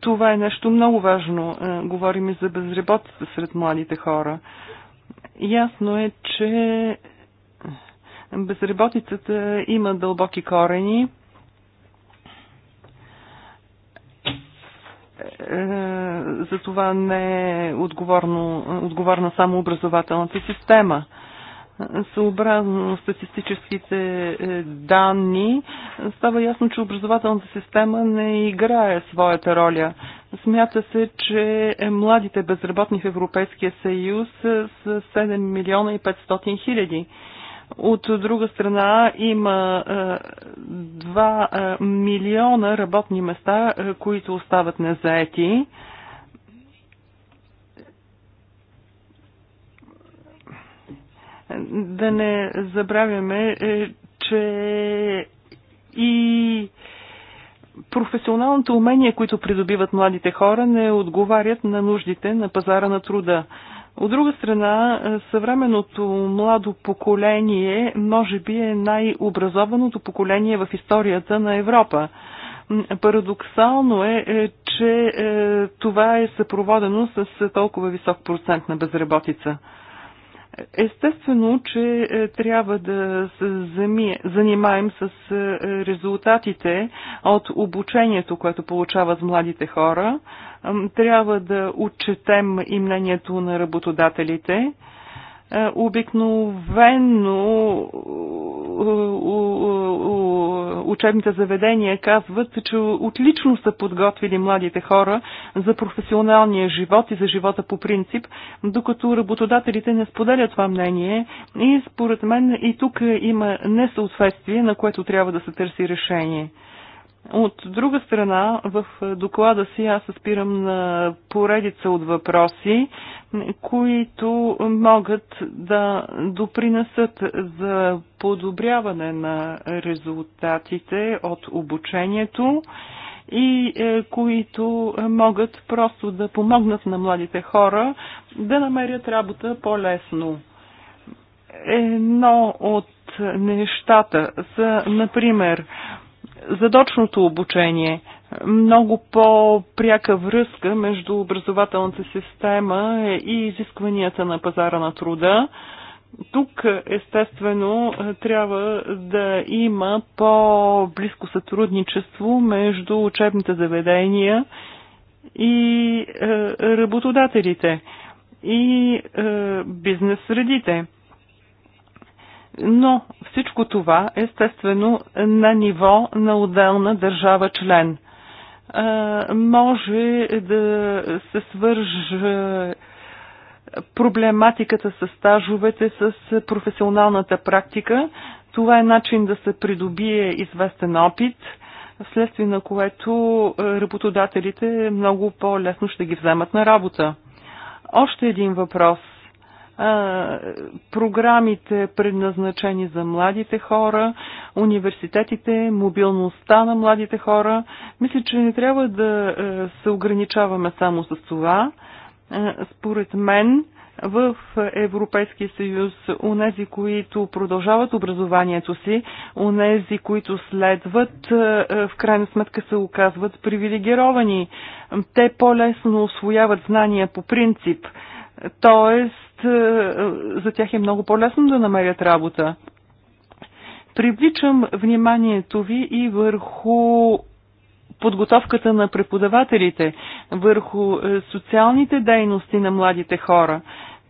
Това е нещо много важно. Е, говорим и за безработица сред младите хора. Ясно е, че безработицата има дълбоки корени Е, за това не е отговорно, отговорна само образователната система. Съобразно статистическите е, данни, става ясно, че образователната система не играе своята роля. Смята се, че е, младите безработни в Европейския съюз са 7 милиона и 500 хиляди. От друга страна има 2 е, е, милиона работни места, е, които остават незаети. Да не забравяме, че и професионалното умение, които придобиват младите хора, не отговарят на нуждите на пазара на труда. От друга страна, е, съвременното младо поколение може би е най-образованото поколение в историята на Европа. Парадоксално е, е че е, това е съпроводено с толкова висок процент на безработица. Естествено, че трябва да се занимаем с резултатите от обучението, което получават младите хора, трябва да отчетем и мнението на работодателите. Е, обикновено учебните заведения казват, че отлично са подготвили младите хора за професионалния живот и за живота по принцип, докато работодателите не споделят това мнение и според мен и тук има несъответствие, на което трябва да се търси решение. От друга страна, в доклада си аз се спирам на поредица от въпроси, които могат да допринесат за подобряване на резултатите от обучението и е, които могат просто да помогнат на младите хора да намерят работа по-лесно. Едно от нещата са, например, задочното обучение, много по-пряка връзка между образователната система и изискванията на пазара на труда. Тук, естествено, трябва да има по-близко сътрудничество между учебните заведения и е, работодателите и е, бизнес средите. Но всичко това естествено на ниво на отделна държава член. Може да се свърже проблематиката с стажовете, с професионалната практика. Това е начин да се придобие известен опит, вследствие на което работодателите много по-лесно ще ги вземат на работа. Още един въпрос – програмите предназначени за младите хора, университетите, мобилността на младите хора. Мисля, че не трябва да се ограничаваме само с това. Според мен, в Европейския съюз унези, които продължават образованието си, унези, които следват, в крайна сметка се оказват привилегировани. Те по-лесно освояват знания по принцип. Тоест, е, за тях е много по-лесно да намерят работа. Привличам вниманието ви и върху подготовката на преподавателите, върху е, социалните дейности на младите хора.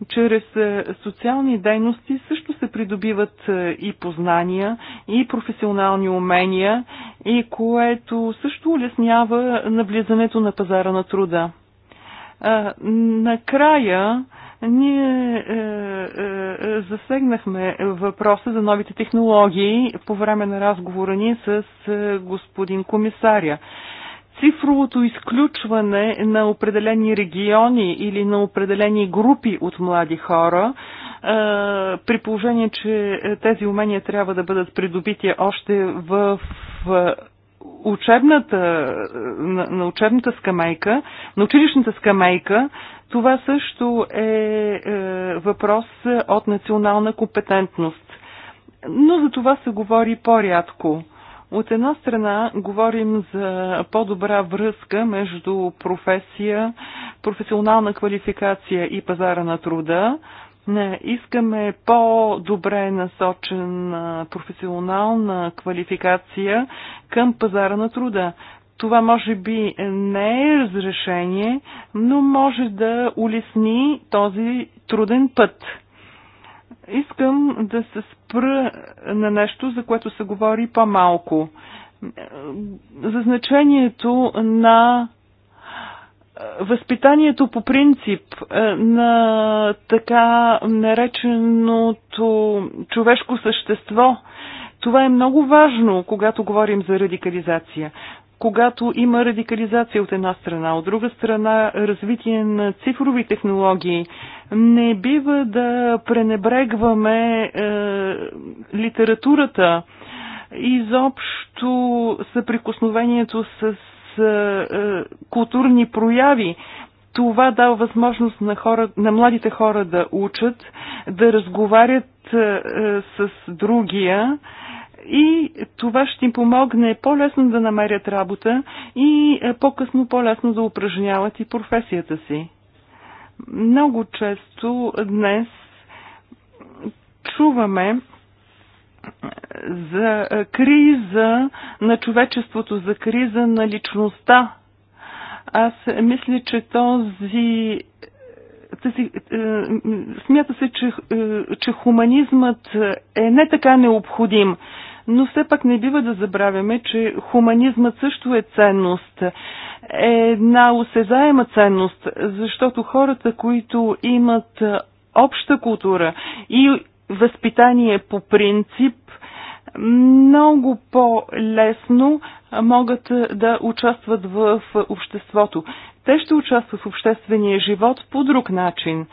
Чрез е, социални дейности също се придобиват и познания, и професионални умения, и което също улеснява навлизането на пазара на труда. Накрая, ние е, е, е, засегнахме въпроса за новите технологии по време на разговора ни с е, господин комисаря. Цифровото изключване на определени региони или на определени групи от млади хора е, при положение, че тези умения трябва да бъдат придобити още в учебната, на, на учебната скамейка, на училищната скамейка, това също е, е въпрос от национална компетентност. Но за това се говори по-рядко. От една страна говорим за по-добра връзка между професия, професионална квалификация и пазара на труда. Не, искаме по-добре насочена професионална квалификация към пазара на труда. Това може би не е разрешение, но може да улесни този труден път. Искам да се спра на нещо, за което се говори по-малко. За значението на възпитанието по принцип на така нареченото човешко същество, това е много важно, когато говорим за радикализация когато има радикализация от една страна, от друга страна развитие на цифрови технологии. Не бива да пренебрегваме е, литературата, изобщо съприкосновението с е, е културни прояви. Това дава възможност на, хора, на младите хора да учат, да разговарят е, е с другия. Е, и това ще им помогне по-лесно да намерят работа и е, по-късно по-лесно да упражняват и професията си. Много често днес чуваме е, за е, криза на човечеството, за криза на личността. Аз мисля, че този тази, е, смята се, че, е, че хуманизмът е не така необходим. Но все пак не бива да забравяме, че хуманизмът също е ценност. Е една осезаема ценност, защото хората, които имат обща култура и възпитание по принцип, много по-лесно могат да участват в обществото. Те ще участват в обществения живот по друг начин.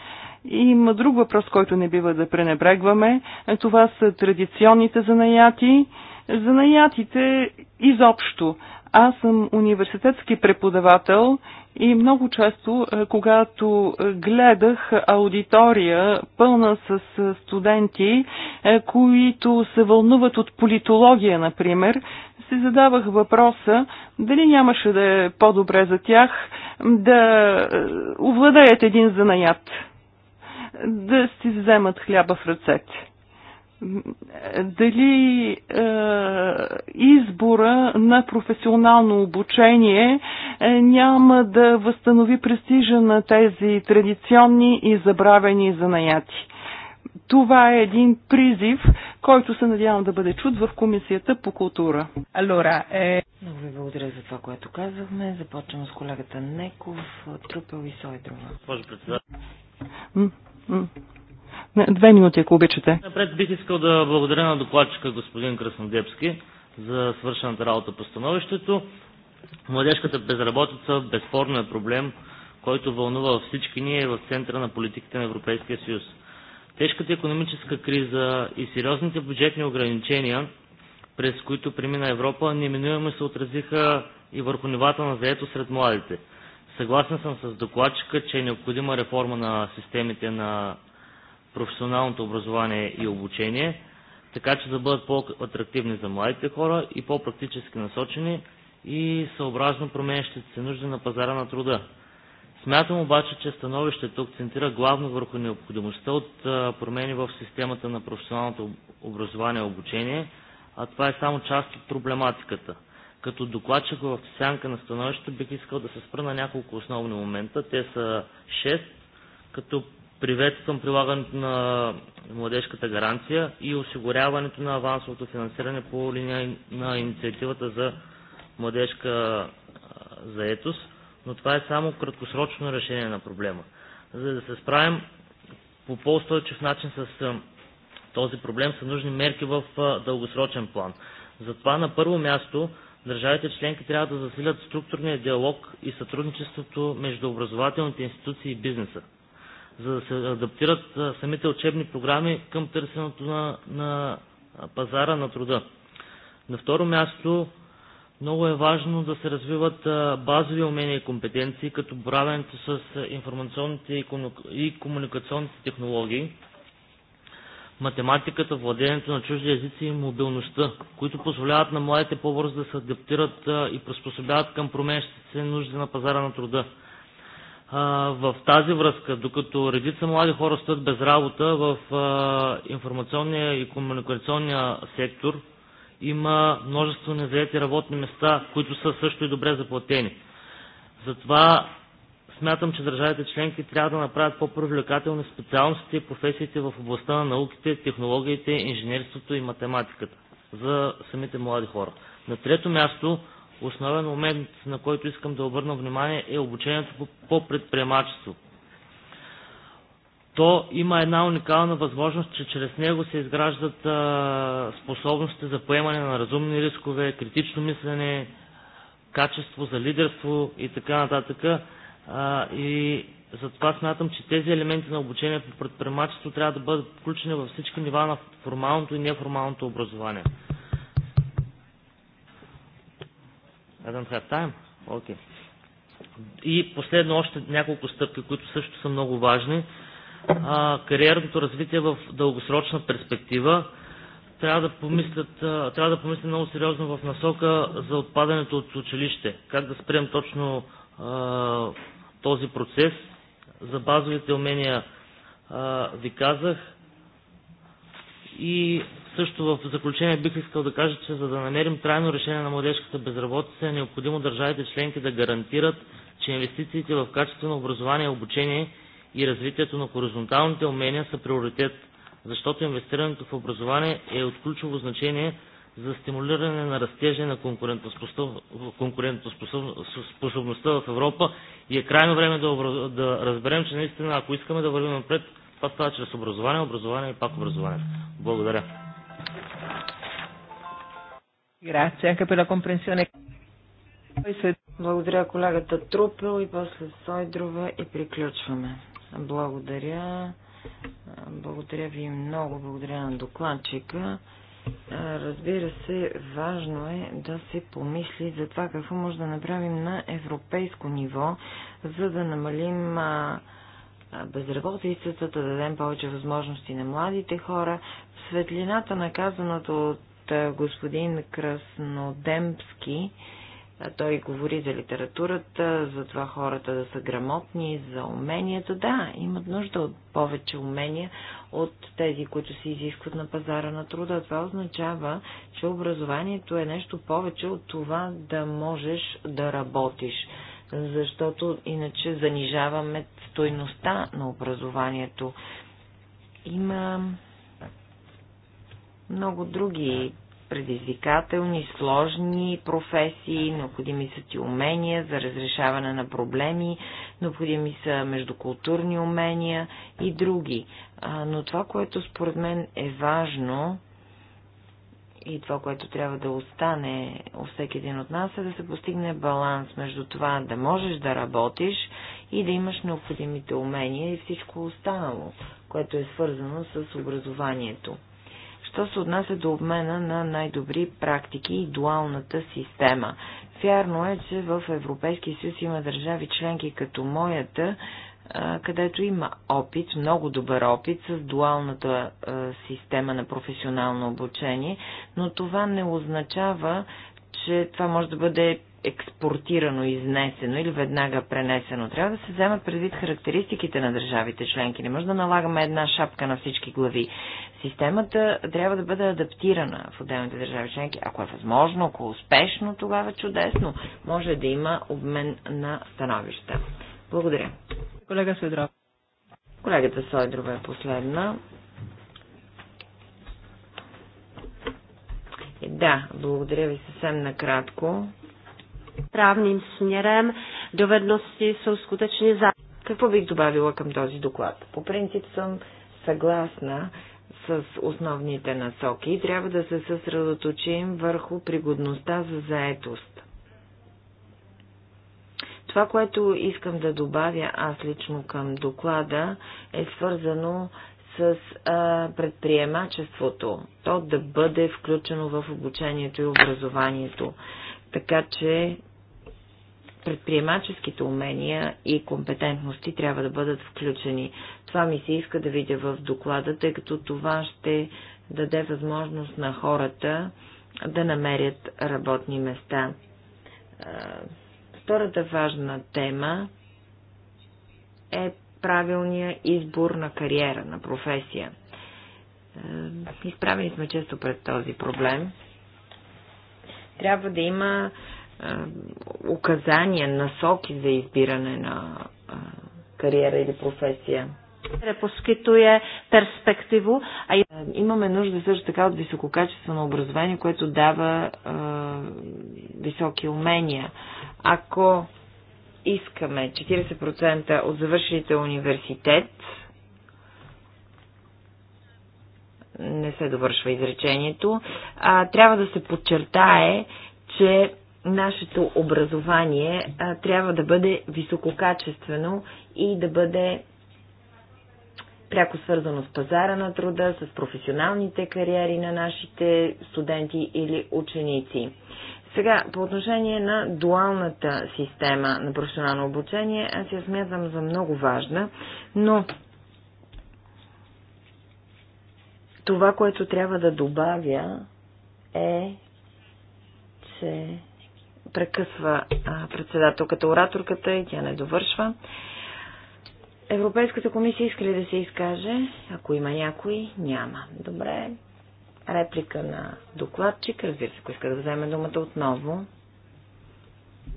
Има друг въпрос, който не бива да пренебрегваме. Това са традиционните занаяти. Занаятите изобщо. Аз съм университетски преподавател и много често, е, когато гледах аудитория пълна с е, студенти, е, които се вълнуват от политология, например, си задавах въпроса дали нямаше да е по-добре за тях да овладеят един занаят да си вземат хляба в ръцете. Дали е, избора на професионално обучение е, няма да възстанови престижа на тези традиционни и забравени занаяти. Това е един призив, който се надявам да бъде чуд в Комисията по култура. Алора, е... Много ви благодаря за това, което казахме. Започвам с колегата Неков, Трупел и Сойдрова. Госпожо председател. Две минути, ако обичате. Напред бих искал да благодаря на докладчика господин Краснодепски за свършената работа по становището. Младежката безработица безспорно е проблем, който вълнува всички ние в центъра на политиките на Европейския съюз. Тежката економическа криза и сериозните бюджетни ограничения, през които премина Европа, неминуемо се отразиха и върху нивата на заето сред младите – Съгласен съм с докладчика, че е необходима реформа на системите на професионалното образование и обучение, така че да бъдат по-атрактивни за младите хора и по-практически насочени и съобразно променящите се нужди на пазара на труда. Смятам обаче, че становището акцентира главно върху необходимостта от промени в системата на професионалното образование и обучение, а това е само част от проблематиката – като докладчик в сянка на становището бих искал да се спра на няколко основни момента. Те са 6, като приветствам прилагането на младежката гаранция и осигуряването на авансовото финансиране по линия на инициативата за младежка заетост, но това е само краткосрочно решение на проблема. За да се справим по по-устойчив начин с този проблем са нужни мерки в дългосрочен план. Затова на първо място Държавите членки трябва да засилят структурния диалог и сътрудничеството между образователните институции и бизнеса, за да се адаптират самите учебни програми към търсенето на, на пазара на труда. На второ място, много е важно да се развиват базови умения и компетенции, като боравенето с информационните и комуникационните технологии, математиката, владението на чужди езици и мобилността, които позволяват на младите по-бързо да се адаптират и приспособяват към променящите се нужди на пазара на труда. В тази връзка, докато редица млади хора стоят без работа в информационния и комуникационния сектор, има множество незаети работни места, които са също и добре заплатени. Затова Смятам, че държавите членки трябва да направят по-привлекателни специалностите и професиите в областта на науките, технологиите, инженерството и математиката за самите млади хора. На трето място, основен момент, на който искам да обърна внимание, е обучението по предприемачество. То има една уникална възможност, че чрез него се изграждат способности за поемане на разумни рискове, критично мислене, качество за лидерство и така нататък а, и затова смятам, че тези елементи на обучение по предприемачество трябва да бъдат включени във всички нива на формалното и неформалното образование. have Okay. И последно още няколко стъпки, които също са много важни. А, кариерното развитие в дългосрочна перспектива трябва да, помислят, трябва да помислят много сериозно в насока за отпадането от училище. Как да спрем точно а, този процес. За базовите умения а, ви казах. И също в заключение бих искал да кажа, че за да намерим трайно решение на младежката безработица е необходимо държавите членки да гарантират, че инвестициите в качествено образование, обучение и развитието на хоризонталните умения са приоритет, защото инвестирането в образование е от ключово значение – за стимулиране на растежа на конкурентоспособността в Европа и е крайно време да, образ... да разберем, че наистина, ако искаме да вървим напред, това става чрез образование, образование и пак образование. Благодаря. Благодаря колегата Трупел и после Сойдрова и приключваме. Благодаря. Благодаря ви много. Благодаря на докладчика. Разбира се, важно е да се помисли за това какво може да направим на европейско ниво, за да намалим безработицата, да дадем повече възможности на младите хора. В светлината на казаното от господин Краснодемски, той говори за литературата, за това хората да са грамотни, за уменията. Да, имат нужда от повече умения от тези, които се изискват на пазара на труда. Това означава, че образованието е нещо повече от това да можеш да работиш защото иначе занижаваме стойността на образованието. Има много други предизвикателни, сложни професии, необходими са ти умения за разрешаване на проблеми, необходими са междукултурни умения и други. Но това, което според мен е важно и това, което трябва да остане у всеки един от нас е да се постигне баланс между това да можеш да работиш и да имаш необходимите умения и всичко останало, което е свързано с образованието. Що се отнася до обмена на най-добри практики и дуалната система? Вярно е, че в Европейския съюз има държави членки като моята, където има опит, много добър опит с дуалната система на професионално обучение, но това не означава, че това може да бъде експортирано, изнесено или веднага пренесено. Трябва да се вземат предвид характеристиките на държавите членки. Не може да налагаме една шапка на всички глави. Системата трябва да бъде адаптирана в отделните държави членки. Ако е възможно, ако е успешно, тогава е чудесно. Може да има обмен на становища. Благодаря. Колега Сойдрова. Колегата Сойдрова е последна. Да, благодаря ви съвсем накратко. Правним смерем доведности са скутечни за... Какво бих добавила към този доклад? По принцип съм съгласна с основните насоки, трябва да се съсредоточим върху пригодността за заетост. Това, което искам да добавя аз лично към доклада, е свързано с а, предприемачеството. То да бъде включено в обучението и образованието. Така че предприемаческите умения и компетентности трябва да бъдат включени. Това ми се иска да видя в доклада, тъй като това ще даде възможност на хората да намерят работни места. Втората важна тема е правилния избор на кариера, на професия. Е, изправени сме често пред този проблем. Трябва да има указания, насоки за избиране на кариера или професия. е перспективу. А... Имаме нужда също така от висококачествено образование, което дава е, високи умения. Ако искаме 40% от завършилите университет, не се довършва изречението, а, трябва да се подчертае, че нашето образование а, трябва да бъде висококачествено и да бъде пряко свързано с пазара на труда, с професионалните кариери на нашите студенти или ученици. Сега, по отношение на дуалната система на професионално обучение, аз я смятам за много важна, но това, което трябва да добавя е, че прекъсва председателката ораторката и тя не довършва. Европейската комисия иска ли да се изкаже? Ако има някой, няма. Добре. Реплика на докладчик. Разбира се, ако иска да вземе думата отново.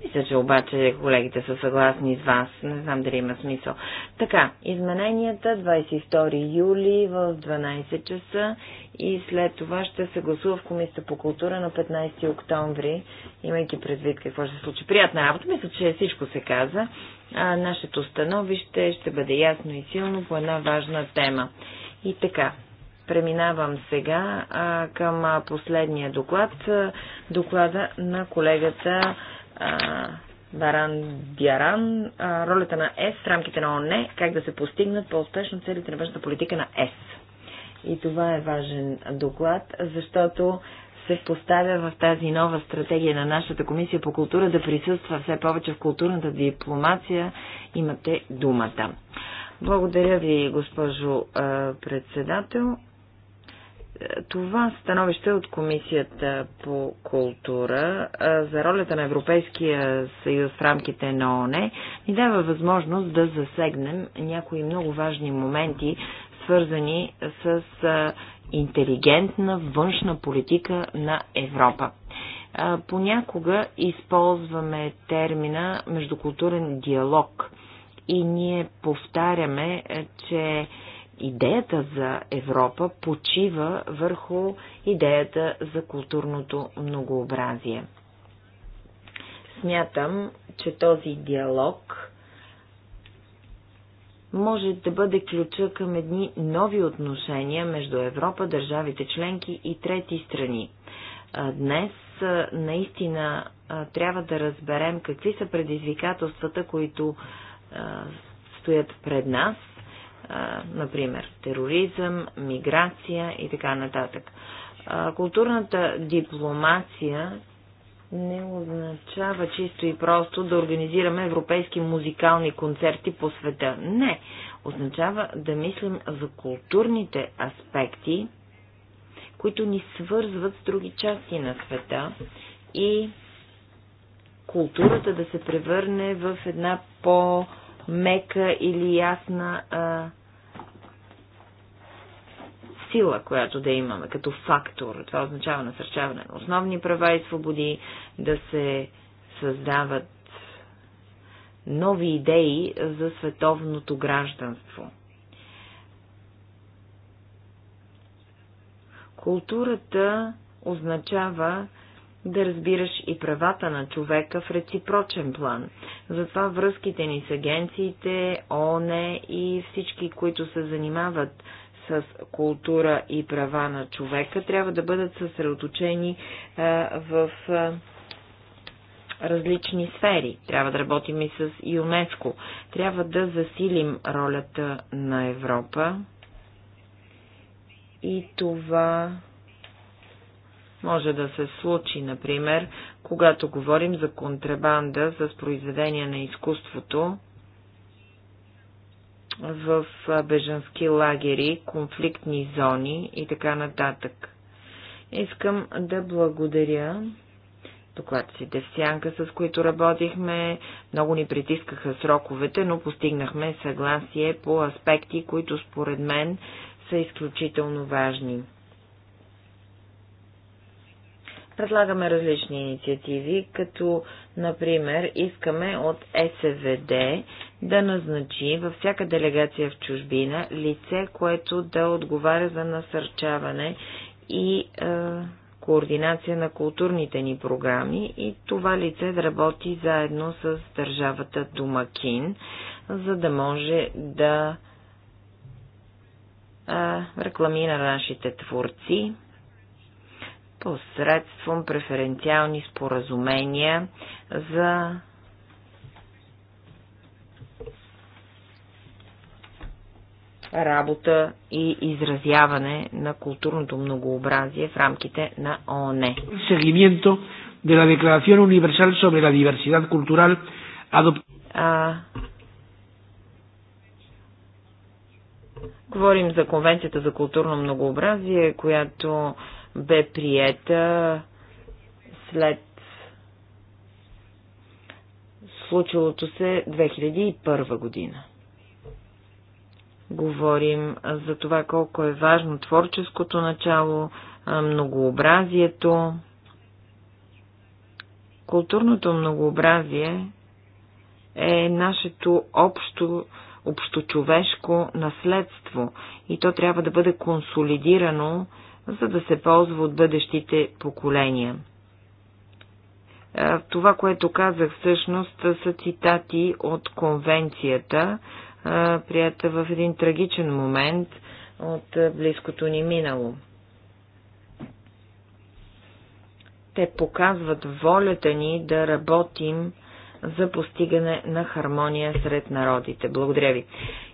Мисля, че обаче колегите са съгласни с вас. Не знам дали има смисъл. Така, измененията 22 юли в 12 часа и след това ще се гласува в Комисията по култура на 15 октомври, имайки предвид какво ще се случи. Приятна работа. Мисля, че всичко се каза. А, нашето становище ще бъде ясно и силно по една важна тема. И така, Преминавам сега а, към а, последния доклад, а, доклада на колегата Даран Диаран, ролята на ЕС в рамките на ОНЕ, как да се постигнат по-успешно целите на външната политика на ЕС. И това е важен доклад, защото се поставя в тази нова стратегия на нашата комисия по култура да присъства все повече в културната дипломация. Имате думата. Благодаря ви, госпожо председател това становище от Комисията по култура за ролята на Европейския съюз в рамките на ООН ни дава възможност да засегнем някои много важни моменти, свързани с интелигентна външна политика на Европа. Понякога използваме термина междукултурен диалог и ние повтаряме, че идеята за Европа почива върху идеята за културното многообразие. Смятам, че този диалог може да бъде ключа към едни нови отношения между Европа, държавите членки и трети страни. Днес наистина трябва да разберем какви са предизвикателствата, които стоят пред нас например тероризъм, миграция и така нататък. Културната дипломация не означава чисто и просто да организираме европейски музикални концерти по света. Не. Означава да мислим за културните аспекти, които ни свързват с други части на света и културата да се превърне в една по-мека или ясна а, сила, която да имаме като фактор. Това означава насърчаване на основни права и свободи, да се създават нови идеи за световното гражданство. Културата означава да разбираш и правата на човека в реципрочен план. Затова връзките ни с агенциите, ООН и всички, които се занимават с култура и права на човека трябва да бъдат съсредоточени в различни сфери. Трябва да работим и с ЮНЕСКО. Трябва да засилим ролята на Европа. И това може да се случи, например, когато говорим за контрабанда с произведения на изкуството в бежански лагери, конфликтни зони и така нататък. Искам да благодаря докладците в сянка, с които работихме. Много ни притискаха сроковете, но постигнахме съгласие по аспекти, които според мен са изключително важни. Предлагаме различни инициативи, като, например, искаме от СВД да назначи във всяка делегация в чужбина лице, което да отговаря за насърчаване и е, координация на културните ни програми и това лице да работи заедно с държавата Домакин, за да може да е, рекламира нашите творци посредством преференциални споразумения за работа и изразяване на културното многообразие в рамките на ООН. Seguimiento de la Declaración Universal sobre la Diversidad Cultural adoptada. Говорим за Конвенцията за културно многообразие, която бе приета след случилото се 2001 година. Говорим за това колко е важно творческото начало, многообразието. Културното многообразие е нашето общо общочовешко наследство и то трябва да бъде консолидирано за да се ползва от бъдещите поколения. Това, което казах всъщност, са цитати от конвенцията, прията в един трагичен момент от близкото ни минало. Те показват волята ни да работим за постигане на хармония сред народите. Благодаря ви.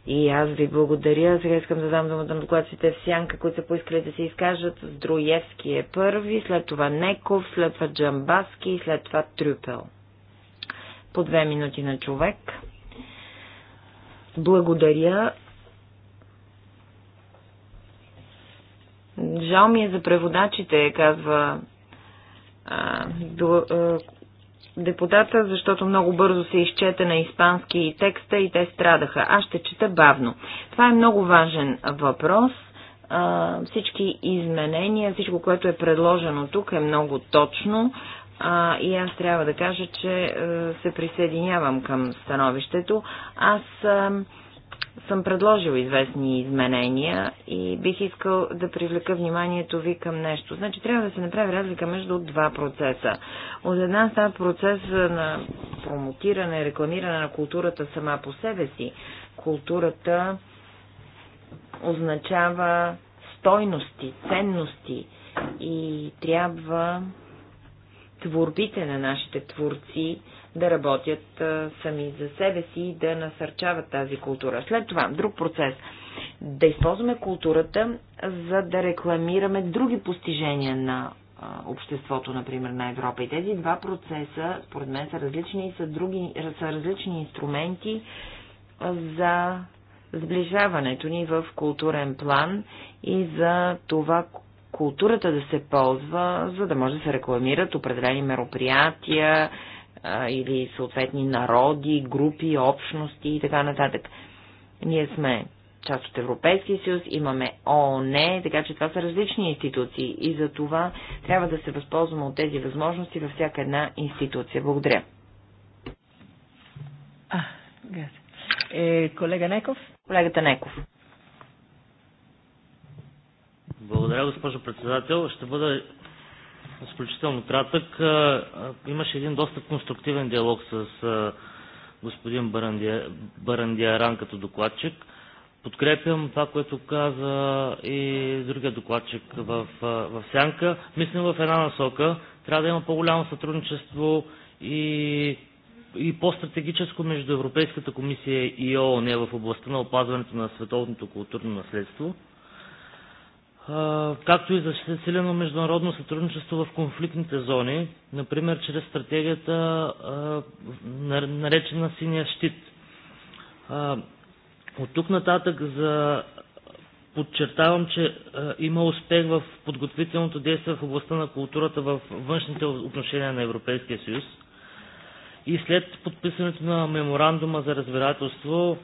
И аз ви благодаря. Сега искам да дам думата на докладците в Сянка, които са поискали да се изкажат. Здруевски е първи, след това Неков, след това Джамбаски и след това Трюпел. По две минути на човек. Благодаря. Жал ми е за преводачите, казва депутата, защото много бързо се изчете на испански текста и те страдаха. Аз ще чета бавно. Това е много важен въпрос. всички изменения, всичко, което е предложено тук е много точно. А, и аз трябва да кажа, че се присъединявам към становището. Аз а, съм предложил известни изменения и бих искал да привлека вниманието ви към нещо. Значи трябва да се направи разлика между два процеса. От една страна процеса на промотиране, рекламиране на културата сама по себе си. Културата означава стойности, ценности и трябва творбите на нашите творци да работят а, сами за себе си и да насърчават тази култура. След това, друг процес. Да използваме културата, за да рекламираме други постижения на а, обществото, например, на Европа. И тези два процеса, според мен, са различни и са, други, са различни инструменти за сближаването ни в културен план и за това културата да се ползва, за да може да се рекламират определени мероприятия, или съответни народи, групи, общности и така нататък. Ние сме част от Европейския съюз, имаме ООН, така че това са различни институции и за това трябва да се възползваме от тези възможности във всяка една институция. Благодаря. А, е, колега Неков? Колегата Неков. Благодаря, госпожо председател. Ще бъда изключително кратък. Имаше един доста конструктивен диалог с господин Барандиаран като докладчик. Подкрепям това, което каза и другия докладчик в, в Сянка. Мислим в една насока. Трябва да има по-голямо сътрудничество и, и по-стратегическо между Европейската комисия и ООН в областта на опазването на световното културно наследство както и за засилено международно сътрудничество в конфликтните зони, например чрез стратегията, наречена Синия щит. От тук нататък за... подчертавам, че има успех в подготвителното действие в областта на културата в външните отношения на Европейския съюз. И след подписването на меморандума за разбирателство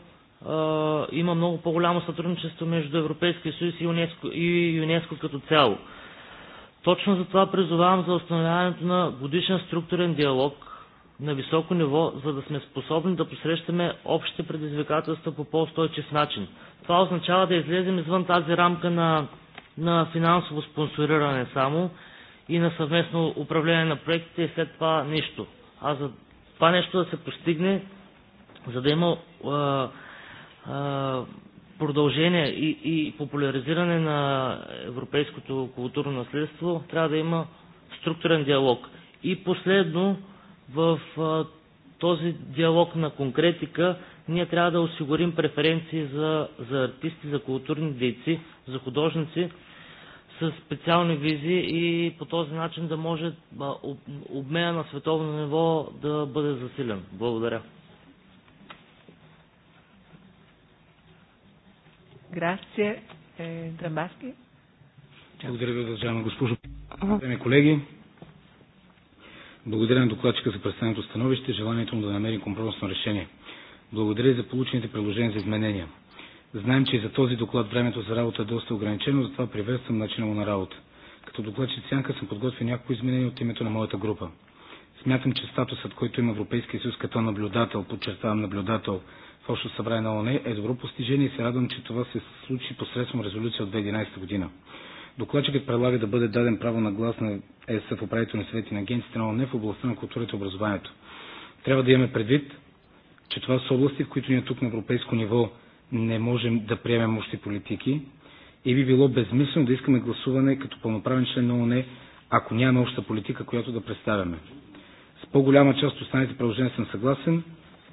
има много по-голямо сътрудничество между Европейския съюз и ЮНЕСКО, и ЮНЕСКО като цяло. Точно за това призовавам за установяването на годишен структурен диалог на високо ниво, за да сме способни да посрещаме общите предизвикателства по по-устойчив начин. Това означава да излезем извън тази рамка на, на финансово спонсориране само и на съвместно управление на проектите и след това нищо. А за това нещо да се постигне, за да има е, продължение и, и популяризиране на европейското културно наследство трябва да има структурен диалог. И последно, в този диалог на конкретика ние трябва да осигурим преференции за, за артисти, за културни дейци, за художници с специални визии и по този начин да може обмена на световно ниво да бъде засилен. Благодаря. Грация. Е Драмбаски. Благодаря ви, уважаема госпожо. Уважаеми колеги, благодаря на докладчика за представеното становище, желанието му да намери компромисно решение. Благодаря и за получените предложения за изменения. Знаем, че и за този доклад времето за работа е доста ограничено, затова приветствам начина му на работа. Като докладчик Сянка съм подготвил някои изменения от името на моята група. Смятам, че статусът, който има Европейския съюз като наблюдател, подчертавам наблюдател Общо събрание на ООН е добро постижение и се радвам, че това се случи посредством резолюция от 2011 година. Докладчикът предлага да бъде даден право на глас на ЕС в управителни съвети на агенциите на ООН в областта на културата и образованието. Трябва да имаме предвид, че това са области, в които ние тук на европейско ниво не можем да приемем общи политики и би било безмислено да искаме гласуване като пълноправен член на ООН, ако нямаме обща политика, която да представяме. С по-голяма част от останалите предложения съм съгласен,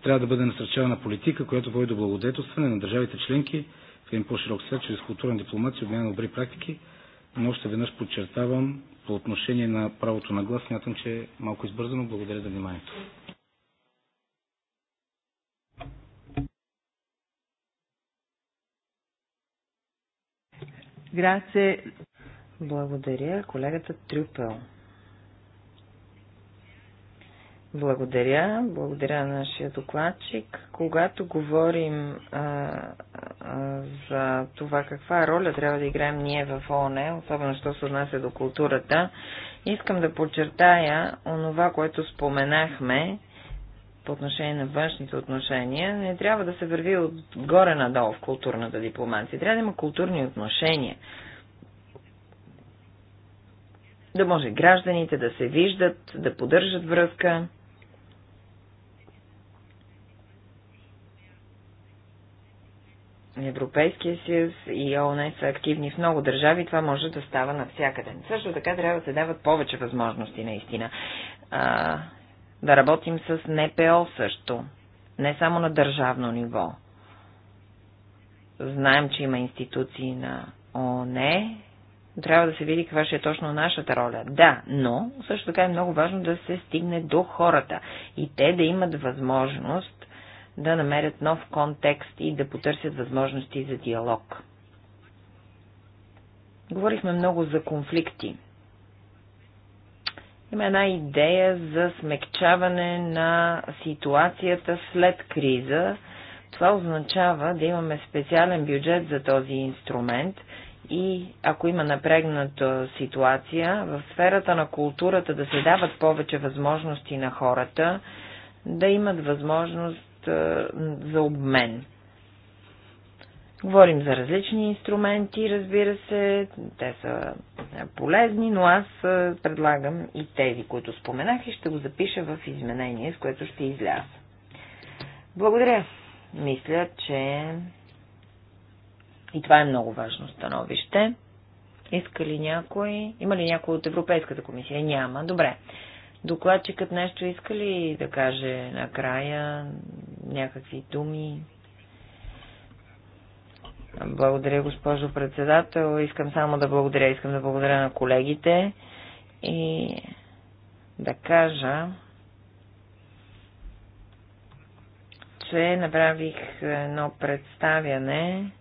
трябва да бъде насърчавана политика, която води до благодетелстване на държавите членки в един по-широк свят чрез културна дипломация, обмяна на добри практики, но още веднъж подчертавам по отношение на правото на глас, смятам, че е малко избързано. Благодаря за вниманието. Благодаря, колегата Трюпел. Благодаря. Благодаря на нашия докладчик. Когато говорим а, а, за това каква роля трябва да играем ние в ООН, особено що се отнася до културата, искам да подчертая онова, което споменахме по отношение на външните отношения. Не трябва да се върви отгоре надолу в културната дипломация. Трябва да има културни отношения да може гражданите да се виждат, да поддържат връзка. Европейския съюз и ООН са активни в много държави, това може да става навсякъде. Също така трябва да се дават повече възможности наистина. А, да работим с НПО също, не само на държавно ниво. Знаем, че има институции на ООН, трябва да се види каква ще е точно нашата роля. Да, но също така е много важно да се стигне до хората и те да имат възможност да намерят нов контекст и да потърсят възможности за диалог. Говорихме много за конфликти. Има една идея за смекчаване на ситуацията след криза. Това означава да имаме специален бюджет за този инструмент и ако има напрегната ситуация, в сферата на културата да се дават повече възможности на хората, да имат възможност за обмен. Говорим за различни инструменти, разбира се, те са полезни, но аз предлагам и тези, които споменах и ще го запиша в изменение, с което ще изляза. Благодаря. Мисля, че и това е много важно становище. Иска ли някой? Има ли някой от Европейската комисия? Няма. Добре. Докладчикът нещо иска ли да каже накрая? някакви думи. Благодаря, госпожо председател. Искам само да благодаря. Искам да благодаря на колегите и да кажа, че направих едно представяне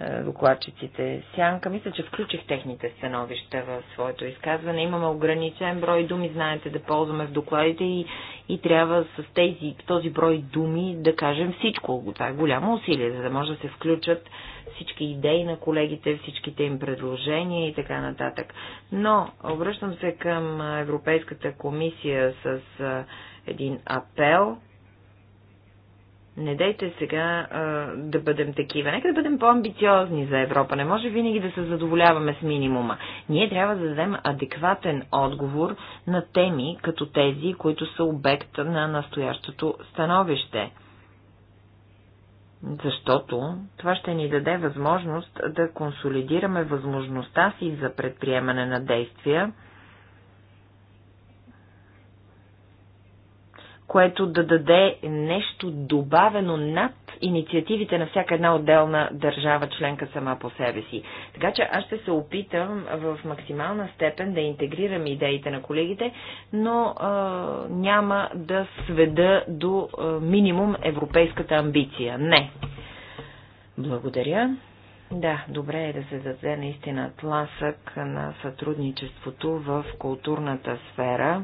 е, докладчиците Сянка. Мисля, че включих техните становища в своето изказване. Имаме ограничен брой думи, знаете, да ползваме в докладите и, и трябва с тези, този брой думи да кажем всичко. Това е голямо усилие, за да може да се включат всички идеи на колегите, всичките им предложения и така нататък. Но обръщам се към Европейската комисия с е, един апел – не дейте сега а, да бъдем такива. Нека да бъдем по-амбициозни за Европа. Не може винаги да се задоволяваме с минимума. Ние трябва да дадем адекватен отговор на теми като тези, които са обект на настоящото становище. Защото това ще ни даде възможност да консолидираме възможността си за предприемане на действия което да даде нещо добавено над инициативите на всяка една отделна държава членка сама по себе си. Така че аз ще се опитам в максимална степен да интегрирам идеите на колегите, но а, няма да сведа до а, минимум европейската амбиция. Не. Благодаря. Да, добре е да се даде наистина тласък на сътрудничеството в културната сфера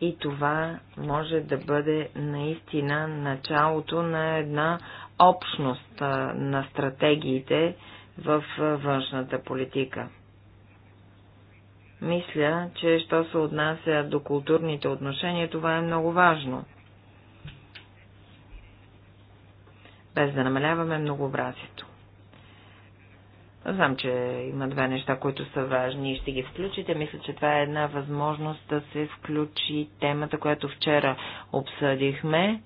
И това може да бъде наистина началото на една общност на стратегиите в външната политика. Мисля, че що се отнася до културните отношения, това е много важно. Без да намаляваме многообразието. Знам, че има две неща, които са важни и ще ги включите. Мисля, че това е една възможност да се включи темата, която вчера обсъдихме.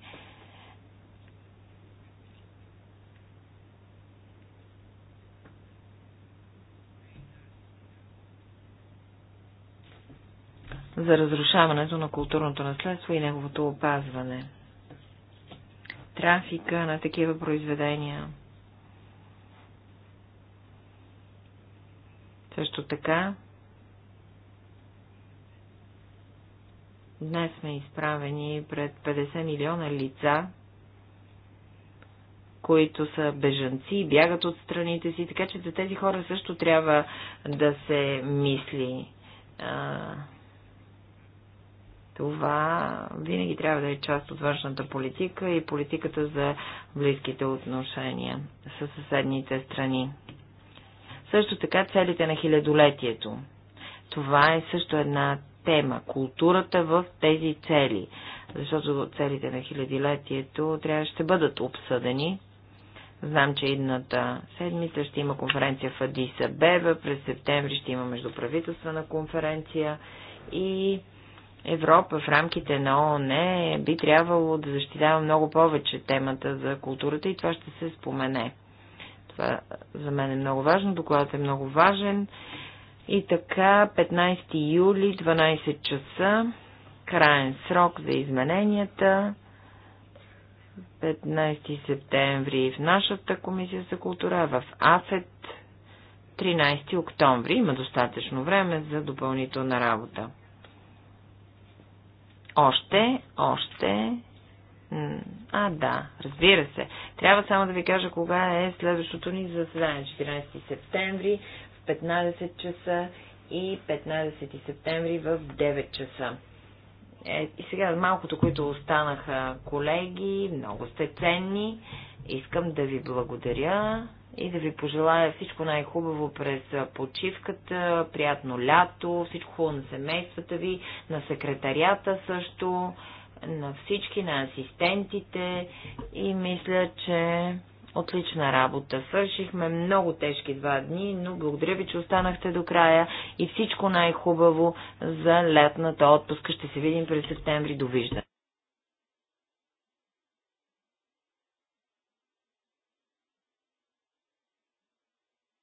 за разрушаването на културното наследство и неговото опазване. Трафика на такива произведения – Също така, днес сме изправени пред 50 милиона лица, които са бежанци, бягат от страните си, така че за тези хора също трябва да се мисли. Това винаги трябва да е част от външната политика и политиката за близките отношения с съседните страни. Също така целите на хилядолетието. Това е също една тема. Културата в тези цели. Защото целите на хилядолетието трябва ще бъдат обсъдени. Знам, че идната седмица ще има конференция в Адиса Беба, през септември ще има междуправителствена конференция и Европа в рамките на ООН би трябвало да защитава много повече темата за културата и това ще се спомене. Това за мен е много важно, докладът е много важен. И така, 15 юли, 12 часа, краен срок за измененията. 15 септември в нашата комисия за култура, в АФЕТ 13 октомври. Има достатъчно време за допълнителна работа. Още, още а, да, разбира се. Трябва само да ви кажа кога е следващото ни заседание. 14 септември в 15 часа и 15 септември в 9 часа. Е, и сега малкото, които останаха колеги, много сте ценни. Искам да ви благодаря и да ви пожелая всичко най-хубаво през почивката, приятно лято, всичко хубаво на семействата ви, на секретарията също на всички, на асистентите и мисля, че отлична работа. Свършихме много тежки два дни, но благодаря ви, че останахте до края и всичко най-хубаво за летната отпуска. Ще се видим през септември. Довиждане!